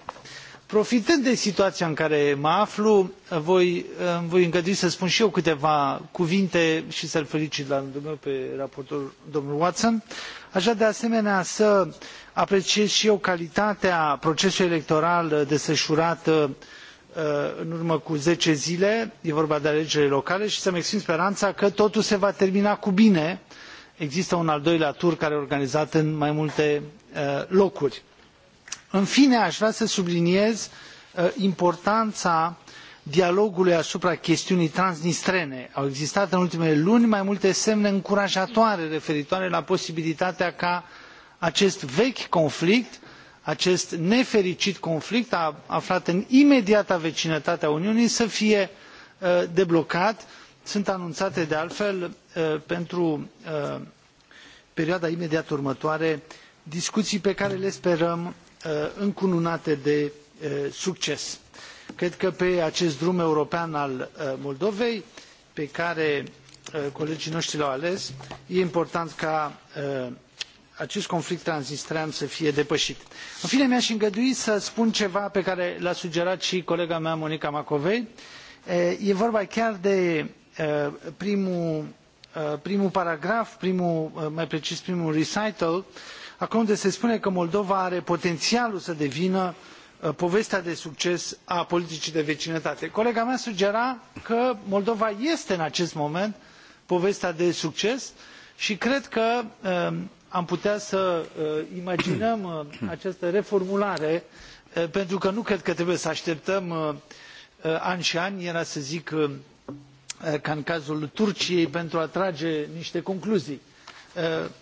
profitând de situația în care mă aflu voi, îmi voi îngădui să spun și eu câteva cuvinte și să îl felicit la rândul meu pe raportor domnul watson. aș vrea de asemenea să apreciez și eu calitatea procesului electoral desfășurat uh, în urmă cu zece zile e vorba de alegerile locale și să îmi exprim speranța că totul se va termina cu bine există un al doilea tur care e organizat în mai multe uh, locuri în fine, aș vrea să subliniez uh, importanța dialogului asupra chestiunii transnistrene. Au existat în ultimele luni mai multe semne încurajatoare referitoare la posibilitatea ca acest vechi conflict, acest nefericit conflict aflat în imediata vecinătate a Uniunii să fie uh, deblocat. Sunt anunțate de altfel uh, pentru perioada imediat următoare discuții pe care le sperăm Uh, încununate de uh, succes. Cred că pe acest drum european al uh, Moldovei, pe care colegii noștri l-au ales, e important ca acest conflict transnistrean să fie depășit. În fine, mi a îngădui să spun ceva pe care l-a sugerat și colega mea, Monica Macovei. E vorba chiar de primul, primul paragraf, primul, mai precis primul recital, acolo unde se spune că moldova are potenialul să devină uh, povestea de succes a politicii de vecinătate. colega mea sugera că moldova este în acest moment povestea de succes i cred că um, am putea să uh, imaginăm uh, această reformulare pentru că nu cred că trebuie să ateptăm ani i ani era să zic ca în cazul turciei pentru a trage nite concluzii.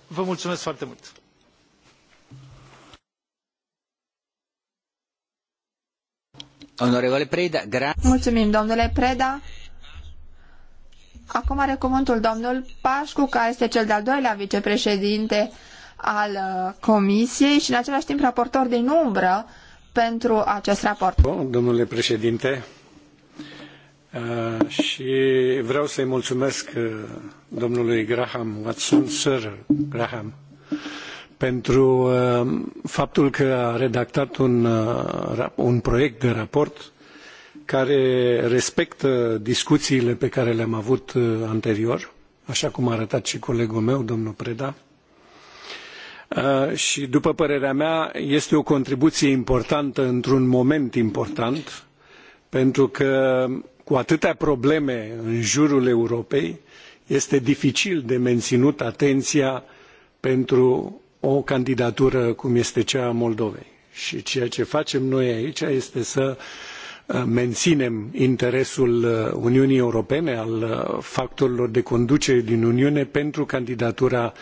vă mulumesc foarte mult. Preda, Mulțumim, domnule Preda. Acum are cuvântul domnul Pașcu, care este cel de-al doilea vicepreședinte al uh, Comisiei și în același timp raportor din umbră pentru acest raport. domnule președinte, uh, și vreau să-i mulțumesc uh, domnului Graham Watson, Sir Graham, pentru uh, faptul că a redactat un, uh, un proiect de raport care respectă discuțiile pe care le-am avut uh, anterior, așa cum a arătat și colegul meu, domnul Preda. Și, după părerea mea, este o contribuție importantă într-un moment important, pentru că cu atâtea probleme în jurul Europei, este dificil de menținut atenția pentru o candidatură cum este cea a Moldovei. Și ceea ce facem noi aici este să uh, menținem interesul uh, Uniunii Europene, al uh, factorilor de conducere din Uniune pentru candidatura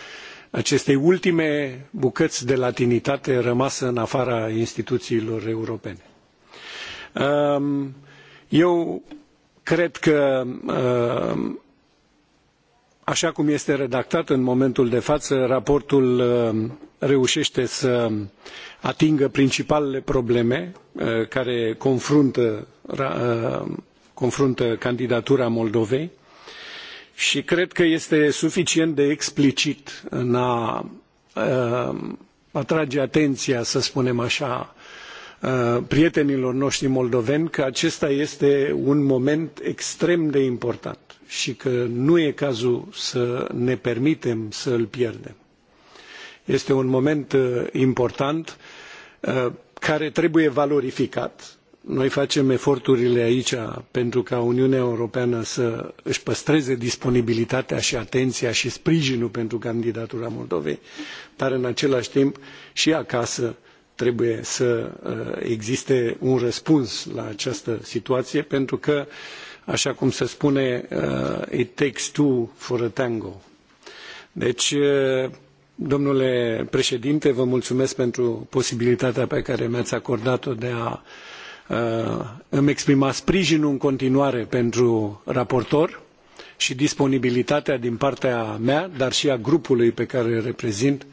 acestei ultime bucăți de latinitate rămasă în afara instituțiilor europene. Um, eu cred că așa cum este redactat în momentul de față, raportul uh, reușește să atingă principalele probleme uh, care confruntă, uh, confruntă candidatura Moldovei și cred că este suficient de explicit în a atrage atenția, să spunem așa, prietenilor noștri moldoveni că acesta este un moment extrem de important și că nu e cazul să ne permitem să îl pierdem. Este un moment uh, important uh, care trebuie valorificat. Noi facem eforturile aici pentru ca Uniunea Europeană să își păstreze disponibilitatea și atenția și sprijinul pentru candidatura Moldovei, dar în același timp și acasă trebuie să uh, existe un răspuns la această situație, pentru că uh, așa cum se spune, uh, it takes two for a tango. Deci, uh, domnule președinte, vă mulțumesc pentru posibilitatea pe care mi-ați acordat-o de a uh, îmi exprima sprijinul în continuare pentru raportor și disponibilitatea din partea mea, dar și a grupului pe care îl reprezint,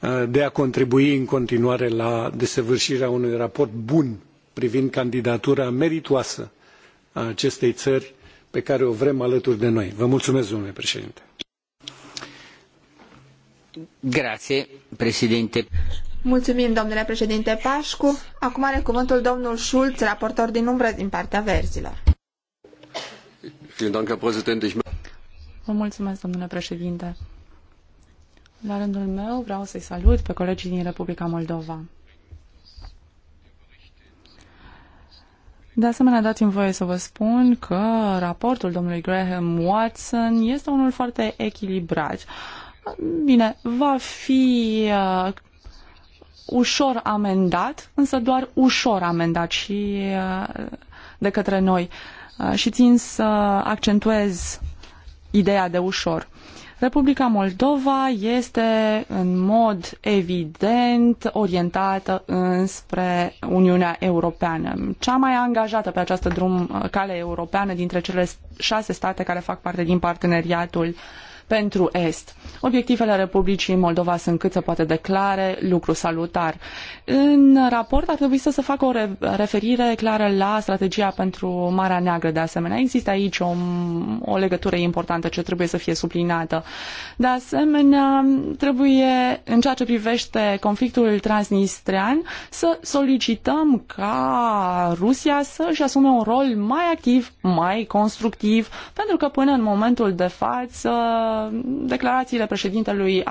uh, de a contribui în continuare la desăvârșirea unui raport bun privind candidatura meritoasă a acestei țări pe care o vrem alături de noi. Vă mulțumesc, domnule președinte. Grazie, președinte. Mulțumim, domnule președinte Pașcu. Acum are cuvântul domnul Schulz, raportor din umbră din partea verzilor. Vă mulțumesc, domnule președinte. La rândul meu vreau să-i salut pe colegii din Republica Moldova. De asemenea, dați-mi voie să vă spun că raportul domnului Graham Watson este unul foarte echilibrat. Bine, va fi uh, ușor amendat, însă doar ușor amendat și uh, de către noi. Uh, și țin să accentuez ideea de ușor. Republica Moldova este în mod evident orientată înspre Uniunea Europeană, cea mai angajată pe această drum, cale europeană dintre cele șase state care fac parte din parteneriatul uh, pentru Est. Obiectivele Republicii Moldova sunt cât se poate declare, lucru salutar. În raport ar trebui să se facă o referire clară la strategia pentru Marea Neagră. De asemenea, există aici o, o legătură importantă ce trebuie să fie sublinată. De asemenea, trebuie, în ceea ce privește conflictul transnistrean, să solicităm ca Rusia să-și asume un rol mai activ, mai constructiv, pentru că până în momentul de față declarațiile președintelui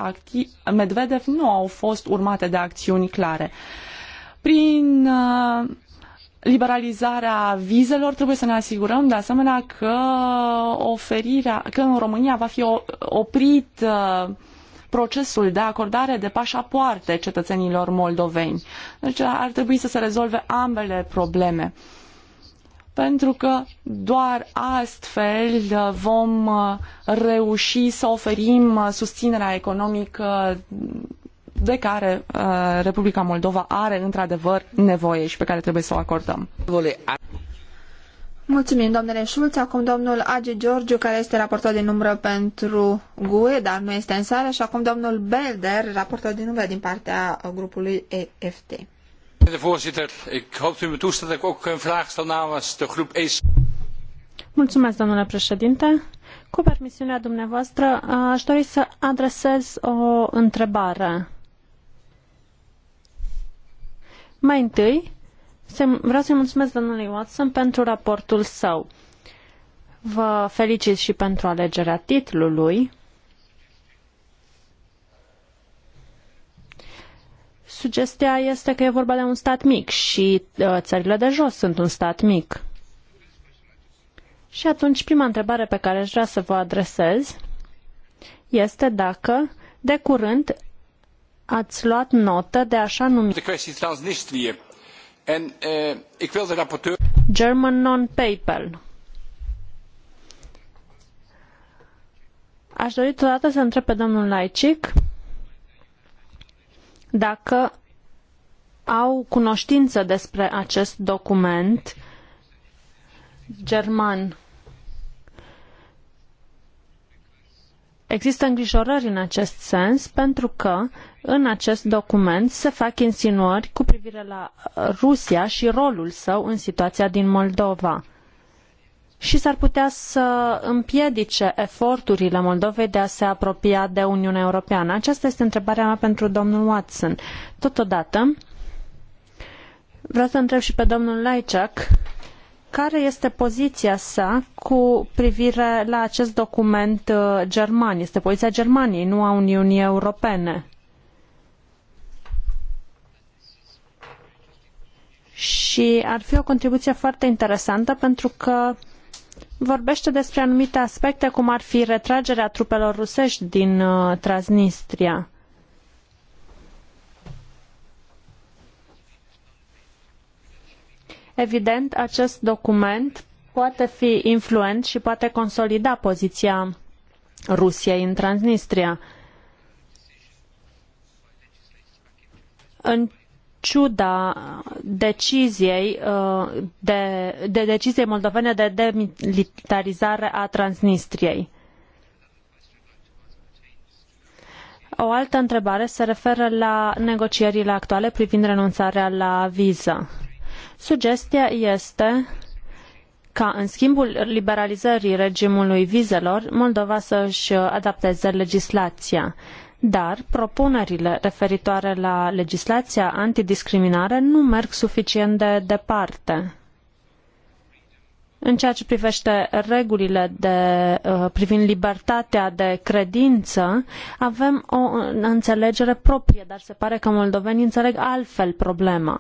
Medvedev nu au fost urmate de acțiuni clare. Prin uh, liberalizarea vizelor trebuie să ne asigurăm de asemenea că oferirea, că în România va fi oprit uh, procesul de acordare de pașapoarte cetățenilor moldoveni. Deci ar trebui să se rezolve ambele probleme. Uh, pentru că doar astfel uh, vom uh, reuși să oferim uh, susținerea economică de care Republica Moldova are într-adevăr nevoie și pe care trebuie să o acordăm. Mulțumim, domnule Schulz. Acum domnul Age Georgiu, care este raportor de umbră pentru GUE, dar nu este în sală, și acum domnul Belder, raportor de umbră din partea grupului EFT. Voorzitter, ik hoop dat u me toestaat dat ik ook een vraag stel namens de groep EC. Mulțumesc, domnule președinte. Cu permisiunea dumneavoastră, aș dori să adresez o întrebare. Mai întâi, vreau să-i mulțumesc domnului Watson pentru raportul său. Vă felicit și pentru alegerea titlului. Sugestia este că e vorba de un stat mic și uh, țările de jos sunt un stat mic. Și atunci prima întrebare pe care aș vrea să vă adresez este dacă de curând ați luat notă de așa numit eh, German non-paper. Aș dori totodată să întreb pe domnul Laicic dacă au cunoștință despre acest document german. Există îngrijorări în acest sens pentru că în acest document se fac insinuări cu privire la Rusia și rolul său în situația din Moldova și s-ar putea să împiedice eforturile Moldovei de a se apropia de Uniunea Europeană? Aceasta este întrebarea mea pentru domnul Watson. Totodată, vreau să întreb și pe domnul Lajcak care este poziția sa cu privire la acest document uh, german? Este poziția Germaniei, nu a Uniunii Europene. Și ar fi o contribuție foarte interesantă pentru că vorbește despre anumite aspecte, cum ar fi retragerea trupelor rusești din uh, Transnistria. Evident, acest document poate fi influent și poate consolida poziția Rusiei în Transnistria. În ciuda deciziei uh, de, de deciziei moldovene de demilitarizare a Transnistriei. O altă întrebare se referă la negocierile actuale privind renunțarea la viză. Sugestia este ca în schimbul liberalizării regimului vizelor, Moldova să-și adapteze legislația dar propunerile referitoare la legislația antidiscriminare nu merg suficient de departe. În ceea ce privește regulile de, uh, privind libertatea de credință, avem o uh, înțelegere proprie, dar se pare că moldovenii înțeleg altfel problema.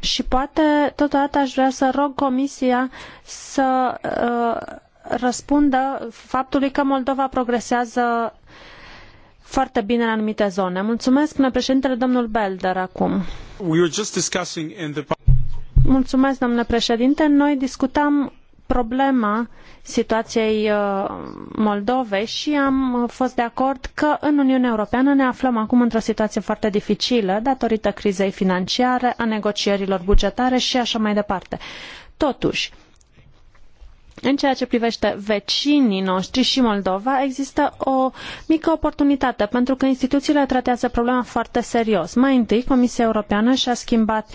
Și poate totodată aș vrea să rog Comisia să uh, răspundă faptului că Moldova progresează uh, foarte bine în anumite zone. Mulțumesc, spune președintele, domnul Belder, acum. Mulțumesc, domnule președinte. Noi discutam problema situației uh, Moldovei și am uh, fost de acord că în Uniunea Europeană ne aflăm acum într-o situație foarte dificilă datorită crizei financiare, a negocierilor bugetare și așa mai departe. Totuși, în ceea ce privește vecinii noștri și Moldova, există o mică oportunitate, pentru că instituțiile tratează problema foarte serios. Mai întâi, Comisia Europeană și-a schimbat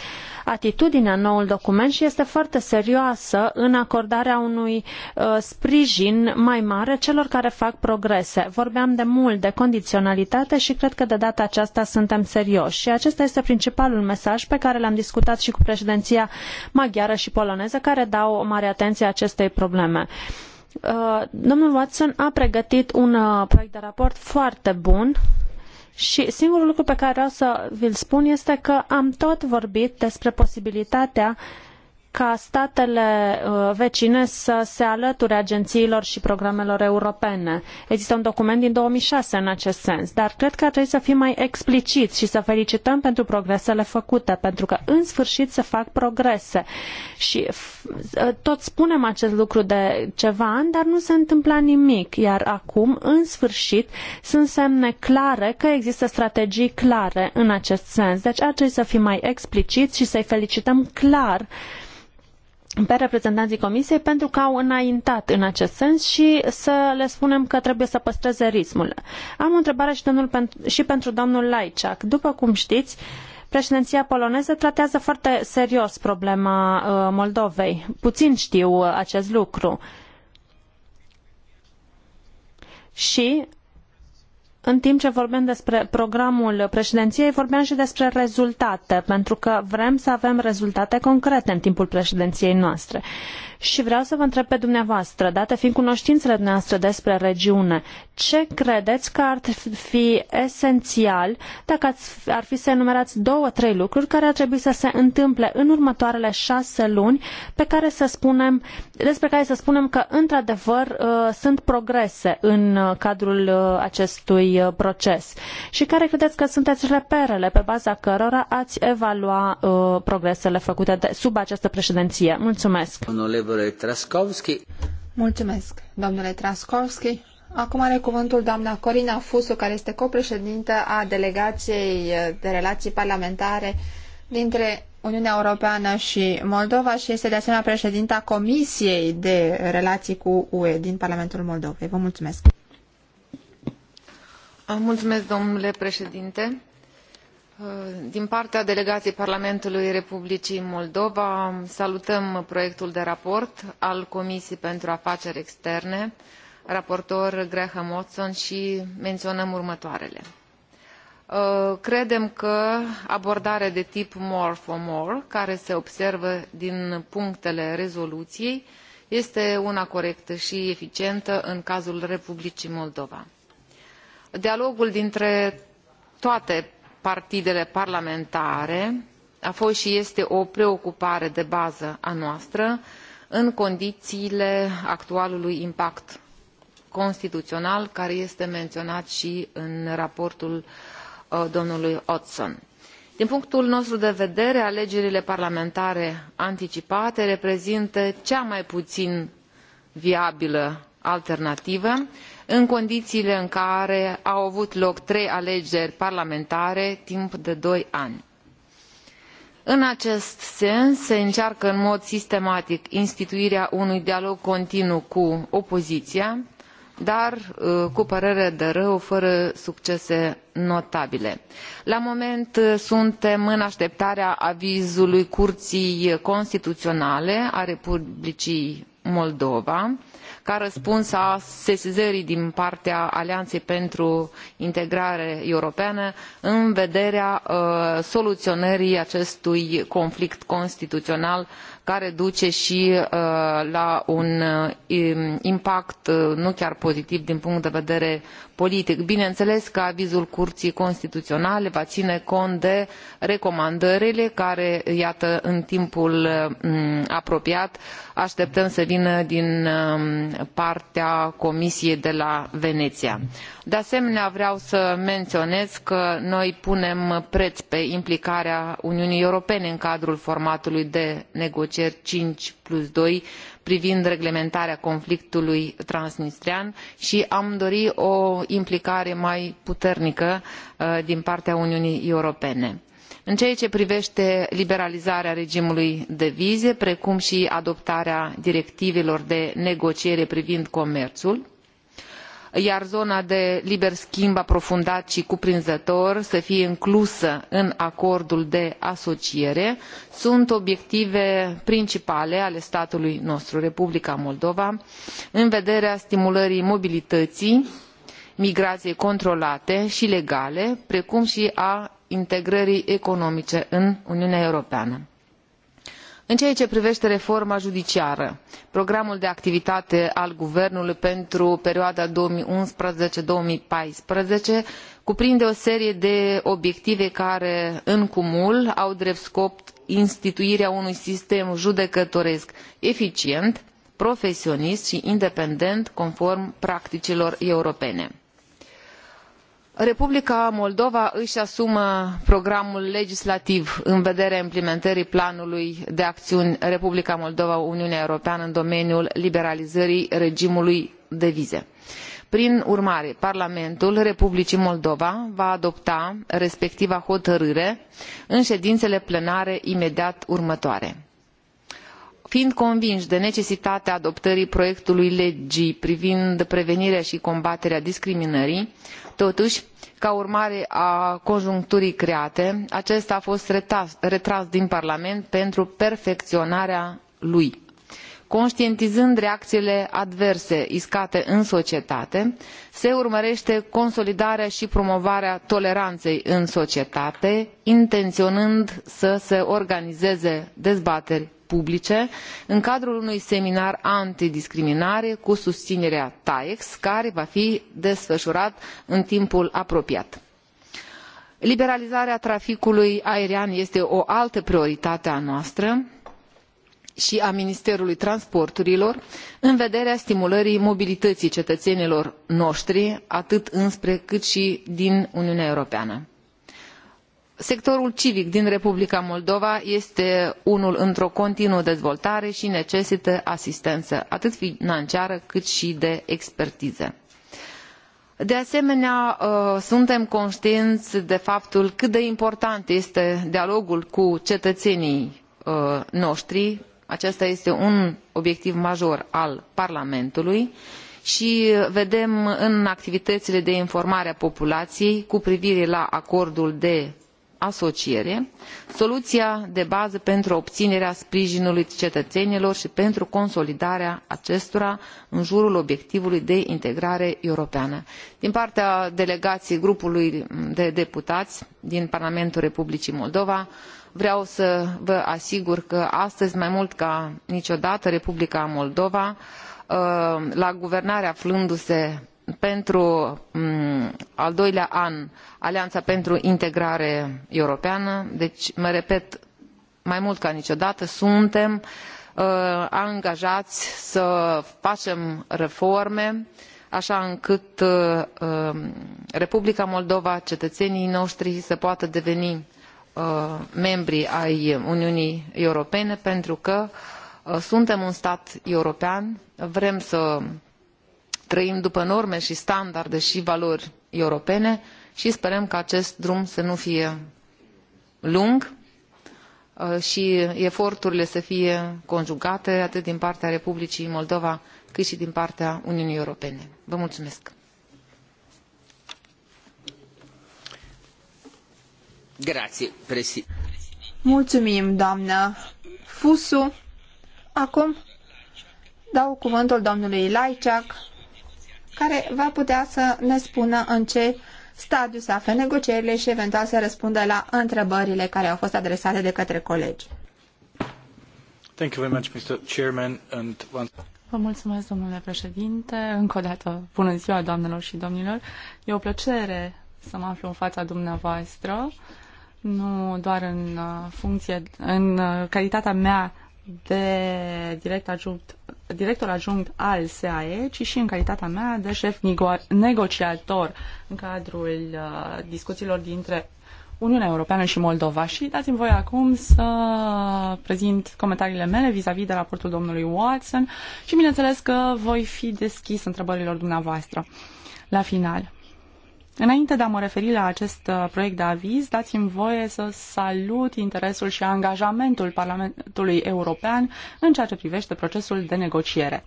atitudinea în noul document și este foarte serioasă în acordarea unui uh, sprijin mai mare celor care fac progrese. Vorbeam de mult de condiționalitate și cred că de data aceasta suntem serioși. Și acesta este principalul mesaj pe care l-am discutat și cu președinția maghiară și poloneză, care dau o mare atenție acestei probleme uh, domnul Watson a pregătit un uh, proiect de raport foarte bun și singurul lucru pe care vreau să vi-l spun este că am tot vorbit despre posibilitatea ca statele uh, vecine să se alăture agențiilor și programelor europene. Există un document din 2006 în acest sens, dar cred că ar trebui să fim mai expliciți și să felicităm pentru progresele făcute, pentru că în sfârșit se fac progrese. Și uh, tot spunem acest lucru de ceva ani, dar nu se întâmpla nimic, iar acum, în sfârșit, sunt semne clare că există strategii clare în acest sens. Deci ar trebui să fim mai expliciți și să-i felicităm clar pe reprezentanții Comisiei pentru că au înaintat în acest sens și să le spunem că trebuie să păstreze ritmul. Am o întrebare și, domnul, și pentru domnul Laiciac. După cum știți, președinția poloneză tratează foarte serios problema uh, Moldovei. Puțin știu uh, acest lucru. Și în timp ce vorbeam despre programul președinției, vorbeam și despre rezultate, pentru că vrem să avem rezultate concrete în timpul președinției noastre și vreau să vă întreb pe dumneavoastră, date fiind cunoștințele dumneavoastră despre regiune, ce credeți că ar fi esențial dacă ar fi să enumerați două, trei lucruri care ar trebui să se întâmple în următoarele șase luni pe care să spunem, despre care să spunem că într-adevăr uh, sunt progrese în uh, cadrul uh, acestui proces și care credeți că sunteți reperele pe baza cărora ați evalua progresele făcute de, sub această președinție. Mulțumesc! Domnule onorevole Traskovski. Mulțumesc, domnule Traskovski. Acum are cuvântul doamna Corina Fusu, care este copreședintă a Delegației de Relații Parlamentare dintre Uniunea Europeană și Moldova și este de asemenea președinta Comisiei de Relații cu UE din Parlamentul Moldovei. Vă mulțumesc. Mulțumesc, domnule președinte din partea delegației parlamentului republicii moldova salutăm proiectul de raport al comisiei pentru afaceri externe raportor graham watson și menționăm următoarele uh, credem că abordarea de tip more for more care se observă din punctele rezoluției este una corectă și eficientă în cazul republicii moldova. dialogul dintre toate partidele parlamentare a fost și este o preocupare de bază a noastră în condițiile actualului impact constituional care este menționat și în raportul uh, domnului hodgson. din punctul nostru de vedere alegerile parlamentare anticipate reprezintă cea mai puțin viabilă alternativă în condițiile în care au avut loc trei alegeri parlamentare timp de doi ani. în acest sens se încearcă în mod sistematic instituirea unui dialog continuu cu opoziția dar uh, cu părere de rău fără succese notabile. la moment uh, suntem în ateptarea avizului curții constituționale a republicii moldova ca răspuns a sesizării din partea alianței pentru integrare europeană în vederea uh, soluționării acestui conflict constituțional care duce și uh, la un uh, impact nu chiar pozitiv din punct de vedere politic. bineînțeles că avizul curții constituționale va ține cont de recomandările care iată în timpul mm, apropiat așteptăm să vină din mm, partea comisiei de la veneția. de asemenea vreau să menționez că noi punem pre pe implicarea uniunii europene în cadrul formatului de negocieri cincizeci doi privind reglementarea conflictului transnistrean și am dori o implicare mai puternică uh, din partea uniunii europene în ceea ce privește liberalizarea regimului de vize precum și adoptarea directivelor de negociere privind comerțul iar zona de liber schimb aprofundat i cuprinzător să fie inclusă în acordul de asociere sunt obiective principale ale statului nostru republica moldova în vederea stimulării mobilităii migraiei controlate i legale precum i a integrării economice în uniunea europeană în ceea ce privește reforma judiciară programul de activitate al guvernului pentru perioada două mii unsprezece două mii paisprezece cuprinde o serie de obiective care în cumul au drept scop instituirea unui sistem judecătoresc eficient profesionist și independent conform practicilor europene republica moldova îi asumă programul legislativ în vederea implementării planului de aciuni republica moldova uniunea europeană în domeniul liberalizării regimului de vize. prin urmare parlamentul republicii moldova va adopta respectiva hotărâre în edinele plenare imediat următoare fiind convinși de necesitatea adoptării proiectului legii privind prevenirea și combaterea discriminării totuși ca urmare a conjuncturii create acesta a fost retras, retras din parlament pentru perfecționarea lui. conștientizând reacțiile adverse iscate în societate se urmărește consolidarea și promovarea toleranței în societate intenționând să se organizeze dezbateri publice în cadrul unui seminar antidiscriminare cu susținerea taiex care va fi desfășurat în timpul apropiat liberalizarea traficului aerian este o altă prioritate a noastră i a ministerului transporturilor în vederea stimulării mobilității cetățenilor notri atât înspre cât i din uniunea europeană sectorul civic din republica moldova este unul într o continuă dezvoltare și necesită asistență atât financiară cât și de expertiză. de asemenea uh, suntem conștienți de faptul cât de important este dialogul cu cetățenii uh, noștri acesta este un obiectiv major al parlamentului și vedem în activitățile de informare a populației cu privire la acordul de asociere soluia de bază pentru obinerea sprijinului cetăenilor i pentru consolidarea acestora în jurul obiectivului de integrare europeană. din partea delegaiei grupului de deputai din parlamentul republicii moldova vreau să vă asigur că astăzi mai mult ca niciodată republica moldova uh, la guvernare aflându se pentru mm, al doilea an alianța pentru integrare europeană deci mă repet mai mult ca niciodată suntem uh, angajați să facem reforme aa încât uh, uh, republica moldova cetățenii noștri să poată deveni membri ai uniunii europene pentru că suntem un stat european vrem să trăim după norme și standarde și valori europene și sperăm că acest drum să nu fie lung uh, și eforturile să fie conjugate atât din partea Republicii Moldova cât și din partea Uniunii Europene. Vă mulțumesc! Grazie, Mulțumim, doamnă Fusu. Acum dau cuvântul domnului Laiceac care va putea să ne spună în ce stadiu se află negocierile și eventual să răspundă la întrebările care au fost adresate de către colegi. Thank you very much, Mr. Chairman, and once... Vă mulțumesc, domnule președinte. Încă o dată, bună ziua, doamnelor și domnilor. E o plăcere să mă aflu în fața dumneavoastră, nu doar în uh, funcție, în uh, calitatea mea de direct adjunct director adjunct al SAE, ci și în calitatea mea de șef negociator în cadrul uh, discuțiilor dintre Uniunea Europeană și Moldova. Și dați-mi voi acum să prezint comentariile mele vis-a-vis -vis de raportul domnului Watson și bineînțeles că voi fi deschis întrebărilor dumneavoastră la final. Înainte de a mă referi la acest uh, proiect de aviz, dați-mi voie să salut interesul și angajamentul Parlamentului European în ceea ce privește procesul de negociere.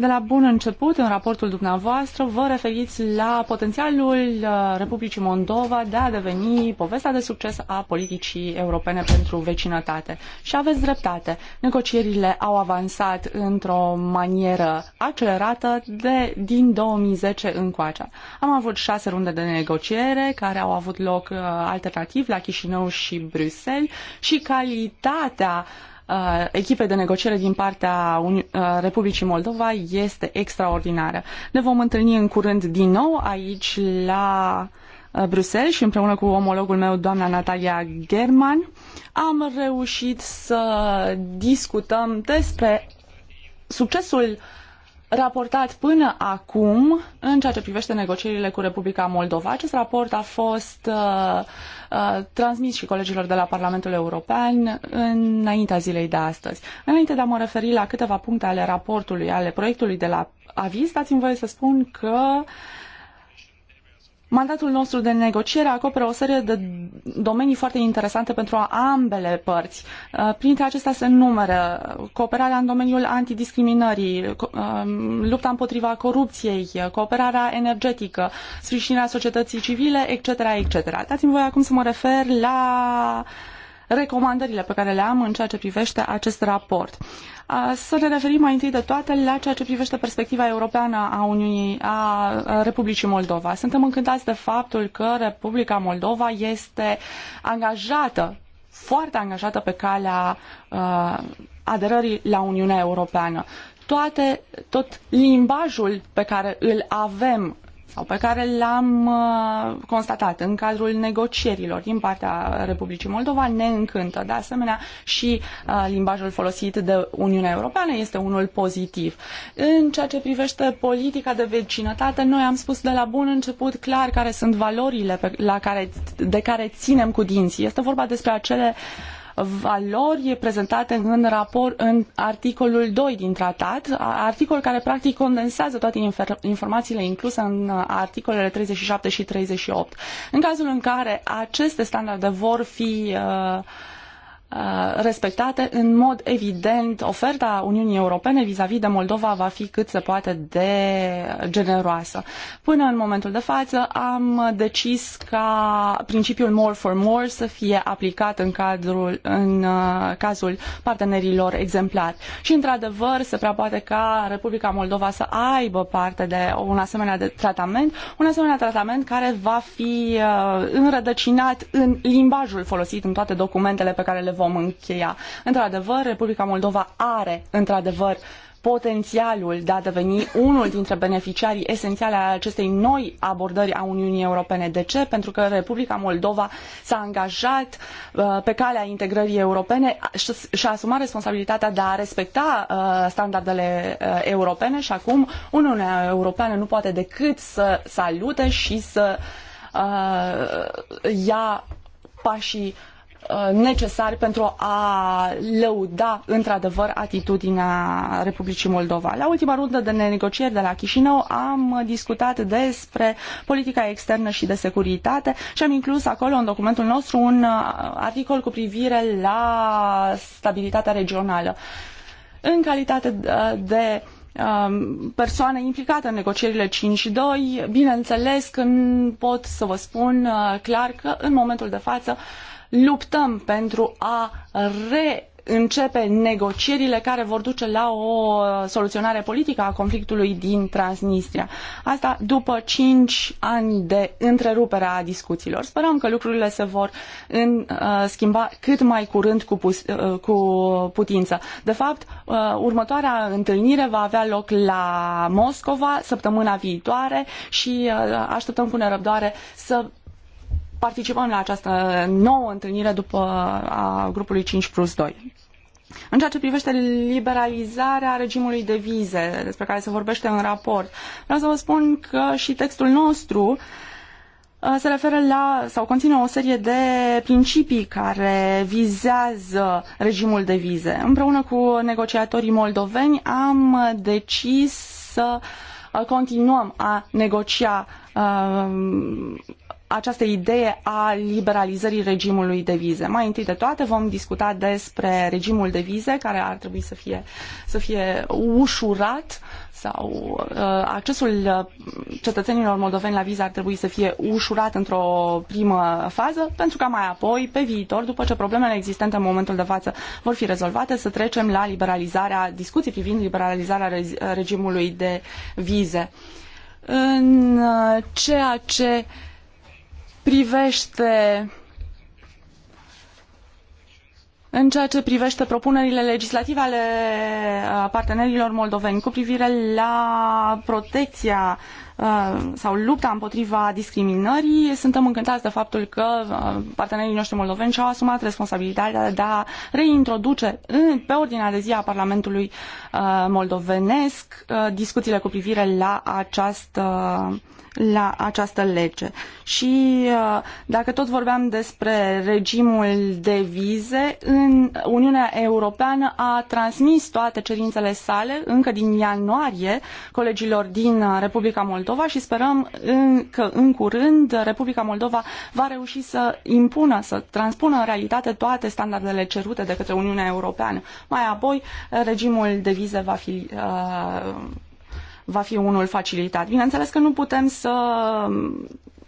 De la bun început, în raportul dumneavoastră, vă referiți la potențialul uh, Republicii Moldova de a deveni povestea de succes a politicii europene pentru vecinătate. Și aveți dreptate. Negocierile au avansat într-o manieră accelerată de, din 2010 încoace. Am avut șase runde de negociere care au avut loc uh, alternativ la Chișinău și Bruxelles și calitatea uh, uh, echipei de negociere din partea Uni- uh, Republicii Moldova este extraordinară. Ne vom întâlni în curând din nou aici la uh, Bruxelles și împreună cu omologul meu, doamna Natalia German, am reușit să discutăm despre succesul uh, raportat până acum în ceea ce privește negocierile cu Republica Moldova. Acest raport a fost uh, uh, transmis și colegilor de la Parlamentul European înaintea zilei de astăzi. Înainte de a mă referi la câteva puncte ale raportului, ale proiectului de la aviz, dați-mi voie să spun că uh, Mandatul nostru de negociere acoperă o serie de domenii foarte interesante pentru ambele părți. Uh, printre acestea se numără cooperarea în domeniul antidiscriminării, um, lupta împotriva corupției, cooperarea energetică, sprijinirea societății civile, etc. etc. Dați-mi voi acum să mă refer la uh, recomandările pe care le am în ceea ce privește acest raport. Să ne referim mai întâi de toate la ceea ce privește perspectiva europeană a, Uniunii, a Republicii Moldova. Suntem încântați de faptul că Republica Moldova este angajată, foarte angajată pe calea uh, aderării la Uniunea Europeană toate, tot limbajul pe care îl avem sau pe care l am uh, constatat în cadrul negocierilor din partea Republicii Moldova ne încântă. De asemenea, și uh, limbajul folosit de Uniunea Europeană este unul pozitiv. În ceea ce privește politica de vecinătate, noi am spus de la bun început clar care sunt valorile pe, la care, de care ținem cu dinții. Este vorba despre acele uh, valori prezentate în raport în articolul 2 din tratat, articol care practic condensează toate informațiile incluse în uh, articolele 37 și 38. În cazul în care aceste standarde vor fi uh, Uh, respectate. În mod evident, oferta Uniunii Europene vis-a-vis de Moldova va fi cât se poate de generoasă. Până în momentul de față am decis ca principiul more for more să fie aplicat în, cadrul, în uh, cazul partenerilor exemplari. Și, într-adevăr, se prea poate ca Republica Moldova să aibă parte de un asemenea de tratament, un asemenea tratament care va fi uh, înrădăcinat în limbajul folosit în toate documentele pe care le vom încheia. Într-adevăr, Republica Moldova are, într-adevăr, potențialul de a deveni unul dintre beneficiarii esențiale ale acestei noi abordări a Uniunii Europene. De ce? Pentru că Republica Moldova s-a angajat uh, pe calea integrării europene și a asumat responsabilitatea de a respecta uh, standardele uh, europene și acum Uniunea Europeană nu poate decât să salute și să ia pașii uh, Uh, necesari pentru a lăuda într-adevăr atitudinea Republicii Moldova. La ultima rundă de negocieri de la Chișinău am discutat despre politica externă și de securitate și am inclus acolo în documentul nostru un uh, articol cu privire la stabilitatea regională. În calitate uh, de um, persoane implicate în negocierile 5-2, bineînțeles că pot să vă spun clar că în momentul de față luptăm pentru a reîncepe negocierile care vor duce la o soluționare politică a conflictului din Transnistria. Asta după cinci ani de întrerupere a discuțiilor. Sperăm că lucrurile se vor în, uh, schimba cât mai curând cu, pus, uh, cu putință. De fapt, uh, următoarea întâlnire va avea loc la Moscova săptămâna viitoare și uh, așteptăm cu nerăbdoare să participăm la această nouă întâlnire după a grupului 5 plus 2. În ceea ce privește liberalizarea regimului de vize, despre care se vorbește în raport, vreau să vă spun că și textul nostru uh, se referă la sau conține o serie de principii care vizează regimul de vize. Împreună cu negociatorii moldoveni am decis să uh, continuăm a negocia uh, această idee a liberalizării regimului de vize. Mai întâi de toate vom discuta despre regimul de vize care ar trebui să fie, să fie ușurat sau uh, accesul uh, cetățenilor moldoveni la vize ar trebui să fie ușurat într-o primă fază, pentru ca mai apoi, pe viitor, după ce problemele existente în momentul de față vor fi rezolvate, să trecem la liberalizarea, discuții privind liberalizarea regimului de vize. În uh, ceea ce uh, privește în ceea ce privete propunerile legislative ale partenerilor moldoveni cu privire la protecia sau lupta împotriva discriminării, suntem încântați de faptul că partenerii noștri moldoveni și-au asumat responsabilitatea de a reintroduce pe ordinea de zi a Parlamentului moldovenesc discuțiile cu privire la această la această lege. Și uh, dacă tot vorbeam despre regimul de vize, în Uniunea Europeană a transmis toate cerințele sale încă din ianuarie colegilor din uh, Republica Moldova și sperăm că în curând Republica Moldova va reuși să impună, să transpună în realitate toate standardele cerute de către Uniunea Europeană. Mai apoi, regimul de vize va fi uh, va fi unul facilitat. Bineînțeles că nu putem să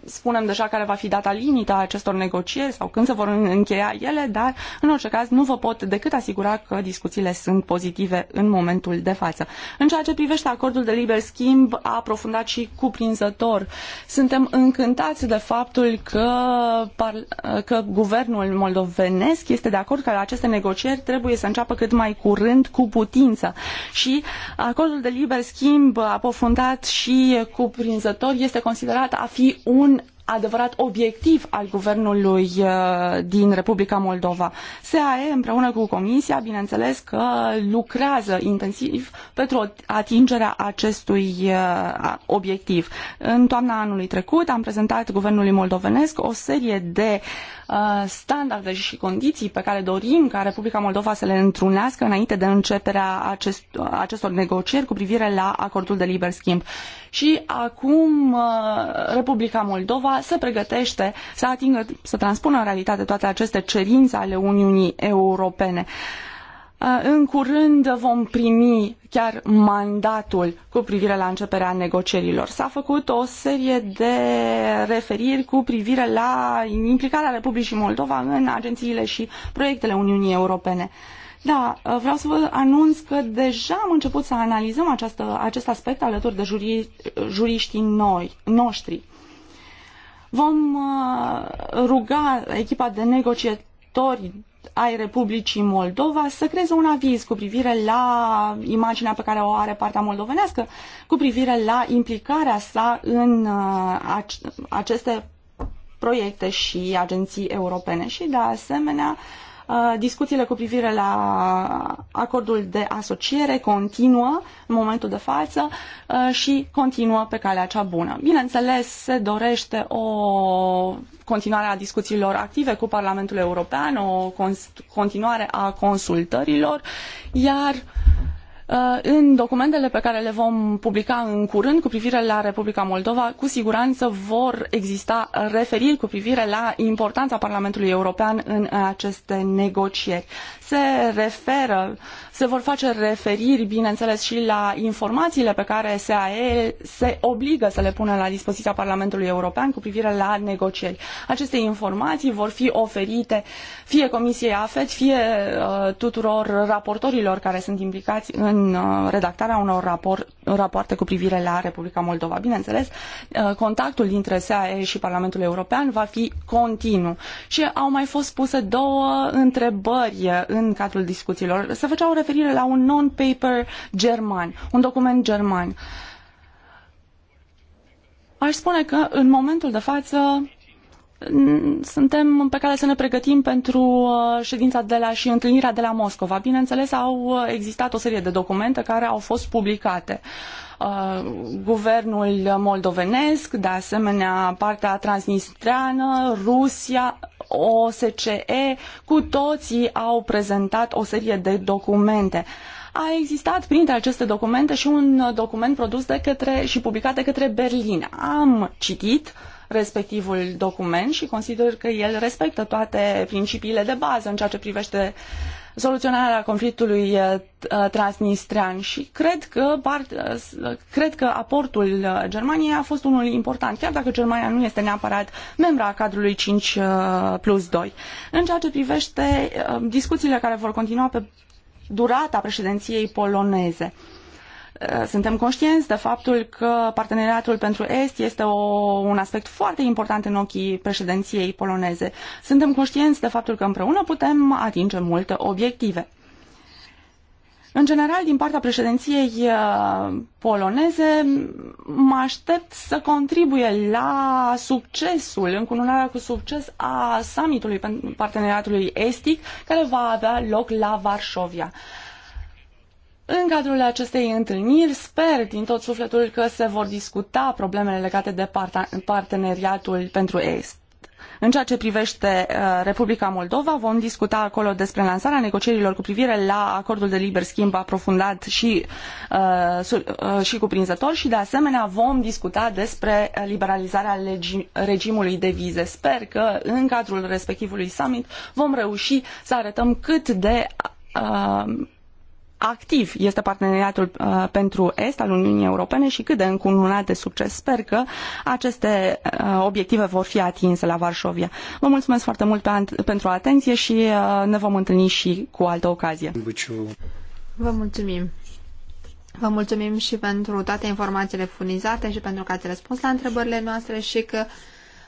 spunem deja care va fi data limită a acestor negocieri sau când se vor încheia ele, dar în orice caz nu vă pot decât asigura că discuțiile sunt pozitive în momentul de față. În ceea ce privește acordul de liber schimb, a aprofundat și cuprinzător. Suntem încântați de faptul că, că guvernul moldovenesc este de acord că aceste negocieri trebuie să înceapă cât mai curând cu putință. Și acordul de liber schimb aprofundat și cuprinzător este considerat a fi un adevărat obiectiv al guvernului uh, din Republica Moldova. SAE împreună cu Comisia, bineînțeles că lucrează intensiv pentru atingerea acestui uh, obiectiv. În toamna anului trecut am prezentat guvernului moldovenesc o serie de uh, standarde și condiții pe care dorim ca Republica Moldova să le întrunească înainte de începerea acestor negocieri cu privire la acordul de liber schimb. Și acum Republica Moldova Europa se pregătește să atingă, să transpună în realitate toate aceste cerințe ale Uniunii Europene. Uh, în curând vom primi chiar mandatul cu privire la începerea negocierilor. S-a făcut o serie de referiri cu privire la implicarea Republicii Moldova în agențiile și proiectele Uniunii Europene. Da, uh, vreau să vă anunț că deja am început să analizăm această, acest aspect alături de juri, uh, juriștii noi, noștri. Vom uh, ruga echipa de negociatori ai Republicii Moldova să creeze un aviz cu privire la imaginea pe care o are partea moldovenească, cu privire la implicarea sa în uh, aceste proiecte și agenții europene și, de asemenea, uh, Uh, discuțiile cu privire la acordul de asociere continuă în momentul de față uh, și continuă pe calea cea bună. Bineînțeles, se dorește o continuare a discuțiilor active cu Parlamentul European, o continuare a consultărilor, iar uh, Uh, în documentele pe care le vom publica în curând cu privire la Republica Moldova, cu siguranță vor exista referiri cu privire la importanța Parlamentului European în aceste negocieri. Se referă, se vor face referiri, bineînțeles, și la informațiile pe care SAE se obligă să le pună la dispoziția Parlamentului European cu privire la negocieri. Aceste informații vor fi oferite fie Comisiei AFET, fie uh, tuturor raportorilor care sunt implicați în în uh, redactarea unor rapor, rapoarte cu privire la Republica Moldova. Bineînțeles, uh, contactul dintre SAE și Parlamentul European va fi continuu. Și au mai fost puse două întrebări în cadrul discuțiilor. Se făcea o referire la un non-paper german, un document german. Aș spune că în momentul de față suntem pe cale să ne pregătim pentru uh, ședința de la și întâlnirea de la Moscova. Bineînțeles, au uh, existat o serie de documente care au fost publicate. Uh, guvernul moldovenesc, de asemenea partea transnistreană, Rusia, OSCE, cu toții au prezentat o serie de documente. A existat printre aceste documente și un document produs de către și publicat de către Berlin. Am citit uh, respectivul document și consider că el respectă toate principiile de bază în ceea ce privește soluționarea conflictului uh, transnistrean și cred că, uh, cred că aportul uh, Germaniei a fost unul important, chiar dacă Germania nu este neapărat membra a cadrului 5 plus 2. În ceea ce privește discuțiile care vor continua pe durata președinției poloneze. Uh, suntem conștienți de faptul că parteneriatul pentru Est este o, un aspect foarte important în ochii președinției poloneze. Suntem conștienți de faptul că împreună putem atinge multe obiective. În general, din partea președinției uh, poloneze, mă aștept să contribuie la succesul, încununarea cu succes a summitului parteneriatului estic, care va avea loc la Varșovia. În cadrul acestei întâlniri sper din tot sufletul că se vor discuta problemele legate de parteneriatul pentru Est. În ceea ce privește uh, Republica Moldova, vom discuta acolo despre lansarea negocierilor cu privire la acordul de liber schimb aprofundat și, uh, uh, și cuprinzător și, de asemenea, vom discuta despre liberalizarea legi- regimului de vize. Sper că, în cadrul respectivului summit, vom reuși să arătăm cât de uh, activ este parteneriatul uh, pentru Est al Uniunii Europene și cât de încununat de succes. Sper că aceste uh, obiective vor fi atinse la Varșovia. Vă mulțumesc foarte mult pentru atenție și uh, ne vom întâlni și cu altă ocazie. Vă mulțumim! Vă mulțumim și pentru toate informațiile furnizate și pentru că ați răspuns la întrebările noastre și că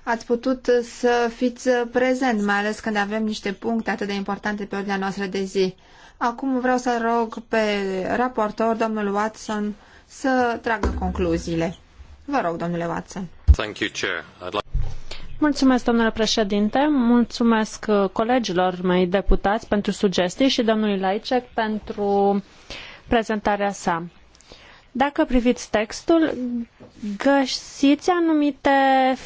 ați putut să fiți prezent, mai ales când avem niște puncte atât de importante pe ordinea noastră de zi. Acum vreau să rog pe raportor, domnul Watson, să tragă concluziile. Vă rog, domnule Watson. Thank you, Chair. I'd like... Mulțumesc, domnule președinte, mulțumesc uh, colegilor mei deputați pentru sugestii și domnului Laicek pentru prezentarea sa. Dacă priviți textul, găsiți anumite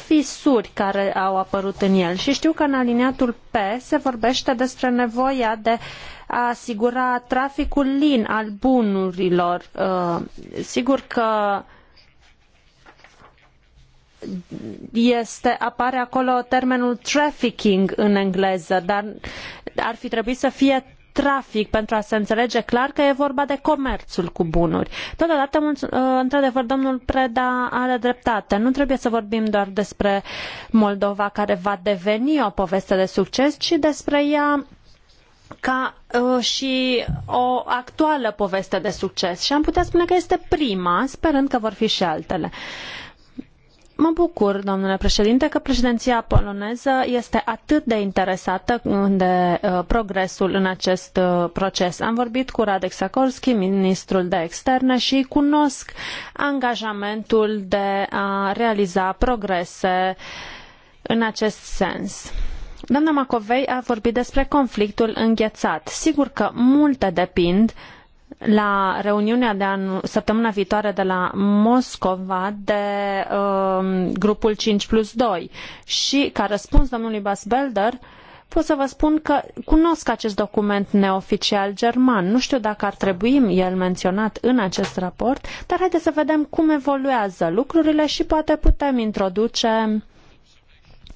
fisuri care au apărut în el și știu că în aliniatul P se vorbește despre nevoia de a asigura traficul lin al bunurilor. Uh, sigur că este, apare acolo termenul trafficking în engleză, dar ar fi trebuit să fie trafic pentru a se înțelege clar că e vorba de comerțul cu bunuri. Totodată, uh, într-adevăr, domnul Preda are dreptate. Nu trebuie să vorbim doar despre Moldova care va deveni o poveste de succes, ci despre ea ca uh, și o actuală poveste de succes și am putea spune că este prima, sperând că vor fi și altele. Uh, Mă bucur, domnule președinte, că președinția poloneză este atât de interesată de uh, progresul în acest uh, proces. Am vorbit cu Radek Sakorski, ministrul de externe, și cunosc angajamentul de a realiza progrese în acest sens. Doamna Macovei a vorbit despre conflictul înghețat. Sigur că multe depind la reuniunea de anu- săptămâna viitoare de la Moscova de um, grupul 5 plus 2 și ca răspuns domnului Basbelder pot să vă spun că cunosc acest document neoficial german. Nu știu dacă ar trebui el menționat în acest raport, dar haideți să vedem cum evoluează lucrurile și poate putem introduce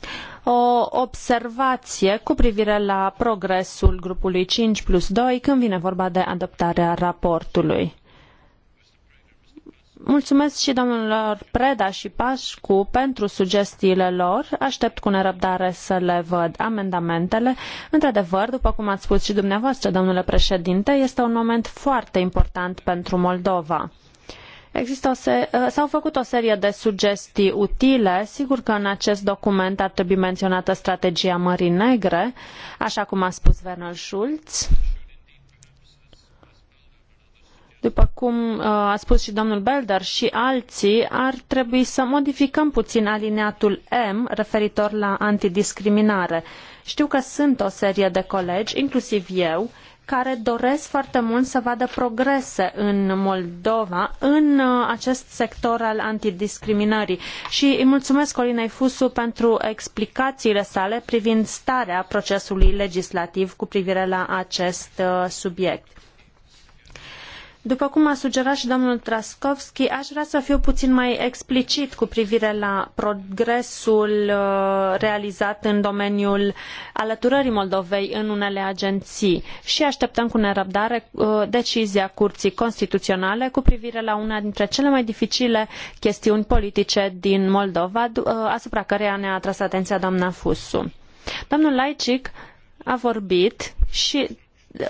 uh, o observație cu privire la progresul grupului 5 plus 2 când vine vorba de adoptarea raportului. Mulțumesc și domnilor Preda și Pașcu pentru sugestiile lor. Aștept cu nerăbdare să le văd amendamentele. Într-adevăr, după cum ați spus și dumneavoastră, domnule președinte, este un moment foarte important pentru Moldova. Există o se- uh, s-au făcut o serie de sugestii utile. Sigur că în acest document ar trebui menționată strategia Mării Negre, așa cum a spus Werner Schulz. După cum uh, a spus și domnul Belder și alții, ar trebui să modificăm puțin alineatul M referitor la antidiscriminare. Știu că sunt o serie de colegi, inclusiv eu, care doresc foarte mult să vadă progrese în Moldova în uh, acest sector al antidiscriminării. Și îi mulțumesc Colinei Fusu pentru explicațiile sale privind starea procesului legislativ cu privire la acest uh, subiect. După cum a sugerat și domnul Traskovski, aș vrea să fiu puțin mai explicit cu privire la progresul uh, realizat în domeniul alăturării Moldovei în unele agenții și așteptăm cu nerăbdare uh, decizia Curții Constituționale cu privire la una dintre cele mai dificile chestiuni politice din Moldova, uh, asupra căreia ne-a atras atenția doamna Fusu. Domnul Laicic a vorbit și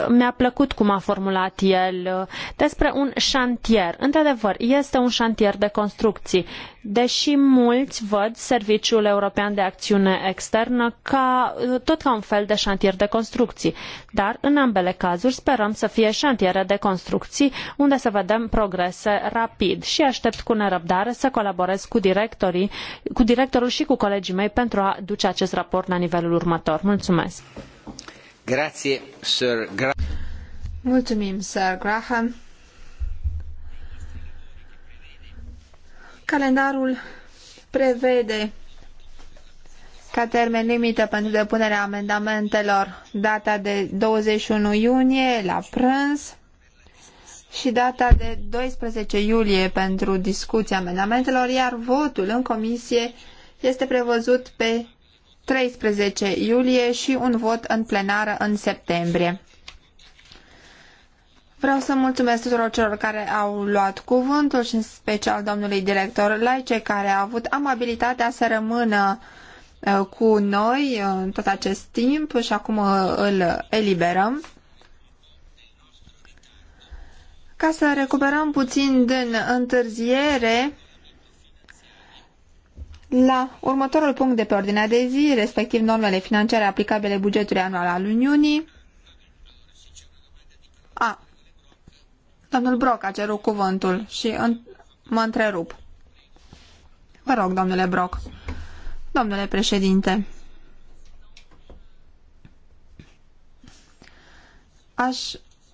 mi-a plăcut cum a formulat el uh, despre un șantier. Într-adevăr, este un șantier de construcții, deși mulți văd Serviciul European de Acțiune Externă ca, uh, tot ca un fel de șantier de construcții. Dar, în ambele cazuri, sperăm să fie șantiere de construcții unde să vedem progrese rapid și aștept cu nerăbdare să colaborez cu, directorii, cu directorul și cu colegii mei pentru a duce acest raport la nivelul următor. Mulțumesc! Grazie, Sir Mulțumim, Sir Graham. Calendarul prevede ca termen limită pentru depunerea amendamentelor data de 21 iunie la prânz și data de 12 iulie pentru discuția amendamentelor, iar votul în comisie este prevăzut pe 13 iulie și un vot în plenară în septembrie. Vreau să mulțumesc tuturor celor care au luat cuvântul și în special domnului director Laice care a avut amabilitatea să rămână uh, cu noi uh, în tot acest timp și acum uh, îl eliberăm. Ca să recuperăm puțin din întârziere, la următorul punct de pe ordinea de zi, respectiv normele financiare aplicabile bugetului anual al Uniunii, a, domnul Broc a cerut cuvântul și în, mă întrerup. Vă rog, domnule Broc. Domnule președinte, aș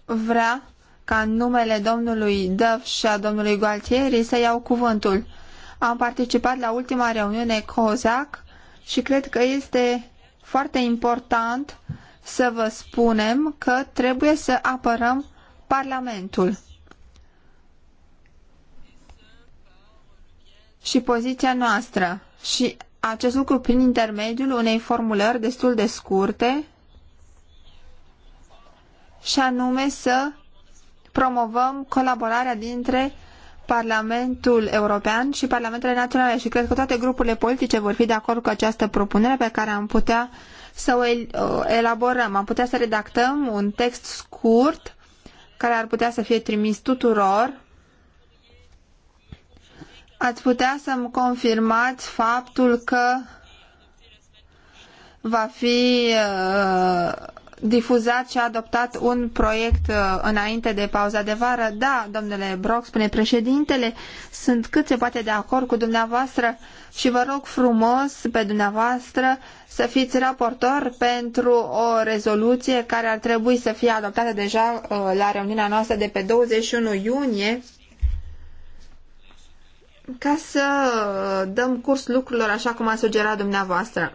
vrea ca în numele domnului Dăv și a domnului Gualtieri să iau cuvântul am participat la ultima reuniune COSAC și cred că este foarte important să vă spunem că trebuie să apărăm Parlamentul și poziția noastră și acest lucru prin intermediul unei formulări destul de scurte și anume să promovăm colaborarea dintre Parlamentul European și Parlamentele Naționale și cred că toate grupurile politice vor fi de acord cu această propunere pe care am putea să o uh, elaborăm. Am putea să redactăm un text scurt care ar putea să fie trimis tuturor. Ați putea să-mi confirmați faptul că va fi uh, difuzat și a adoptat un proiect uh, înainte de pauza de vară. Da, domnule Brock, spune președintele, sunt cât se poate de acord cu dumneavoastră și vă rog frumos pe dumneavoastră să fiți raportor pentru o rezoluție care ar trebui să fie adoptată deja uh, la reuniunea noastră de pe 21 iunie ca să uh, dăm curs lucrurilor așa cum a sugerat dumneavoastră.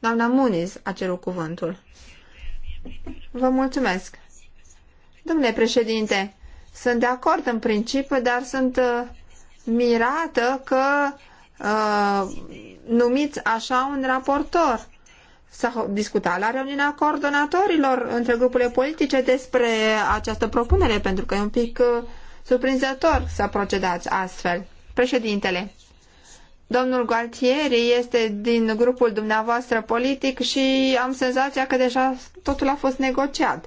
Doamna Muniz a cerut cuvântul. Vă mulțumesc. Domnule președinte, sunt de acord în principiu, dar sunt uh, mirată că uh, numiți așa un raportor. S-a discutat la reuniunea coordonatorilor între grupurile politice despre această propunere, pentru că e un pic uh, surprinzător să procedați astfel. Președintele, Domnul Gualtieri este din grupul dumneavoastră politic și am senzația că deja totul a fost negociat.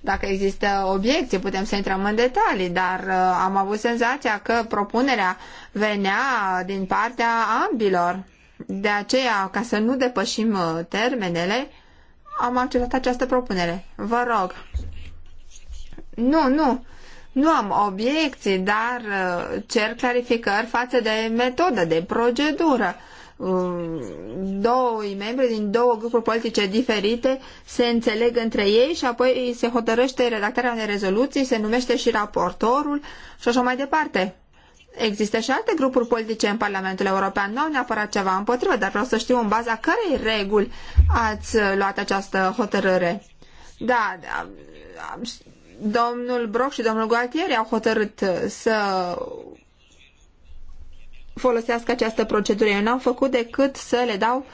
Dacă există obiecții, putem să intrăm în detalii, dar uh, am avut senzația că propunerea venea din partea ambilor. De aceea, ca să nu depășim uh, termenele, am acceptat această propunere. Vă rog. Nu, nu. Nu am obiecții, dar uh, cer clarificări față de metodă, de procedură. Uh, doi membri din două grupuri politice diferite se înțeleg între ei și apoi se hotărăște redactarea unei rezoluții, se numește și raportorul și așa mai departe. Există și alte grupuri politice în Parlamentul European. Nu am neapărat ceva împotrivă, dar vreau să știu în baza cărei reguli ați luat această hotărâre. Da, da domnul Brock și domnul Gualtieri au hotărât uh, să folosească această procedură. Eu n-am făcut decât să le dau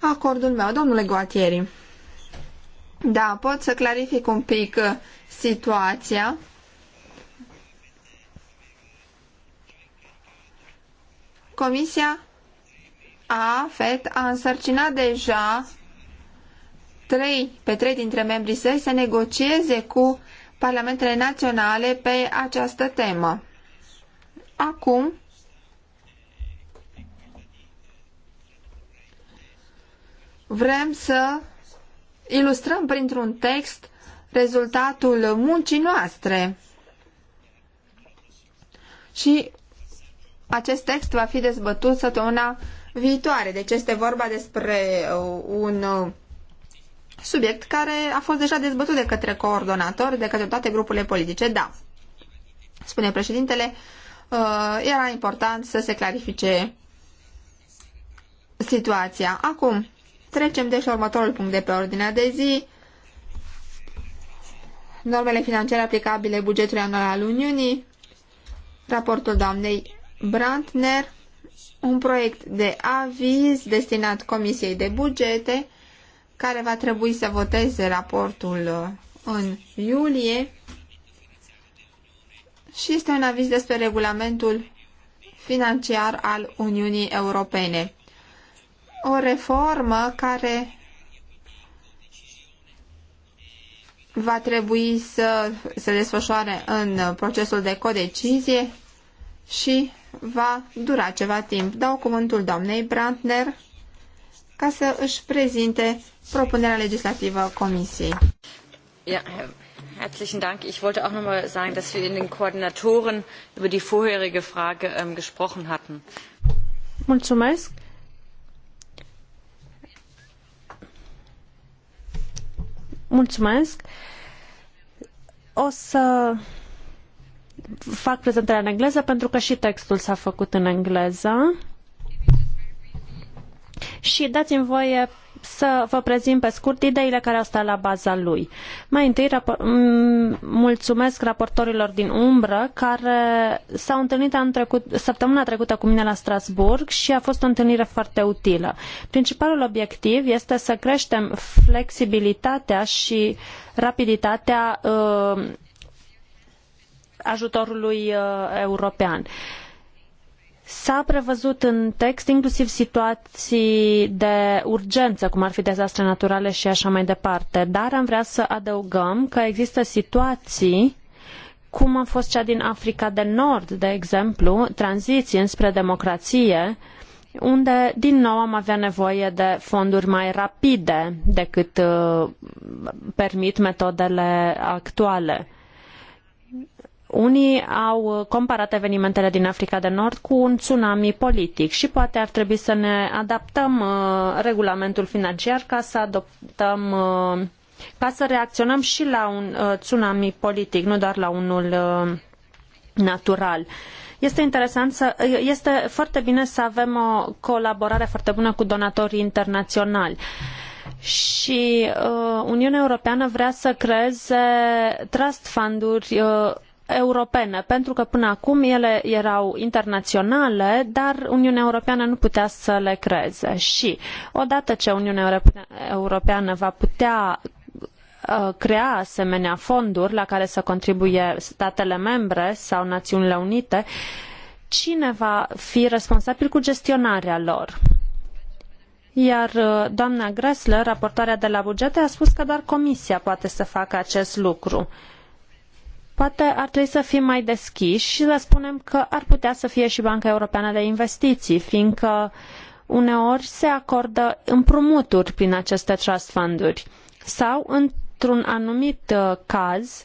acordul meu, domnule Gualtieri. Da, pot să clarific un pic uh, situația. Comisia AFET a însărcinat deja trei, pe trei dintre membrii săi să negocieze cu parlamentele naționale pe această temă. Acum, vrem să ilustrăm printr-un text rezultatul muncii noastre. Și acest text va fi dezbătut săptămâna viitoare. Deci este vorba despre uh, un uh, subiect care a fost deja dezbătut de către coordonatori, de către toate grupurile politice. Da, spune președintele, uh, era important să se clarifice situația. Acum, trecem deci la următorul punct de pe ordinea de zi. Normele financiare aplicabile bugetului anual al Uniunii, raportul doamnei Brandner, un proiect de aviz destinat Comisiei de Bugete, care va trebui să voteze raportul uh, în iulie și este un aviz despre regulamentul financiar al Uniunii Europene. O reformă care va trebui să se desfășoare în procesul de codecizie și va dura ceva timp. Dau cuvântul doamnei Brandner ca să își prezinte propunerea legislativă Comisiei. Ja, herzlichen Dank. Ich wollte auch noch mal sagen, dass wir in den Koordinatoren über die vorherige Frage ähm, gesprochen hatten. Mulțumesc. Mulțumesc. O să fac prezentarea în engleză pentru că și textul s-a făcut în engleză și dați-mi voie să vă prezint pe scurt ideile care au stat la baza lui. Mai întâi rapor- mulțumesc raportorilor din umbră care s-au întâlnit anul trecut, săptămâna trecută cu mine la Strasbourg și a fost o întâlnire foarte utilă. Principalul obiectiv este să creștem flexibilitatea și rapiditatea uh, ajutorului uh, european. Uh, S-a prevăzut în text inclusiv situații de urgență, cum ar fi dezastre naturale și așa mai departe, dar am vrea să adăugăm că există situații cum a fost cea din Africa de Nord, de exemplu, tranziție înspre democrație, unde din nou am avea nevoie de fonduri mai rapide decât uh, permit metodele actuale. Unii au comparat evenimentele din Africa de Nord cu un tsunami politic și poate ar trebui să ne adaptăm uh, regulamentul financiar ca să adoptăm uh, ca să reacționăm și la un uh, tsunami politic, nu doar la unul natural. Este interesant să, este foarte bine să avem o colaborare foarte bună cu donatorii internaționali. Și uh, Uniunea Europeană vrea să creeze trust funduri uh, europene, pentru că până acum ele erau internaționale, dar Uniunea Europeană nu putea să le creeze. Și odată ce Uniunea Europeană va putea uh, crea asemenea fonduri la care să contribuie statele membre sau Națiunile Unite, cine va fi responsabil cu gestionarea lor? Iar uh, doamna Gressler, raportoarea de la bugete, a spus că doar Comisia poate să facă acest lucru. Poate ar trebui să fim mai deschiși și să spunem că ar putea să fie și Banca Europeană de Investiții, fiindcă uneori se acordă împrumuturi prin aceste trust funduri sau, într-un anumit uh, caz,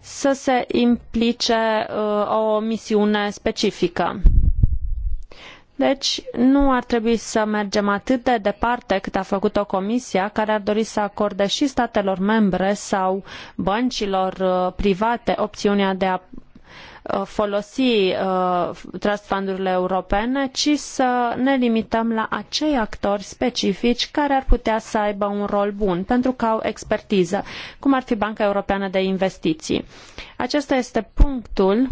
să se implice uh, o misiune specifică. Deci nu ar trebui să mergem atât de departe cât a făcut-o Comisia, care ar dori să acorde și statelor membre sau băncilor uh, private opțiunea de a uh, folosi uh, trust fundurile europene, ci să ne limităm la acei actori specifici care ar putea să aibă un rol bun pentru că au expertiză, cum ar fi Banca Europeană de Investiții. Acesta este punctul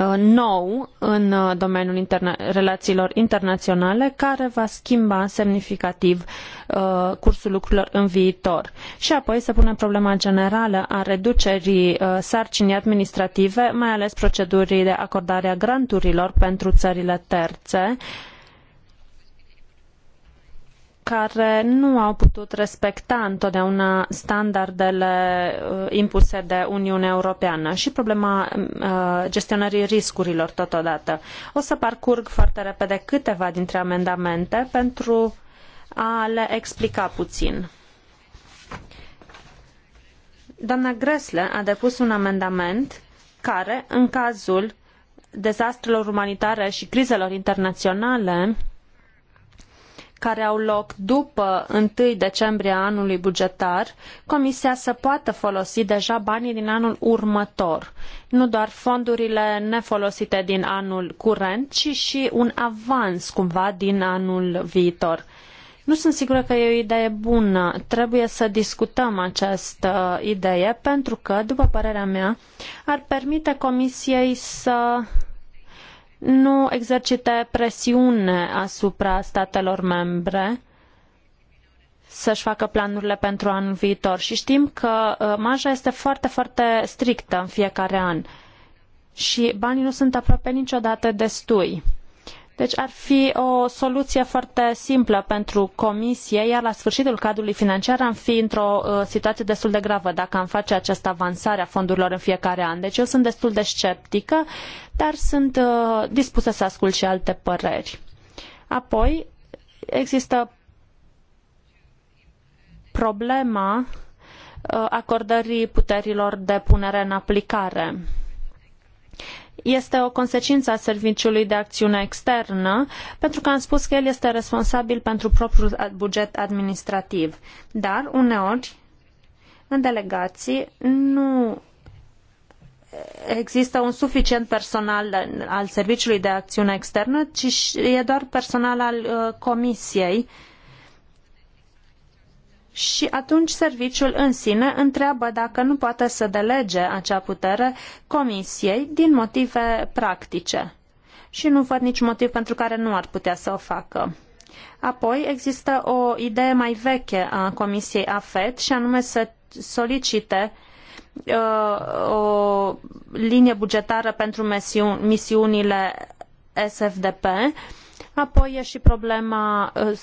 Uh, nou în uh, domeniul interna- relațiilor internaționale care va schimba semnificativ uh, cursul lucrurilor în viitor. Și apoi să punem problema generală a reducerii sarcinii administrative, mai ales procedurii de acordare a granturilor pentru țările terțe, uh, care nu au putut respecta întotdeauna standardele uh, impuse de Uniunea Europeană și problema uh, gestionării riscurilor totodată. O să parcurg foarte repede câteva dintre amendamente pentru a le explica puțin. Doamna Gresle a depus un amendament care, în cazul dezastrelor umanitare și crizelor internaționale, care au loc după 1 decembrie anului bugetar, Comisia să poată folosi deja banii din anul următor. Nu doar fondurile nefolosite din anul curent, ci și un avans cumva din anul viitor. Nu sunt sigură că e o idee bună. Trebuie să discutăm această idee pentru că, după părerea mea, ar permite Comisiei să nu exercite presiune asupra statelor membre să-și facă planurile pentru anul viitor. Și știm că uh, marja este foarte, foarte strictă în fiecare an și banii nu sunt aproape niciodată destui. Deci ar fi o soluție foarte simplă pentru comisie, iar la sfârșitul cadrului financiar am fi într-o uh, situație destul de gravă dacă am face această avansare a fondurilor în fiecare an. Deci eu sunt destul de sceptică, dar sunt uh, dispusă să ascult și alte păreri. Apoi există problema uh, acordării puterilor de punere în aplicare este o consecință a Serviciului de Acțiune Externă, pentru că am spus că el este responsabil pentru propriul buget administrativ. Dar, uneori, în delegații nu există un suficient personal al Serviciului de Acțiune Externă, ci e doar personal al uh, Comisiei uh, și atunci serviciul în sine întreabă dacă nu poate să delege acea putere comisiei din motive practice. Și nu văd nici motiv pentru care nu ar putea să o facă. Apoi există o idee mai veche a Comisiei AFET și anume să solicite uh, o linie bugetară pentru misiunile SFDP. Apoi e și problema uh,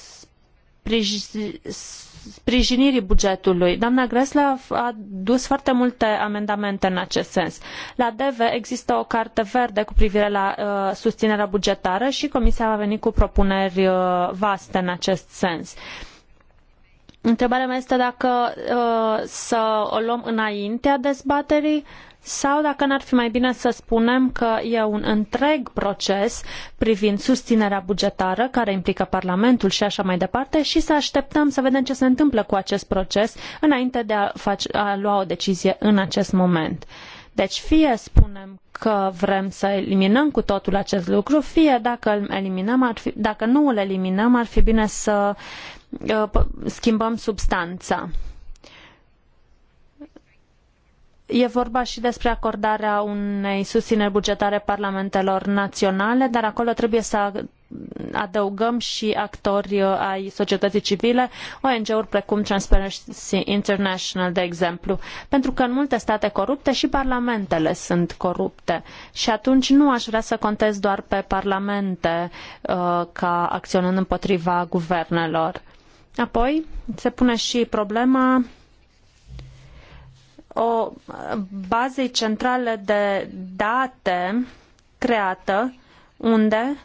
sprijinirii bugetului. Doamna Gresla a dus foarte multe amendamente în acest sens. La DEVE există o carte verde cu privire la uh, susținerea bugetară și Comisia va veni cu propuneri uh, vaste în acest sens. Întrebarea mea este dacă uh, să o luăm înaintea dezbaterii uh, sau dacă n-ar fi mai bine să spunem că e un întreg proces privind susținerea bugetară care implică Parlamentul și așa mai departe și să așteptăm să vedem ce se întâmplă cu acest proces înainte de a, face, a lua o decizie în acest moment. Deci fie spunem că vrem să eliminăm cu totul acest lucru, fie dacă, îl eliminăm, ar fi, dacă nu îl eliminăm, ar fi bine să uh, schimbăm substanța. E vorba și despre acordarea unei susțineri bugetare parlamentelor naționale, dar acolo trebuie să adăugăm și actori uh, ai societății civile, ONG-uri precum Transparency International, de exemplu. Pentru că în multe state corupte și parlamentele sunt corupte. Și atunci nu aș vrea să contez doar pe parlamente uh, ca acționând împotriva guvernelor. Apoi se pune și problema o bază centrală de date creată unde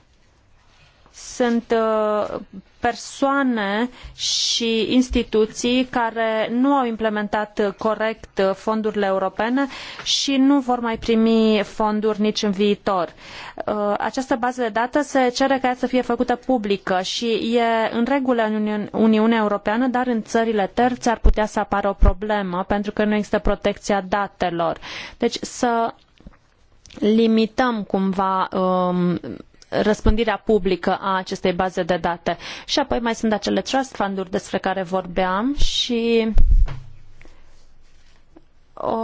sunt uh, persoane și instituții care nu au implementat corect fondurile europene și nu vor mai primi fonduri nici în viitor. Uh, această bază de date se cere ca ea să fie făcută publică și e în regulă în Uniunea Europeană, dar în țările terțe ar putea să apară o problemă pentru că nu există protecția datelor. Deci să limităm cumva um, răspândirea publică a acestei baze de date. Și apoi mai sunt acele trust funduri despre care vorbeam și o,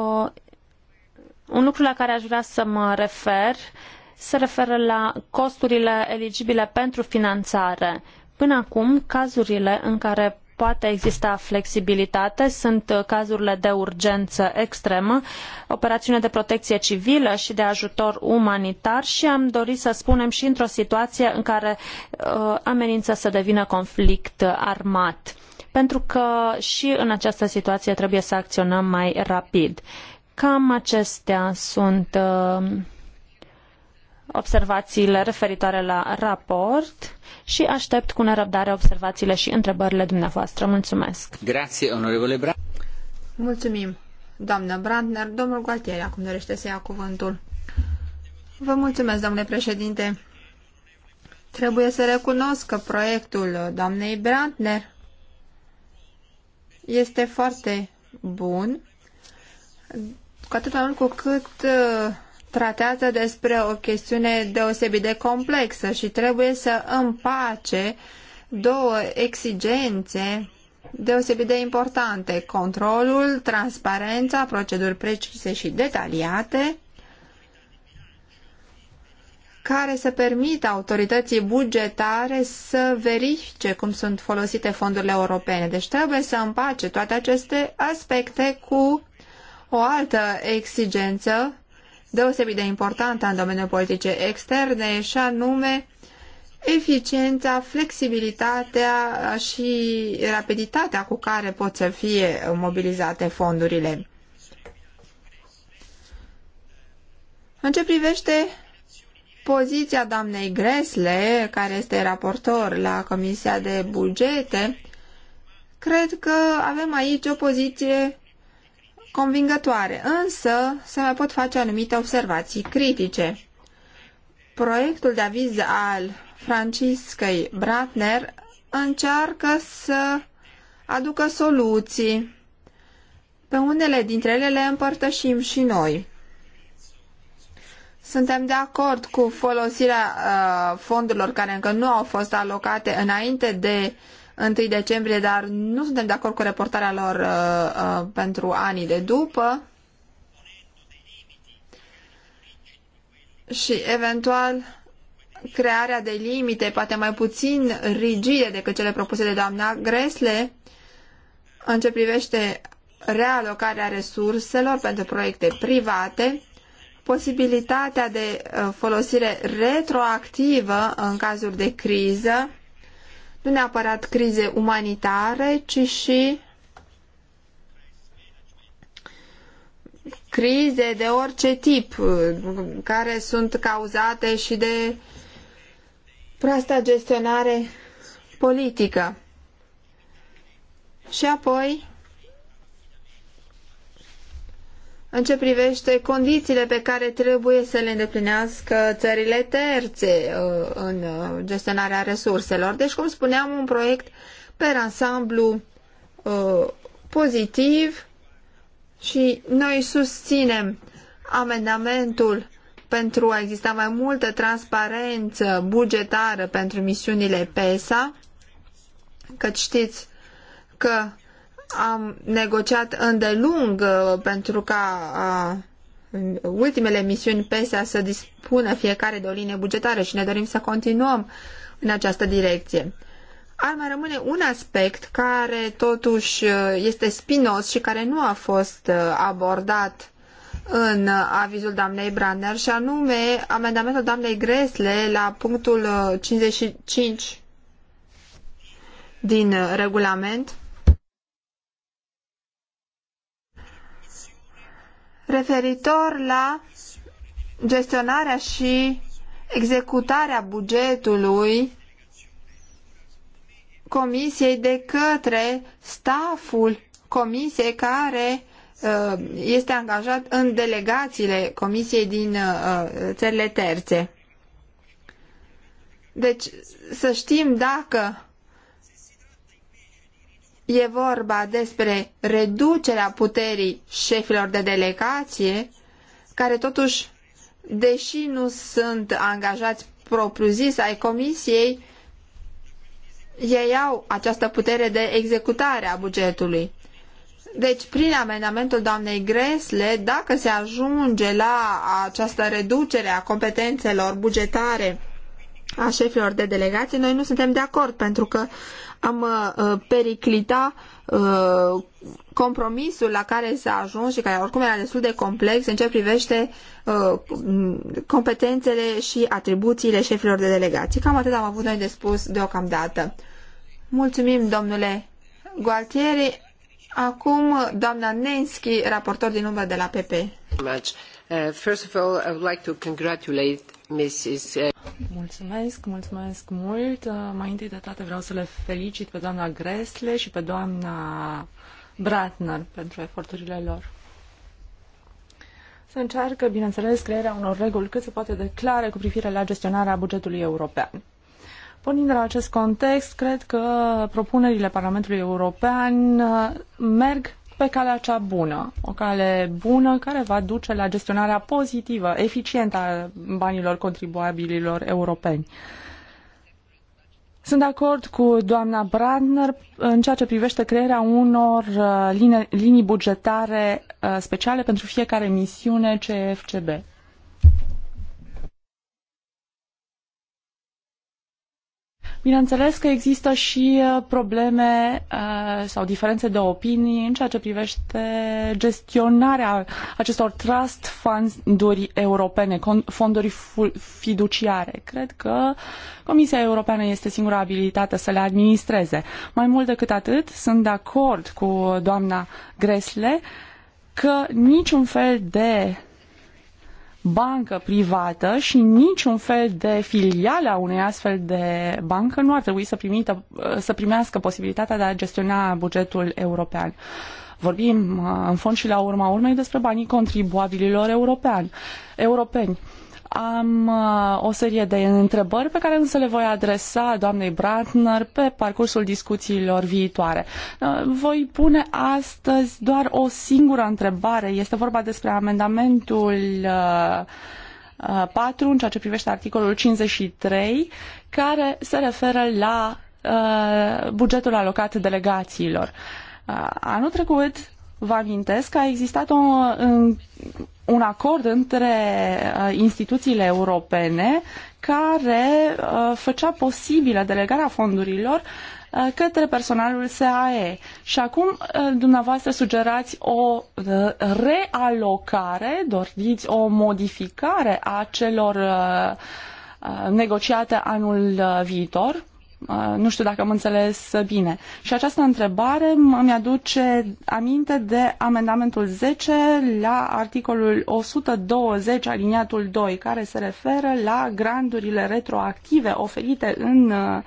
un lucru la care aș vrea să mă refer se referă la costurile eligibile pentru finanțare. Până acum, cazurile în care poate exista flexibilitate, sunt uh, cazurile de urgență extremă, operațiune de protecție civilă și de ajutor umanitar și am dorit să spunem și într-o situație în care uh, amenință să devină conflict armat. Pentru că și în această situație trebuie să acționăm mai rapid. Cam acestea sunt uh, observațiile referitoare la raport și aștept cu nerăbdare observațiile și întrebările dumneavoastră. Mulțumesc! Grație, onorevole Bra- Mulțumim, doamnă Brandner. Domnul Gualtieri acum dorește să ia cuvântul. Vă mulțumesc, domnule președinte. Trebuie să recunosc că proiectul doamnei Brandner este foarte bun, cu atât mai mult cu cât uh, tratează despre o chestiune deosebit de complexă și trebuie să împace două exigențe deosebit de importante, controlul, transparența, proceduri precise și detaliate, care să permită autorității bugetare să verifice cum sunt folosite fondurile europene. Deci trebuie să împace toate aceste aspecte cu o altă exigență deosebit de importantă în domeniul politice externe și anume eficiența, flexibilitatea și rapiditatea cu care pot să fie mobilizate fondurile. În ce privește poziția doamnei Gresle, care este raportor la Comisia de Bugete, cred că avem aici o poziție convingătoare, însă se mai pot face anumite observații critice. Proiectul de aviz al Franciscăi Bratner încearcă să aducă soluții. Pe unele dintre ele le împărtășim și noi. Suntem de acord cu folosirea uh, fondurilor care încă nu au fost alocate înainte de 1 decembrie, dar nu suntem de acord cu reportarea lor uh, uh, pentru anii de după. Și eventual crearea de limite, poate mai puțin rigide decât cele propuse de doamna Gresle, în ce privește realocarea resurselor pentru proiecte private, posibilitatea de uh, folosire retroactivă în cazuri de criză, nu neapărat crize umanitare, ci și crize de orice tip, care sunt cauzate și de proasta gestionare politică. Și apoi în ce privește condițiile pe care trebuie să le îndeplinească țările terțe uh, în uh, gestionarea resurselor. Deci, cum spuneam, un proiect pe ansamblu uh, pozitiv și noi susținem amendamentul pentru a exista mai multă transparență bugetară pentru misiunile PESA, că știți că am negociat îndelung uh, pentru ca uh, ultimele misiuni PESA să dispună fiecare de o linie bugetară și ne dorim să continuăm în această direcție. Ar mai rămâne un aspect care totuși uh, este spinos și care nu a fost abordat în avizul doamnei Brander și anume amendamentul doamnei Gresle la punctul 55 din regulament referitor la gestionarea și executarea bugetului comisiei de către staful comisiei care uh, este angajat în delegațiile comisiei din uh, uh, țările terțe. Deci să știm dacă e vorba despre reducerea puterii șefilor de delegație, care totuși, deși nu sunt angajați propriu-zis ai comisiei, ei au această putere de executare a bugetului. Deci, prin amendamentul doamnei Gresle, dacă se ajunge la această reducere a competențelor bugetare a șefilor de delegații, noi nu suntem de acord pentru că am uh, periclita uh, compromisul la care s-a ajuns și care oricum era destul de complex în ce privește uh, competențele și atribuțiile șefilor de delegații. Cam atât am avut noi de spus deocamdată. Mulțumim, domnule Gualtieri. Acum, doamna Nenski, raportor din umbră de la PP. Mulțumesc. Uh, first of all, I would like to congratulate Mrs. Uh, mulțumesc, mulțumesc mult. Uh, mai întâi de toate vreau să le felicit pe doamna Gresle și pe doamna Bratner pentru eforturile lor. Se încearcă, bineînțeles, crearea unor reguli cât se poate de clare cu privire la gestionarea bugetului european. Pornind de la acest context, cred că propunerile Parlamentului European merg pe calea cea bună, o cale bună care va duce la gestionarea pozitivă, eficientă a banilor contribuabililor europeni. Sunt de acord cu doamna Brandner în ceea ce privește crearea unor uh, linii bugetare uh, speciale pentru fiecare misiune CFCB. Bineînțeles că există și uh, probleme uh, sau diferențe de opinii în ceea ce privește gestionarea acestor trust funduri europene, fonduri fiduciare. Cred că Comisia Europeană este singura abilitată să le administreze. Mai mult decât atât, sunt de acord cu doamna Gresle că niciun fel de bancă privată și niciun fel de filiale a unei astfel de bancă nu ar trebui să, primită, să primească posibilitatea de a gestiona bugetul european. Vorbim uh, în fond și la urma urmei despre banii contribuabililor europeani. europeni. Am uh, o serie de întrebări pe care însă le voi adresa doamnei Brandner pe parcursul discuțiilor viitoare. Uh, voi pune astăzi doar o singură întrebare. Este vorba despre amendamentul 4 uh, în ceea ce privește articolul 53 care se referă la bugetul alocat delegațiilor. Anul trecut, vă amintesc, că a existat o un acord între uh, instituțiile europene care uh, făcea posibilă delegarea fondurilor uh, către personalul SAE. Și acum dumneavoastră sugerați o realocare, doriți o modificare a celor negociate anul viitor? Uh, nu știu dacă am înțeles bine. Și această întrebare îmi aduce aminte de amendamentul 10 la articolul 120 aliniatul 2, care se referă la grandurile retroactive oferite în uh,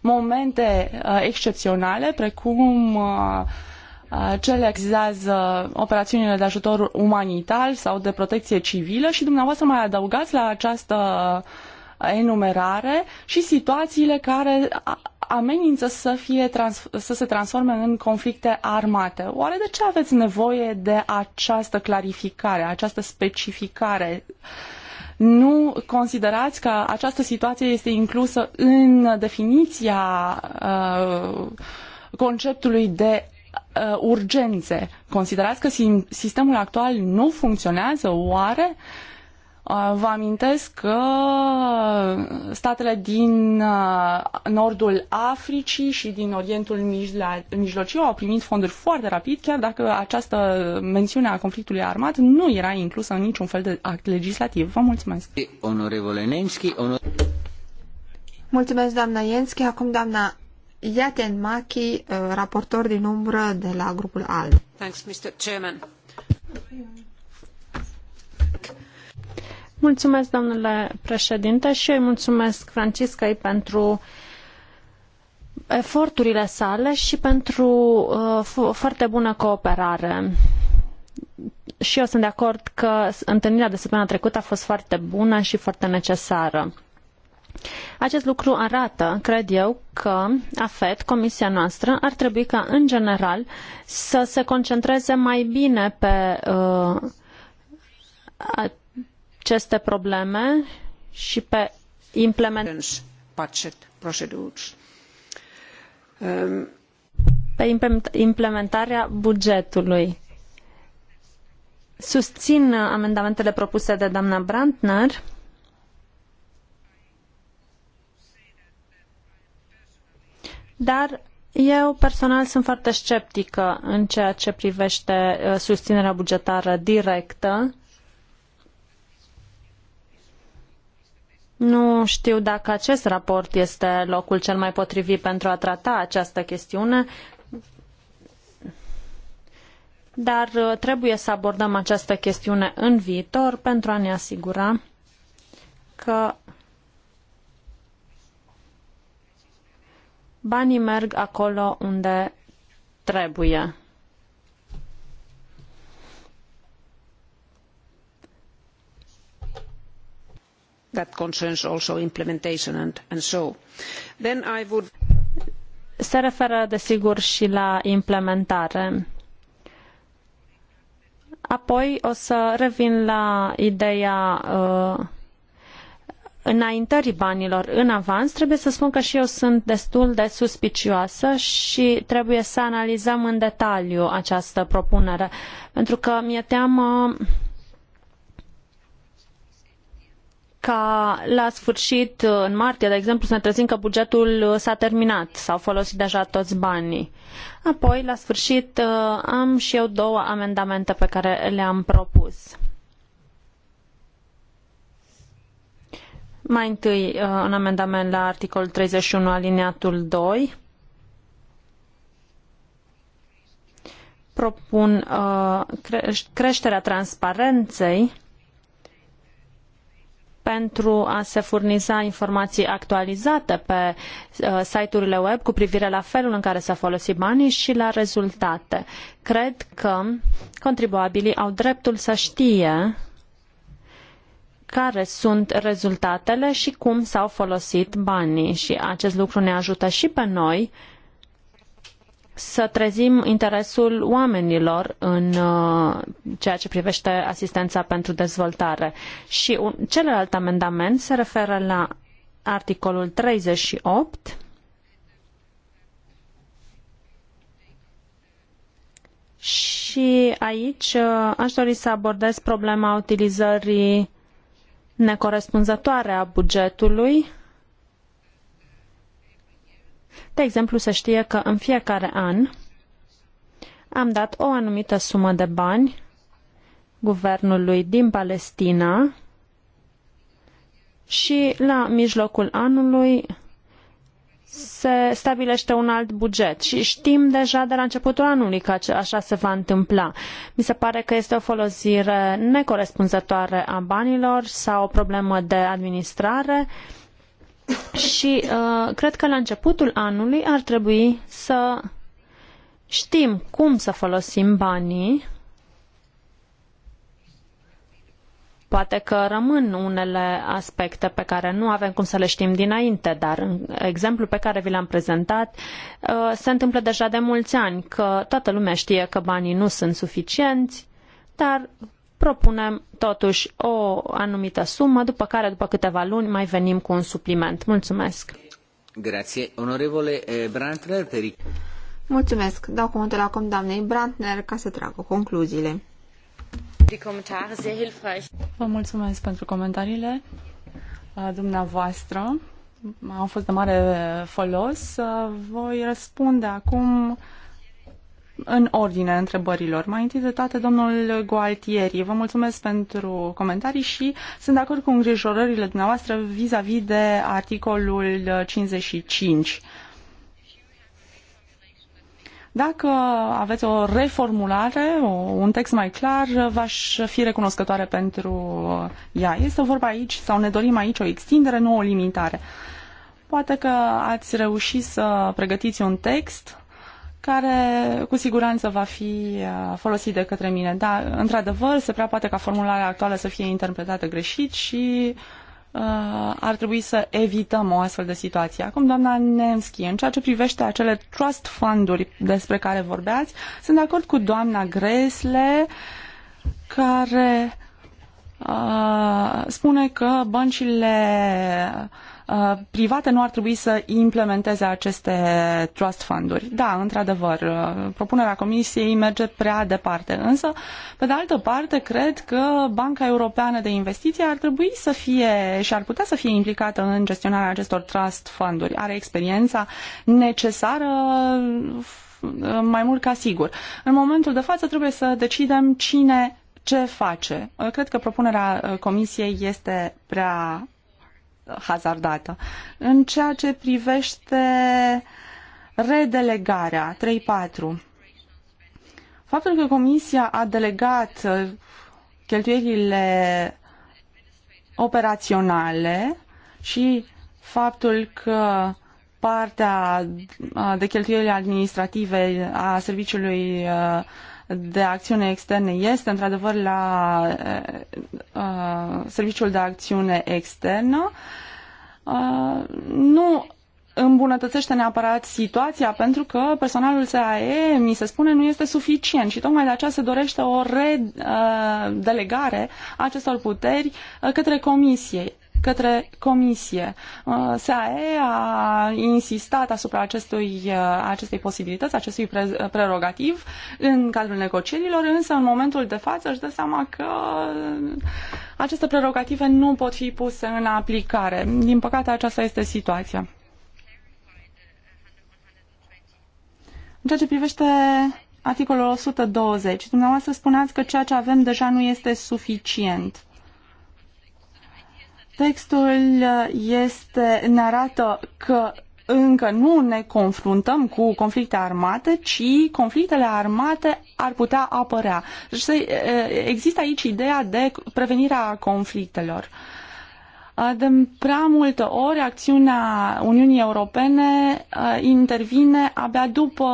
momente uh, excepționale, precum cele exizează operațiunile de ajutor umanitar sau de protecție civilă și dumneavoastră mai adăugați la această uh, enumerare și situațiile care amenință să, fie trans- să se transforme în conflicte armate. Oare de ce aveți nevoie de această clarificare, această specificare? Nu considerați că această situație este inclusă în definiția uh, conceptului de uh, urgențe? Considerați că sistemul actual nu funcționează? Oare? Uh, Uh, vă amintesc că statele din uh, nordul Africii și din Orientul Mijlociu au primit fonduri foarte rapid, chiar dacă această mențiune a conflictului armat nu era inclusă în niciun fel de act legislativ. Vă mulțumesc! Onorevole Nemski, onore... Mulțumesc, doamna Jenski. Acum, doamna Iaten Machi, uh, raportor din umbră de la grupul ALDE. Thanks, Mr. Chairman. Mulțumesc, domnule președinte, și eu îi mulțumesc Franciscai pentru eforturile sale și pentru uh, foarte bună cooperare. Și eu sunt de acord că întâlnirea de săptămâna trecută a fost foarte bună și foarte necesară. Acest lucru arată, cred eu, că AFET, comisia noastră, ar trebui ca, în general, să se concentreze mai bine pe uh, aceste probleme și pe implementarea bugetului. Susțin amendamentele propuse de doamna Brandner. Dar eu personal sunt foarte sceptică în ceea ce privește uh, susținerea bugetară directă Nu știu dacă acest raport este locul cel mai potrivit pentru a trata această chestiune, dar uh, trebuie să abordăm această chestiune în viitor pentru a ne asigura că banii merg acolo unde trebuie. that concerns also implementation and, and so. Then I would... Se referă, desigur, și la implementare. Apoi o să revin la ideea uh, înaintării banilor în avans, trebuie să spun că și eu sunt destul de suspicioasă și trebuie să analizăm în detaliu această propunere, pentru că mi-e teamă uh, ca la sfârșit, în martie, de exemplu, să ne trezim că bugetul s-a terminat, s-au folosit deja toți banii. Apoi, la sfârșit, uh, am și eu două amendamente pe care le-am propus. Mai întâi, uh, un amendament la articolul 31, aliniatul 2. Propun uh, creșterea transparenței pentru a se furniza informații actualizate pe uh, site-urile web cu privire la felul în care s-a folosit banii și la rezultate. Cred că contribuabilii au dreptul să știe care sunt rezultatele și cum s-au folosit banii și acest lucru ne ajută și pe noi uh, să trezim interesul oamenilor în uh, ceea ce privește asistența pentru dezvoltare. Și un, celălalt amendament se referă la articolul 38 și aici uh, aș dori să abordez problema utilizării necorespunzătoare a bugetului de exemplu, se știe că în fiecare an am dat o anumită sumă de bani guvernului din Palestina și la mijlocul anului se stabilește un alt buget și știm deja de la începutul anului că așa se va întâmpla. Mi se pare că este o folosire necorespunzătoare a banilor sau o problemă de administrare uh, și uh, cred că la începutul anului ar trebui să știm cum să folosim banii. Poate că rămân unele aspecte pe care nu avem cum să le știm dinainte, dar în exemplul pe care vi l-am prezentat uh, se întâmplă deja de mulți ani, că toată lumea știe că banii nu sunt suficienți, dar propunem totuși o anumită sumă, după care, după câteva luni, mai venim cu un supliment. Mulțumesc! Grazie, onorevole eh, Brantner, Mulțumesc. Dau cuvântul acum doamnei Brantner ca să tragă concluziile. Vă mulțumesc pentru comentariile uh, dumneavoastră. Au fost de mare folos. Uh, voi răspunde acum uh, în ordine întrebărilor. Mai întâi de toate, domnul Gualtieri, vă mulțumesc pentru comentarii și sunt de acord cu îngrijorările dumneavoastră vis-a-vis -vis de articolul 55. Dacă aveți o reformulare, un text mai clar, v-aș fi recunoscătoare pentru ea. Este vorba aici, sau ne dorim aici o extindere, nu o limitare. Poate că ați reușit să pregătiți un text care cu siguranță va fi uh, folosit de către mine. Dar, într-adevăr, se prea poate ca formularea actuală să fie interpretată greșit și uh, ar trebui să evităm o astfel de situație. Acum, doamna Nemski, în ceea ce privește acele trust funduri despre care vorbeați, sunt de acord cu doamna Gresle, care uh, spune că băncile uh, Uh, private nu ar trebui să implementeze aceste trust funduri. Da, într-adevăr, uh, propunerea Comisiei merge prea departe, însă, pe de altă parte, cred că Banca Europeană de Investiții ar trebui să fie și ar putea să fie implicată în gestionarea acestor trust funduri. Are experiența necesară uh, mai mult ca sigur. În momentul de față trebuie să decidem cine ce face. Cred că propunerea Comisiei este prea hazardată. În ceea ce privește redelegarea 3-4, faptul că Comisia a delegat uh, cheltuielile operaționale și faptul că partea uh, de cheltuieli administrative a Serviciului uh, de acțiune externe este într-adevăr la uh, serviciul de acțiune externă. Uh, nu îmbunătățește neapărat situația pentru că personalul SAE, mi se spune, nu este suficient și tocmai de aceea se dorește o redelegare uh, acestor puteri către comisie către Comisie. Uh, SAE a insistat asupra acestui, uh, acestei posibilități, acestui uh, prerogativ în cadrul negocierilor, însă în momentul de față își dă seama că aceste prerogative nu pot fi puse în aplicare. Din păcate, aceasta este situația. În ceea ce privește articolul 120, dumneavoastră spuneați că ceea ce avem deja nu este suficient. Textul uh, este, ne arată că încă nu ne confruntăm cu conflicte armate, ci conflictele armate ar putea apărea. Deci uh, există aici ideea de prevenirea conflictelor. Uh, de prea multe ori, acțiunea Uniunii Europene uh, intervine abia după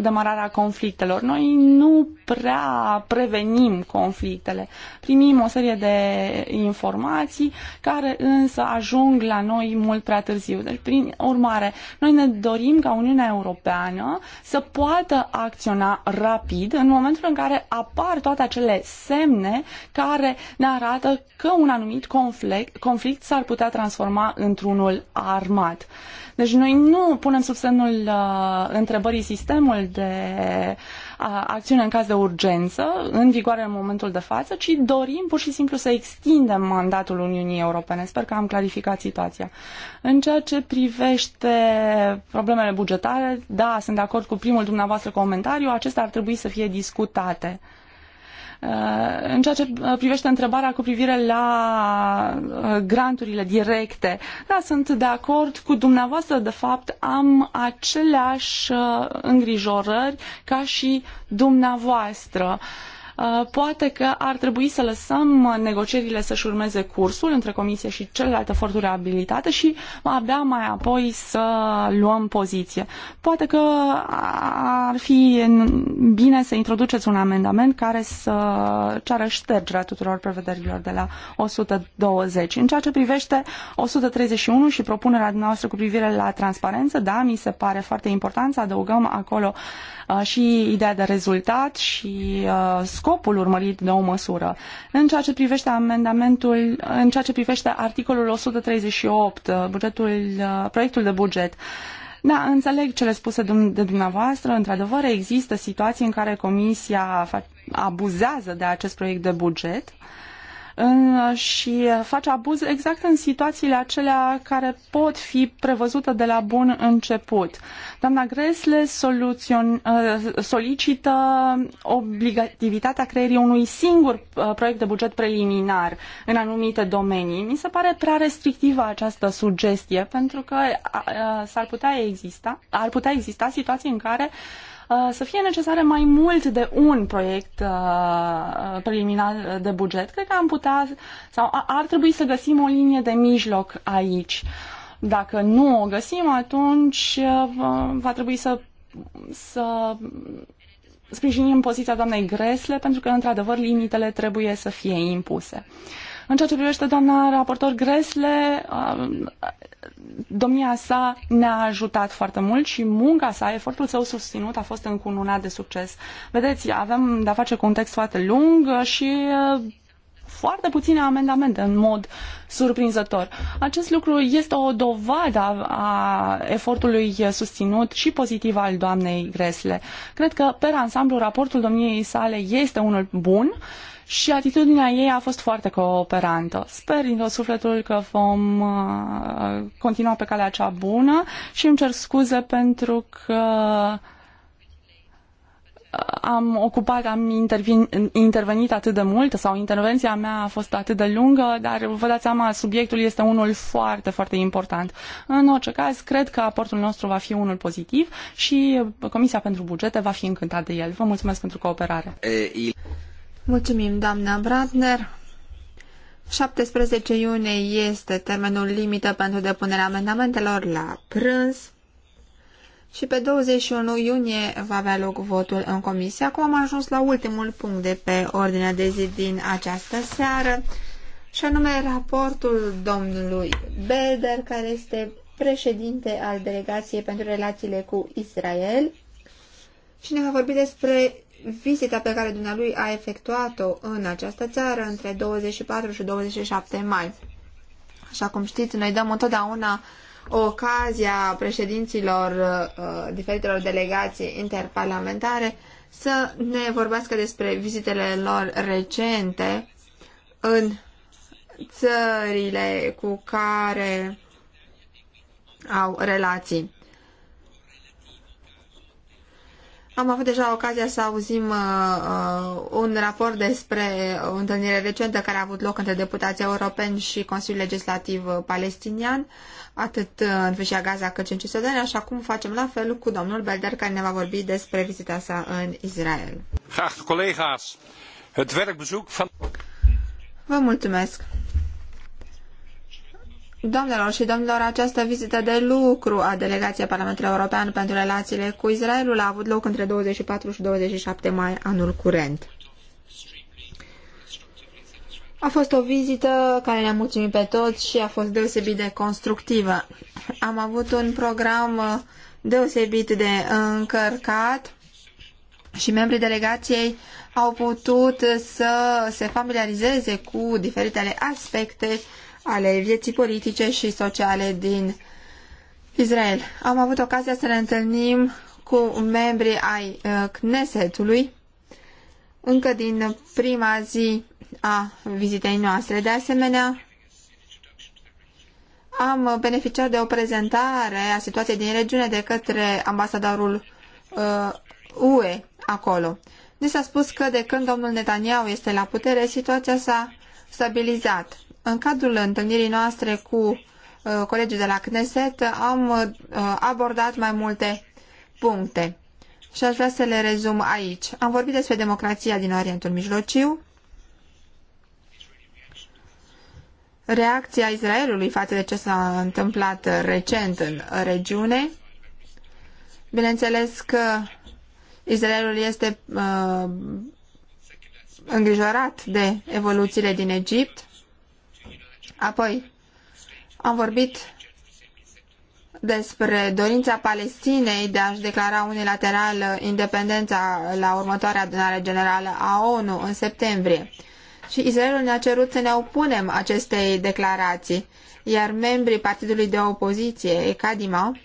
demararea conflictelor. Noi nu prea prevenim conflictele. Primim o serie de informații care însă ajung la noi mult prea târziu. Deci, prin urmare, noi ne dorim ca Uniunea Europeană să poată acționa rapid în momentul în care apar toate acele semne care ne arată că un anumit conflict, conflict s-ar putea transforma într-unul armat. Deci noi nu punem sub semnul uh, întrebării sistemul de uh, acțiune în caz de urgență în vigoare în momentul de față, ci dorim pur și simplu să extindem mandatul Uniunii Europene. Sper că am clarificat situația. În ceea ce privește problemele bugetare, da, sunt de acord cu primul dumneavoastră comentariu, acestea ar trebui să fie discutate. Uh, Uh, în ceea ce uh, privește întrebarea cu privire la uh, granturile directe, da, sunt de acord cu dumneavoastră, de fapt, am aceleași îngrijorări ca și dumneavoastră. Uh, poate că ar trebui să lăsăm negocierile să-și urmeze cursul între Comisie și celelalte foruri abilitate și abia mai apoi să luăm poziție. Poate că ar fi bine să introduceți un amendament care să ceară ștergerea tuturor prevederilor de la 120. În ceea ce privește 131 și propunerea noastră cu privire la transparență, da, mi se pare foarte important să adăugăm acolo uh, și ideea de rezultat și uh, scopul urmărit de o măsură. În ceea ce privește amendamentul, în ceea ce privește articolul 138, uh, bugetul, uh, proiectul de buget, da, înțeleg cele spuse de dumneavoastră. Într-adevăr, există situații în care Comisia abuzează de acest proiect de buget. Uh, în, și face abuz exact în situațiile acelea care pot fi prevăzute de la bun început. Doamna Gresle soluțion, uh, solicită obligativitatea creierii unui singur uh, proiect de buget preliminar în anumite domenii. Mi se pare prea restrictivă această sugestie pentru că uh, s-ar putea exista, ar putea exista situații în care uh, Uh, să fie necesare mai mult de un proiect uh, uh, preliminar de buget. Cred că am putea sau ar trebui să găsim o linie de mijloc aici. Dacă nu o găsim, atunci va trebui să, să sprijinim poziția doamnei Gresle, pentru că, într-adevăr, limitele trebuie să fie impuse. Uh, în ceea ce privește doamna raportor Gresle, domnia sa ne-a ajutat foarte mult și munca sa, efortul său susținut a fost încununat de succes. Vedeți, avem de-a face context foarte lung și uh, foarte puține amendamente în mod surprinzător. Acest lucru este o dovadă a efortului susținut și pozitiv al doamnei Gresle. Cred că, pe ansamblu, raportul domniei sale este unul bun și atitudinea ei a fost foarte cooperantă. Sper din tot sufletul că vom uh, continua pe calea cea bună și îmi cer scuze pentru că uh, am ocupat, am intervin, intervenit atât de mult sau intervenția mea a fost atât de lungă, dar vă dați seama, subiectul este unul foarte, foarte important. În orice caz, cred că aportul nostru va fi unul pozitiv și Comisia pentru Bugete va fi încântată de el. Vă mulțumesc pentru cooperare. Mulțumim, doamna Bradner. 17 iunie este termenul limită pentru depunerea amendamentelor la prânz și pe 21 iunie va avea loc votul în comisie. Acum am ajuns la ultimul punct de pe ordinea de zi din această seară și anume raportul domnului Belder, care este președinte al Delegației pentru Relațiile cu Israel și ne va vorbi despre vizita pe care dumnealui a efectuat-o în această țară între 24 și 27 mai. Așa cum știți, noi dăm întotdeauna o ocazia președinților uh, diferitelor delegații interparlamentare să ne vorbească despre vizitele lor recente în țările cu care au relații. Am avut deja ocazia să auzim uh, uh, un raport despre o întâlnire recentă care a avut loc între deputații europeni și Consiliul Legislativ uh, Palestinian, atât uh, în Vâșia Gaza cât și în Cisodania, așa cum facem la fel cu domnul Belder, care ne va vorbi despre vizita sa în Israel. Vă mulțumesc. Doamnelor și domnilor, această vizită de lucru a delegației Parlamentului European pentru relațiile cu Israelul a avut loc între 24 și 27 mai anul curent. A fost o vizită care ne-a mulțumit pe toți și a fost deosebit de constructivă. Am avut un program deosebit de încărcat și membrii delegației au putut să se familiarizeze cu diferitele aspecte ale vieții politice și sociale din Israel. Am avut ocazia să ne întâlnim cu membrii ai uh, Knessetului încă din prima zi a vizitei noastre. De asemenea, am beneficiat de o prezentare a situației din regiune de către ambasadorul uh, UE acolo. Ni s-a spus că de când domnul Netanyahu este la putere, situația s-a stabilizat. În cadrul întâlnirii noastre cu uh, colegii de la Knesset am uh, abordat mai multe puncte și aș vrea să le rezum aici. Am vorbit despre democrația din Orientul Mijlociu, reacția Israelului față de ce s-a întâmplat recent în regiune. Bineînțeles că Israelul este uh, îngrijorat de evoluțiile din Egipt. Apoi, am vorbit despre dorința Palestinei de a-și declara unilateral independența la următoarea adunare generală a ONU în septembrie. Și Israelul ne-a cerut să ne opunem acestei declarații, iar membrii partidului de opoziție, Kadima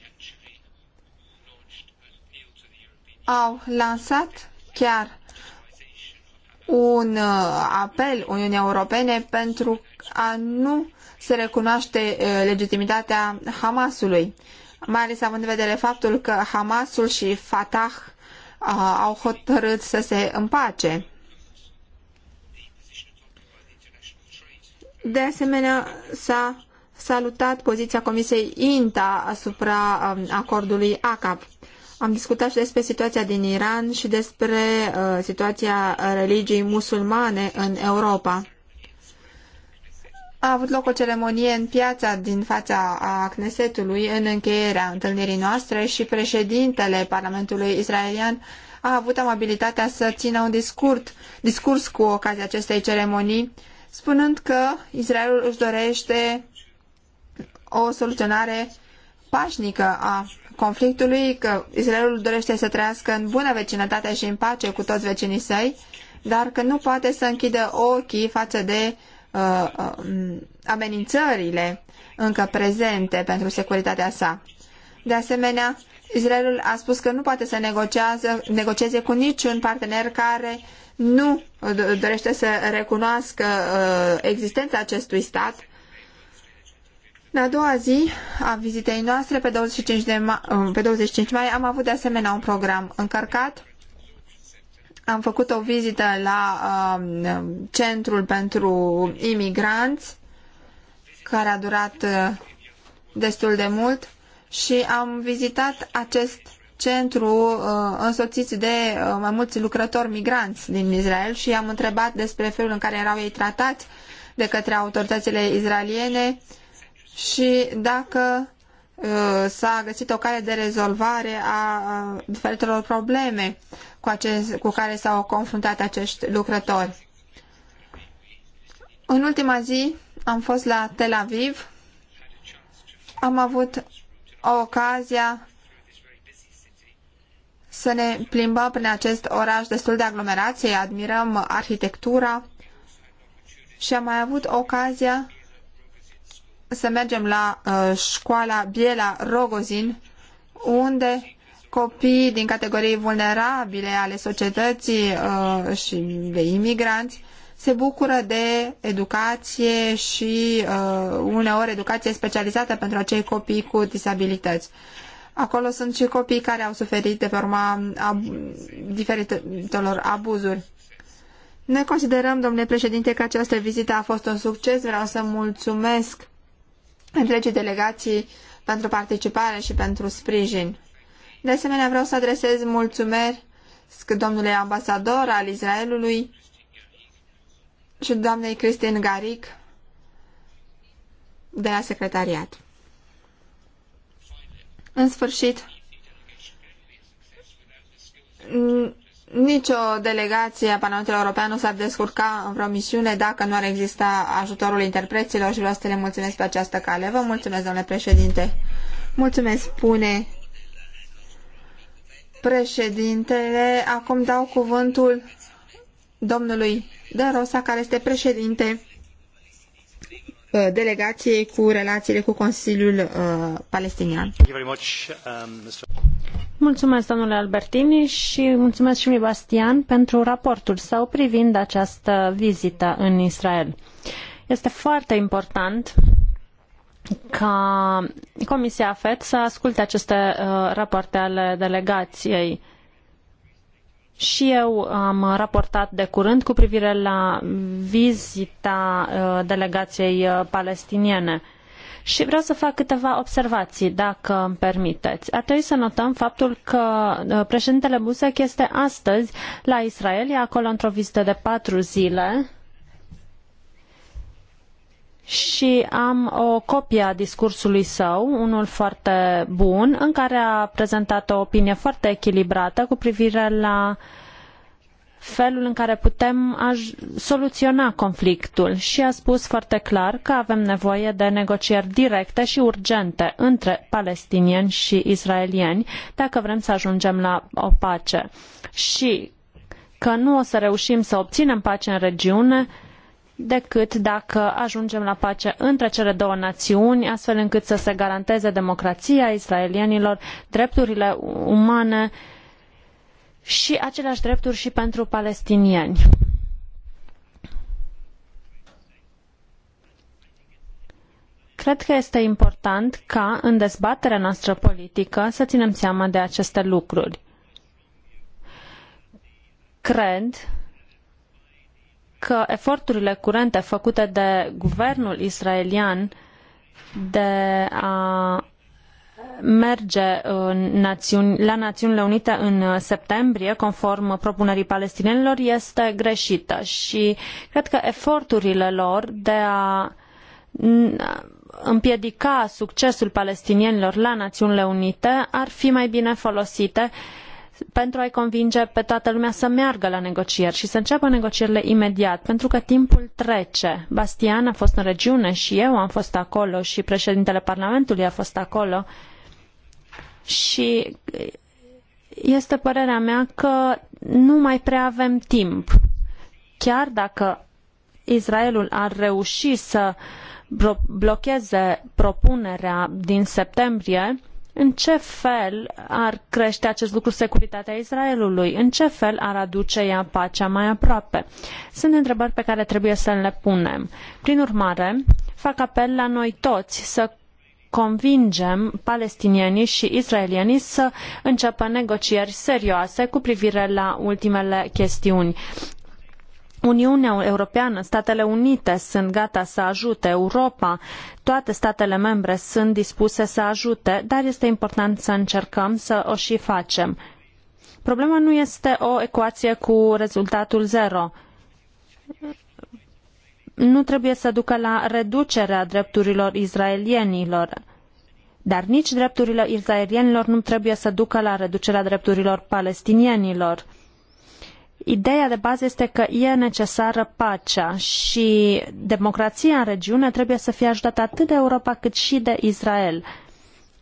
au lansat chiar un uh, apel Uniunii Europene pentru a nu se recunoaște uh, legitimitatea Hamasului, mai ales având în vedere faptul că Hamasul și Fatah uh, au hotărât să se împace. De asemenea, s-a salutat poziția Comisiei INTA asupra um, acordului ACAP. Am discutat și despre situația din Iran și despre uh, situația religiei musulmane în Europa. A avut loc o ceremonie în piața din fața a Knesetului în încheierea întâlnirii noastre și președintele Parlamentului israelian a avut amabilitatea să țină un discurt, discurs cu ocazia acestei ceremonii, spunând că Israelul își dorește o soluționare pașnică a conflictului, că Israelul dorește să trăiască în bună vecinătate și în pace cu toți vecinii săi, dar că nu poate să închidă ochii față de uh, uh, amenințările încă prezente pentru securitatea sa. De asemenea, Israelul a spus că nu poate să negocieze cu niciun partener care nu dorește să recunoască uh, existența acestui stat în a doua zi a vizitei noastre, pe 25, de ma- pe 25 mai, am avut de asemenea un program încărcat. Am făcut o vizită la um, Centrul pentru Imigranți, care a durat uh, destul de mult și am vizitat acest centru uh, de uh, mai mulți lucrători migranți din Israel și am întrebat despre felul în care erau ei tratați de către autoritățile izraeliene și dacă uh, s-a găsit o cale de rezolvare a diferitelor probleme cu, acest, cu care s-au confruntat acești lucrători. În ultima zi am fost la Tel Aviv, am avut ocazia să ne plimbăm prin acest oraș destul de aglomerat, să-i admirăm arhitectura și am mai avut ocazia să mergem la uh, școala Biela Rogozin, unde copiii din categorii vulnerabile ale societății uh, și de imigranți se bucură de educație și uh, uneori educație specializată pentru acei copii cu disabilități. Acolo sunt și copii care au suferit de pe urma ab- diferitelor abuzuri. Noi considerăm, domnule președinte, că această vizită a fost un succes. Vreau să mulțumesc întregii delegații pentru participare și pentru sprijin. De asemenea, vreau să adresez mulțumeri domnului ambasador al Israelului și doamnei Cristin Garic de la secretariat. În sfârșit, Nicio delegație a Parlamentului European nu s-ar descurca în vreo misiune dacă nu ar exista ajutorul interpreților și vreau să le mulțumesc pe această cale. Vă mulțumesc, domnule președinte. Mulțumesc, spune președintele. Acum dau cuvântul domnului De Rosa, care este președinte uh, delegației cu relațiile cu Consiliul uh, Palestinian. Um, Mulțumesc, domnule Albertini, și mulțumesc și lui Bastian pentru raportul său privind această vizită în Israel. Este foarte important ca Comisia FED să asculte aceste uh, rapoarte ale delegației. Și eu am raportat de curând cu privire la vizita uh, delegației uh, palestiniene. Uh, și vreau să fac câteva observații, dacă îmi permiteți. Ar trebui să notăm faptul că uh, președintele Buzek este astăzi la Israel, e acolo într-o vizită de patru zile și am o copie a discursului său, unul foarte bun, în care a prezentat o opinie foarte echilibrată cu privire la uh, felul în care putem soluționa conflictul și a spus foarte clar că avem nevoie de negocieri directe și urgente între palestinieni și israelieni dacă vrem să ajungem la o pace și că nu o să reușim să obținem pace în regiune decât dacă ajungem la pace între cele două națiuni, astfel încât să se garanteze democrația israelienilor, drepturile umane și aceleași drepturi și pentru palestinieni. Cred că este important ca în dezbaterea noastră politică să ținem seama de aceste lucruri. Cred că eforturile curente făcute de guvernul israelian de a merge uh, la Națiunile Unite în uh, septembrie, conform propunerii palestinienilor, este greșită și cred că eforturile lor de a împiedica succesul palestinienilor la Națiunile Unite ar fi mai bine folosite uh, pentru a-i convinge pe toată lumea să meargă la negocieri și să înceapă negocierile imediat, pentru că timpul trece. Bastian a fost în regiune și eu am fost acolo și președintele Parlamentului a fost acolo și este părerea mea că nu mai prea avem timp. Chiar dacă Israelul ar reuși să blocheze propunerea din septembrie, în ce fel ar crește acest lucru securitatea Israelului? În ce fel ar aduce ea pacea mai aproape? Sunt întrebări pe care trebuie să le punem. Prin urmare, fac apel la noi toți să convingem palestinienii și israelienii să înceapă negocieri serioase cu privire la ultimele chestiuni. Uniunea Europeană, Statele Unite sunt gata să ajute, Europa, toate statele membre sunt dispuse să ajute, dar este important să încercăm să o și facem. Problema nu este o ecuație cu rezultatul zero. Nu trebuie să ducă la reducerea drepturilor izraelienilor, dar nici drepturile izraelienilor nu trebuie să ducă la reducerea drepturilor palestinienilor Ideea de bază este că e necesară pacea și democrația în regiune trebuie să fie ajutată atât de Europa cât și de Israel.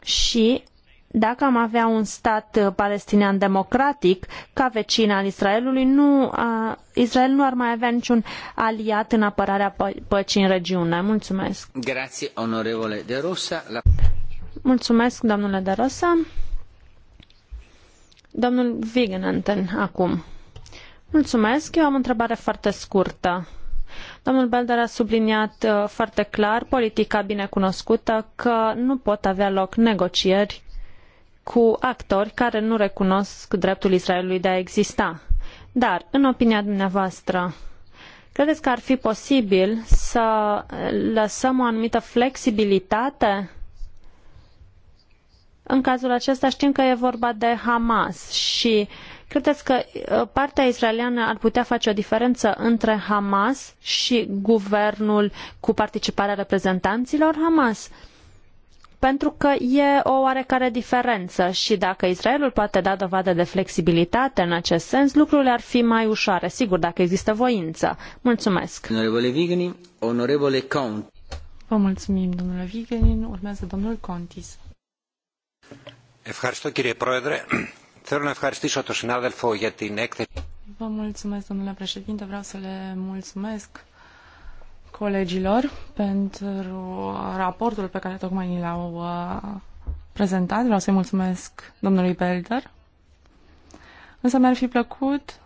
Și dacă am avea un stat palestinian democratic ca vecin al Israelului, nu, Israel nu ar mai avea niciun aliat în apărarea păcii în regiune. Mulțumesc. Grazie, onorevole de Rosa. La... Mulțumesc, domnule de Rosa. Domnul Wigenanten, acum. Mulțumesc. Eu am o întrebare foarte scurtă. Domnul Belder a subliniat uh, foarte clar politica binecunoscută că nu pot avea loc negocieri cu actori care nu recunosc dreptul Israelului de a exista. Dar, în opinia dumneavoastră, credeți că ar fi posibil să lăsăm o anumită flexibilitate? În cazul acesta știm că e vorba de Hamas și uh, Credeți că uh, partea israeliană ar putea face o diferență între Hamas și guvernul cu participarea reprezentanților Hamas? Pentru că e o oarecare diferență și dacă Israelul poate da dovadă de flexibilitate în acest sens, lucrurile ar fi mai ușoare, sigur, dacă există voință. Mulțumesc! Onorevole Vigni, onorevole Count. Vă mulțumim, domnule Vigenin. Urmează domnul Contis. Ευχαριστώ κύριε Proedre. Vă mulțumesc, domnule președinte. Vreau să le mulțumesc colegilor pentru raportul pe care tocmai ni l-au uh, prezentat. Vreau să-i mulțumesc domnului Belder. Însă mi-ar fi plăcut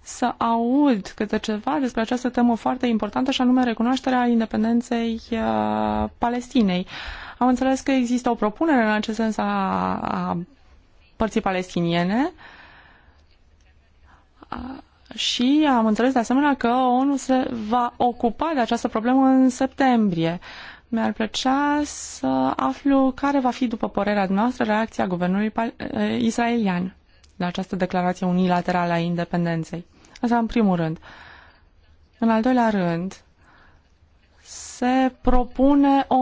să aud câte ceva despre această temă foarte importantă și anume recunoașterea independenței uh, Palestinei. Am înțeles că există o propunere în acest sens a, a părții palestiniene și am înțeles de asemenea că ONU se va ocupa de această problemă în septembrie. Mi-ar plăcea să aflu care va fi, după părerea noastră, reacția guvernului eh, israelian la această declarație unilaterală a independenței. Asta în primul rând. În al doilea rând, se propune o,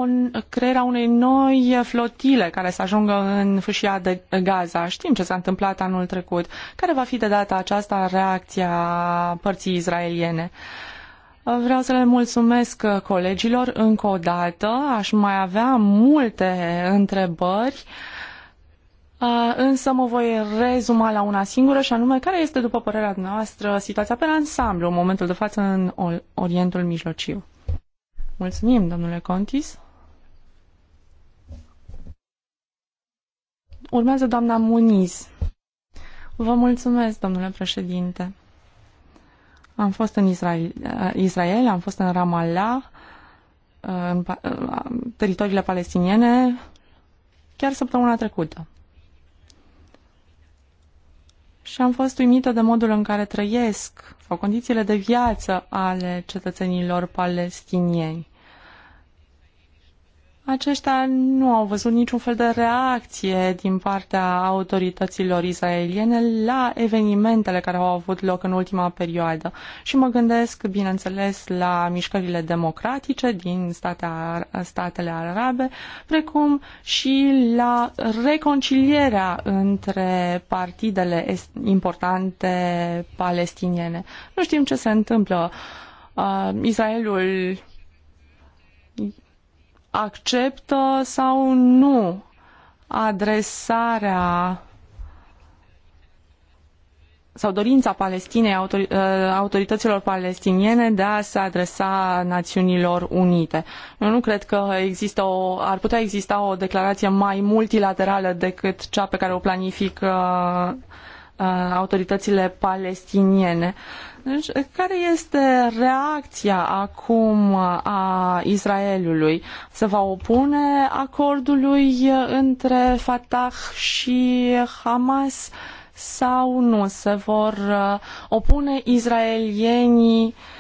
crearea unei noi flotile care să ajungă în fâșia de Gaza. Știm ce s-a întâmplat anul trecut. Care va fi de data aceasta reacția părții israeliene? Vreau să le mulțumesc colegilor încă o dată. Aș mai avea multe întrebări, însă mă voi rezuma la una singură și anume care este, după părerea noastră, situația pe ansamblu în momentul de față în Orientul Mijlociu. Mulțumim, domnule Contis. Urmează doamna Muniz. Vă mulțumesc, domnule președinte. Am fost în Israel, eh, Israel am fost în Ramallah, eh, în eh, teritoriile palestiniene, chiar săptămâna trecută. Și am fost uimită de modul în care trăiesc sau condițiile de viață ale cetățenilor palestinieni aceștia nu au văzut niciun fel de reacție din partea autorităților israeliene la evenimentele care au avut loc în ultima perioadă. Și mă gândesc, bineînțeles, la mișcările democratice din statea, statele arabe, precum și la reconcilierea între partidele importante palestiniene. Nu știm ce se întâmplă. Uh, Israelul acceptă sau nu adresarea sau dorința Palestinei, uh, autorităților palestiniene de a se adresa Națiunilor Unite. Eu nu cred că există o, ar putea exista o declarație mai multilaterală decât cea pe care o planifică uh, autoritățile palestiniene. Deci, care este reacția acum a Israelului? Se va opune acordului între Fatah și Hamas sau nu? Se vor opune israelienii uh,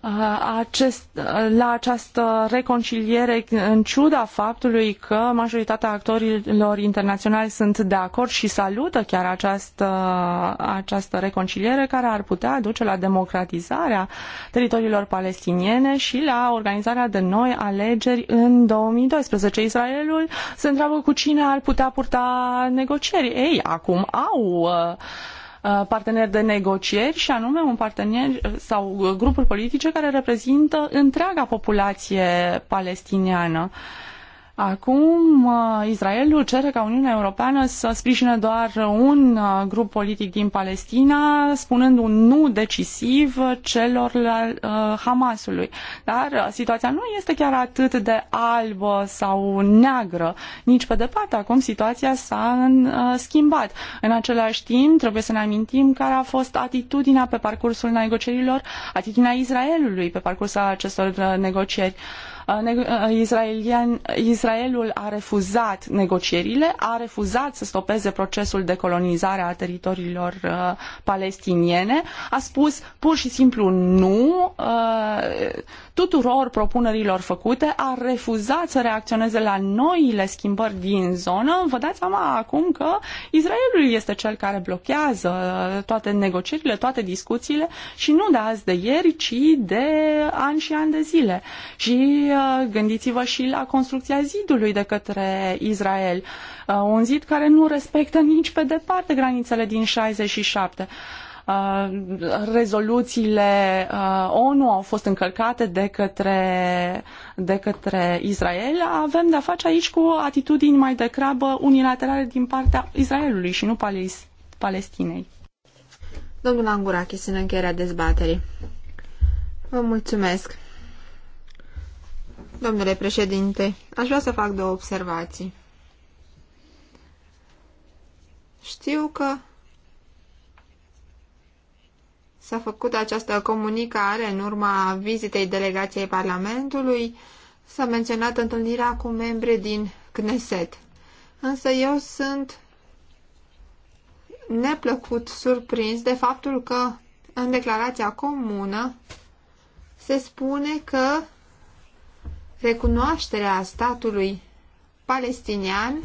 Uh, acest, uh, la această reconciliere în ciuda faptului că majoritatea actorilor internaționali sunt de acord și salută chiar această, această reconciliere care ar putea duce la democratizarea teritoriilor palestiniene și la organizarea de noi alegeri în 2012. Israelul se întreabă cu cine ar putea purta negocieri. Ei, acum au uh, Uh, partener de negocieri și anume un partener uh, sau uh, grupuri politice care reprezintă întreaga populație palestiniană. Uh, Acum, uh, Israelul cere ca Uniunea Europeană să sprijine doar un uh, grup politic din Palestina, spunând un nu decisiv uh, celor Hamasului. Dar situația nu este chiar atât de albă sau neagră, nici pe departe. Acum situația s-a schimbat. În același timp, trebuie să ne amintim care a fost atitudinea pe parcursul negocierilor, atitudinea Israelului pe parcursul acestor negocieri. Israelul a refuzat negocierile, a refuzat să stopeze procesul de colonizare a teritoriilor uh, palestiniene, a spus pur și simplu nu, uh, tuturor propunerilor făcute, a refuzat să reacționeze la noile schimbări din zonă, vă dați seama acum că Israelul este cel care blochează uh, toate negocierile, toate discuțiile și nu de azi de ieri, ci de ani și ani de zile. Și uh, gândiți-vă și la construcția zidului de către Israel, uh, un zid care nu respectă nici pe departe granițele din 67. Uh, rezoluțiile uh, ONU au fost încălcate de către, de către Israel, avem de-a face aici cu atitudini mai degrabă unilaterale din partea Israelului și nu Palis- Palestinei. Domnul Angurachis, în încheierea dezbaterii. Vă mulțumesc. Domnule președinte, aș vrea să fac două observații. Știu că S-a făcut această comunicare în urma vizitei delegației Parlamentului. S-a menționat întâlnirea cu membri din Knesset. Însă eu sunt neplăcut surprins de faptul că în declarația comună se spune că recunoașterea statului palestinian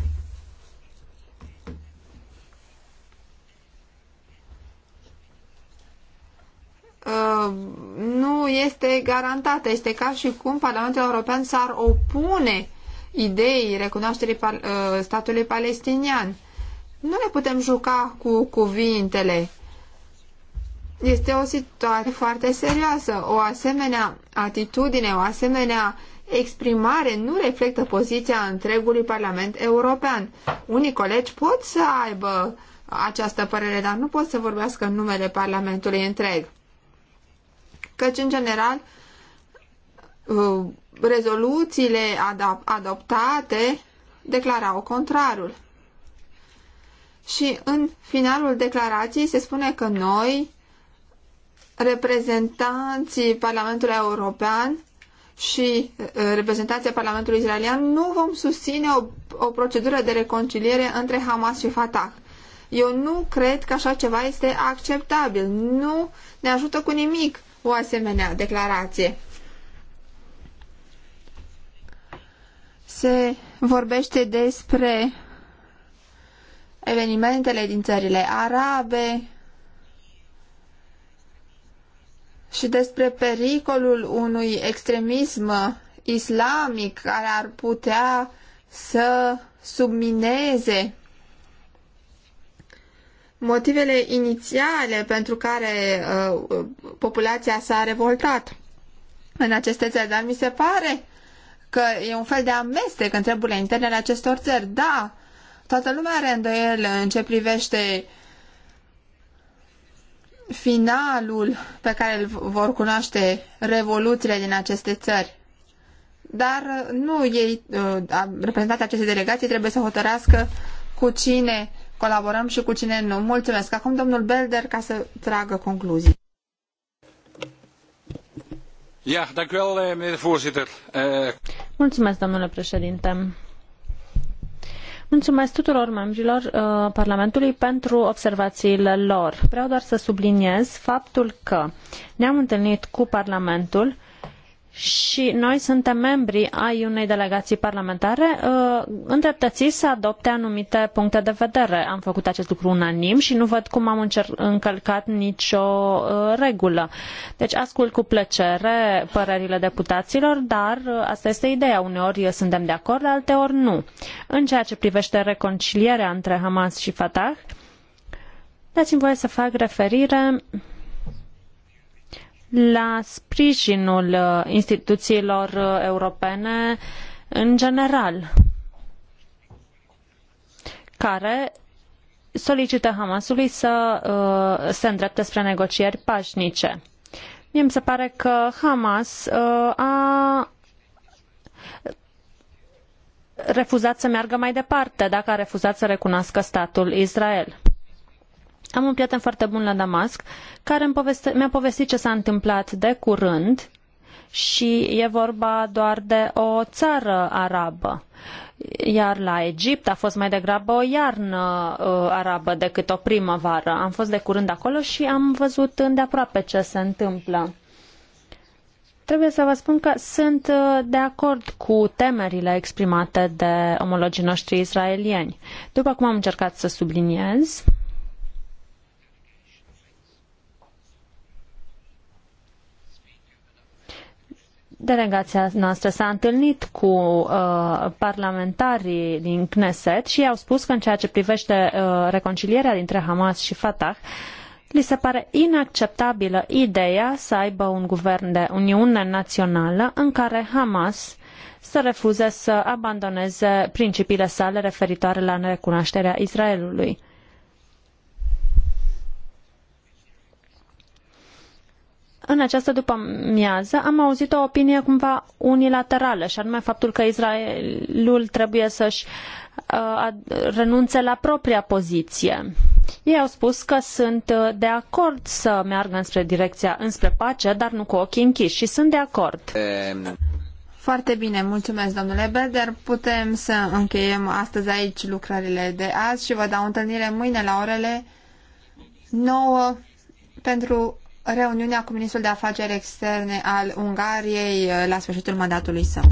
Uh, nu este garantată. Este ca și cum Parlamentul European s-ar opune ideii recunoașterii uh, statului palestinian. Nu ne putem juca cu cuvintele. Este o situație foarte serioasă. O asemenea atitudine, o asemenea exprimare nu reflectă poziția întregului Parlament European. Unii colegi pot să aibă această părere, dar nu pot să vorbească în numele Parlamentului întreg căci, în general, uh, rezoluțiile adoptate declarau contrarul. Și în finalul declarației se spune că noi, reprezentanții Parlamentului European și uh, reprezentanții Parlamentului Israelian, nu vom susține o, o procedură de reconciliere între Hamas și Fatah. Eu nu cred că așa ceva este acceptabil. Nu ne ajută cu nimic o asemenea declarație. Se vorbește despre evenimentele din țările arabe și despre pericolul unui extremism islamic care ar putea să submineze motivele inițiale pentru care uh, populația s-a revoltat în aceste țări, dar mi se pare că e un fel de amestec în treburile interne ale acestor țări. Da, toată lumea are îndoiel în ce privește finalul pe care îl vor cunoaște revoluțiile din aceste țări. Dar nu ei, uh, reprezentanții acestei delegații, trebuie să hotărească cu cine colaborăm și cu cine nu. Mulțumesc. Acum domnul Belder ca să tragă concluzii. Ja, dank u wel, eh, meneer de voorzitter. Eh, Mulțumesc, domnule președinte. Mulțumesc tuturor membrilor uh, Parlamentului pentru observațiile lor. Vreau doar să subliniez faptul că ne-am întâlnit cu Parlamentul și noi suntem membri ai unei delegații parlamentare uh, îndreptățiți să adopte anumite puncte de vedere. Am făcut acest lucru unanim și nu văd cum am încălcat nicio uh, regulă. Deci ascult cu plăcere părerile deputaților, dar uh, asta este ideea. Uneori suntem de acord, alteori nu. În ceea ce privește reconcilierea între Hamas și Fatah, dați-mi voie să fac referire la sprijinul uh, instituțiilor uh, europene în general, care solicită Hamasului să uh, se îndrepte spre negocieri pașnice. Mie mi se pare că Hamas uh, a refuzat să meargă mai departe dacă a refuzat să recunoască statul Israel. Am un prieten foarte bun la Damasc care poveste, mi-a povestit ce s-a întâmplat de curând și e vorba doar de o țară arabă. Iar la Egipt a fost mai degrabă o iarnă uh, arabă decât o primăvară. Am fost de curând acolo și am văzut îndeaproape ce se întâmplă. Trebuie să vă spun că sunt uh, de acord cu temerile exprimate de omologii noștri israelieni. După cum am încercat să subliniez, Delegația noastră s-a întâlnit cu uh, parlamentarii din Knesset și au spus că în ceea ce privește uh, reconcilierea dintre Hamas și Fatah, li se pare inacceptabilă ideea să aibă un guvern de Uniune Națională în care Hamas să refuze să abandoneze principiile sale referitoare la necunoașterea Israelului. în această după-amiază am auzit o opinie cumva unilaterală, și anume faptul că Israelul trebuie să-și uh, renunțe la propria poziție. Ei au spus că sunt uh, de acord să meargă înspre direcția înspre pace, dar nu cu ochii închiși și sunt de acord. Foarte bine, mulțumesc domnule Berder. Putem să încheiem astăzi aici lucrările de azi și vă dau întâlnire mâine la orele 9 pentru reuniunea cu ministrul de afaceri externe al Ungariei eh, la sfârșitul mandatului său.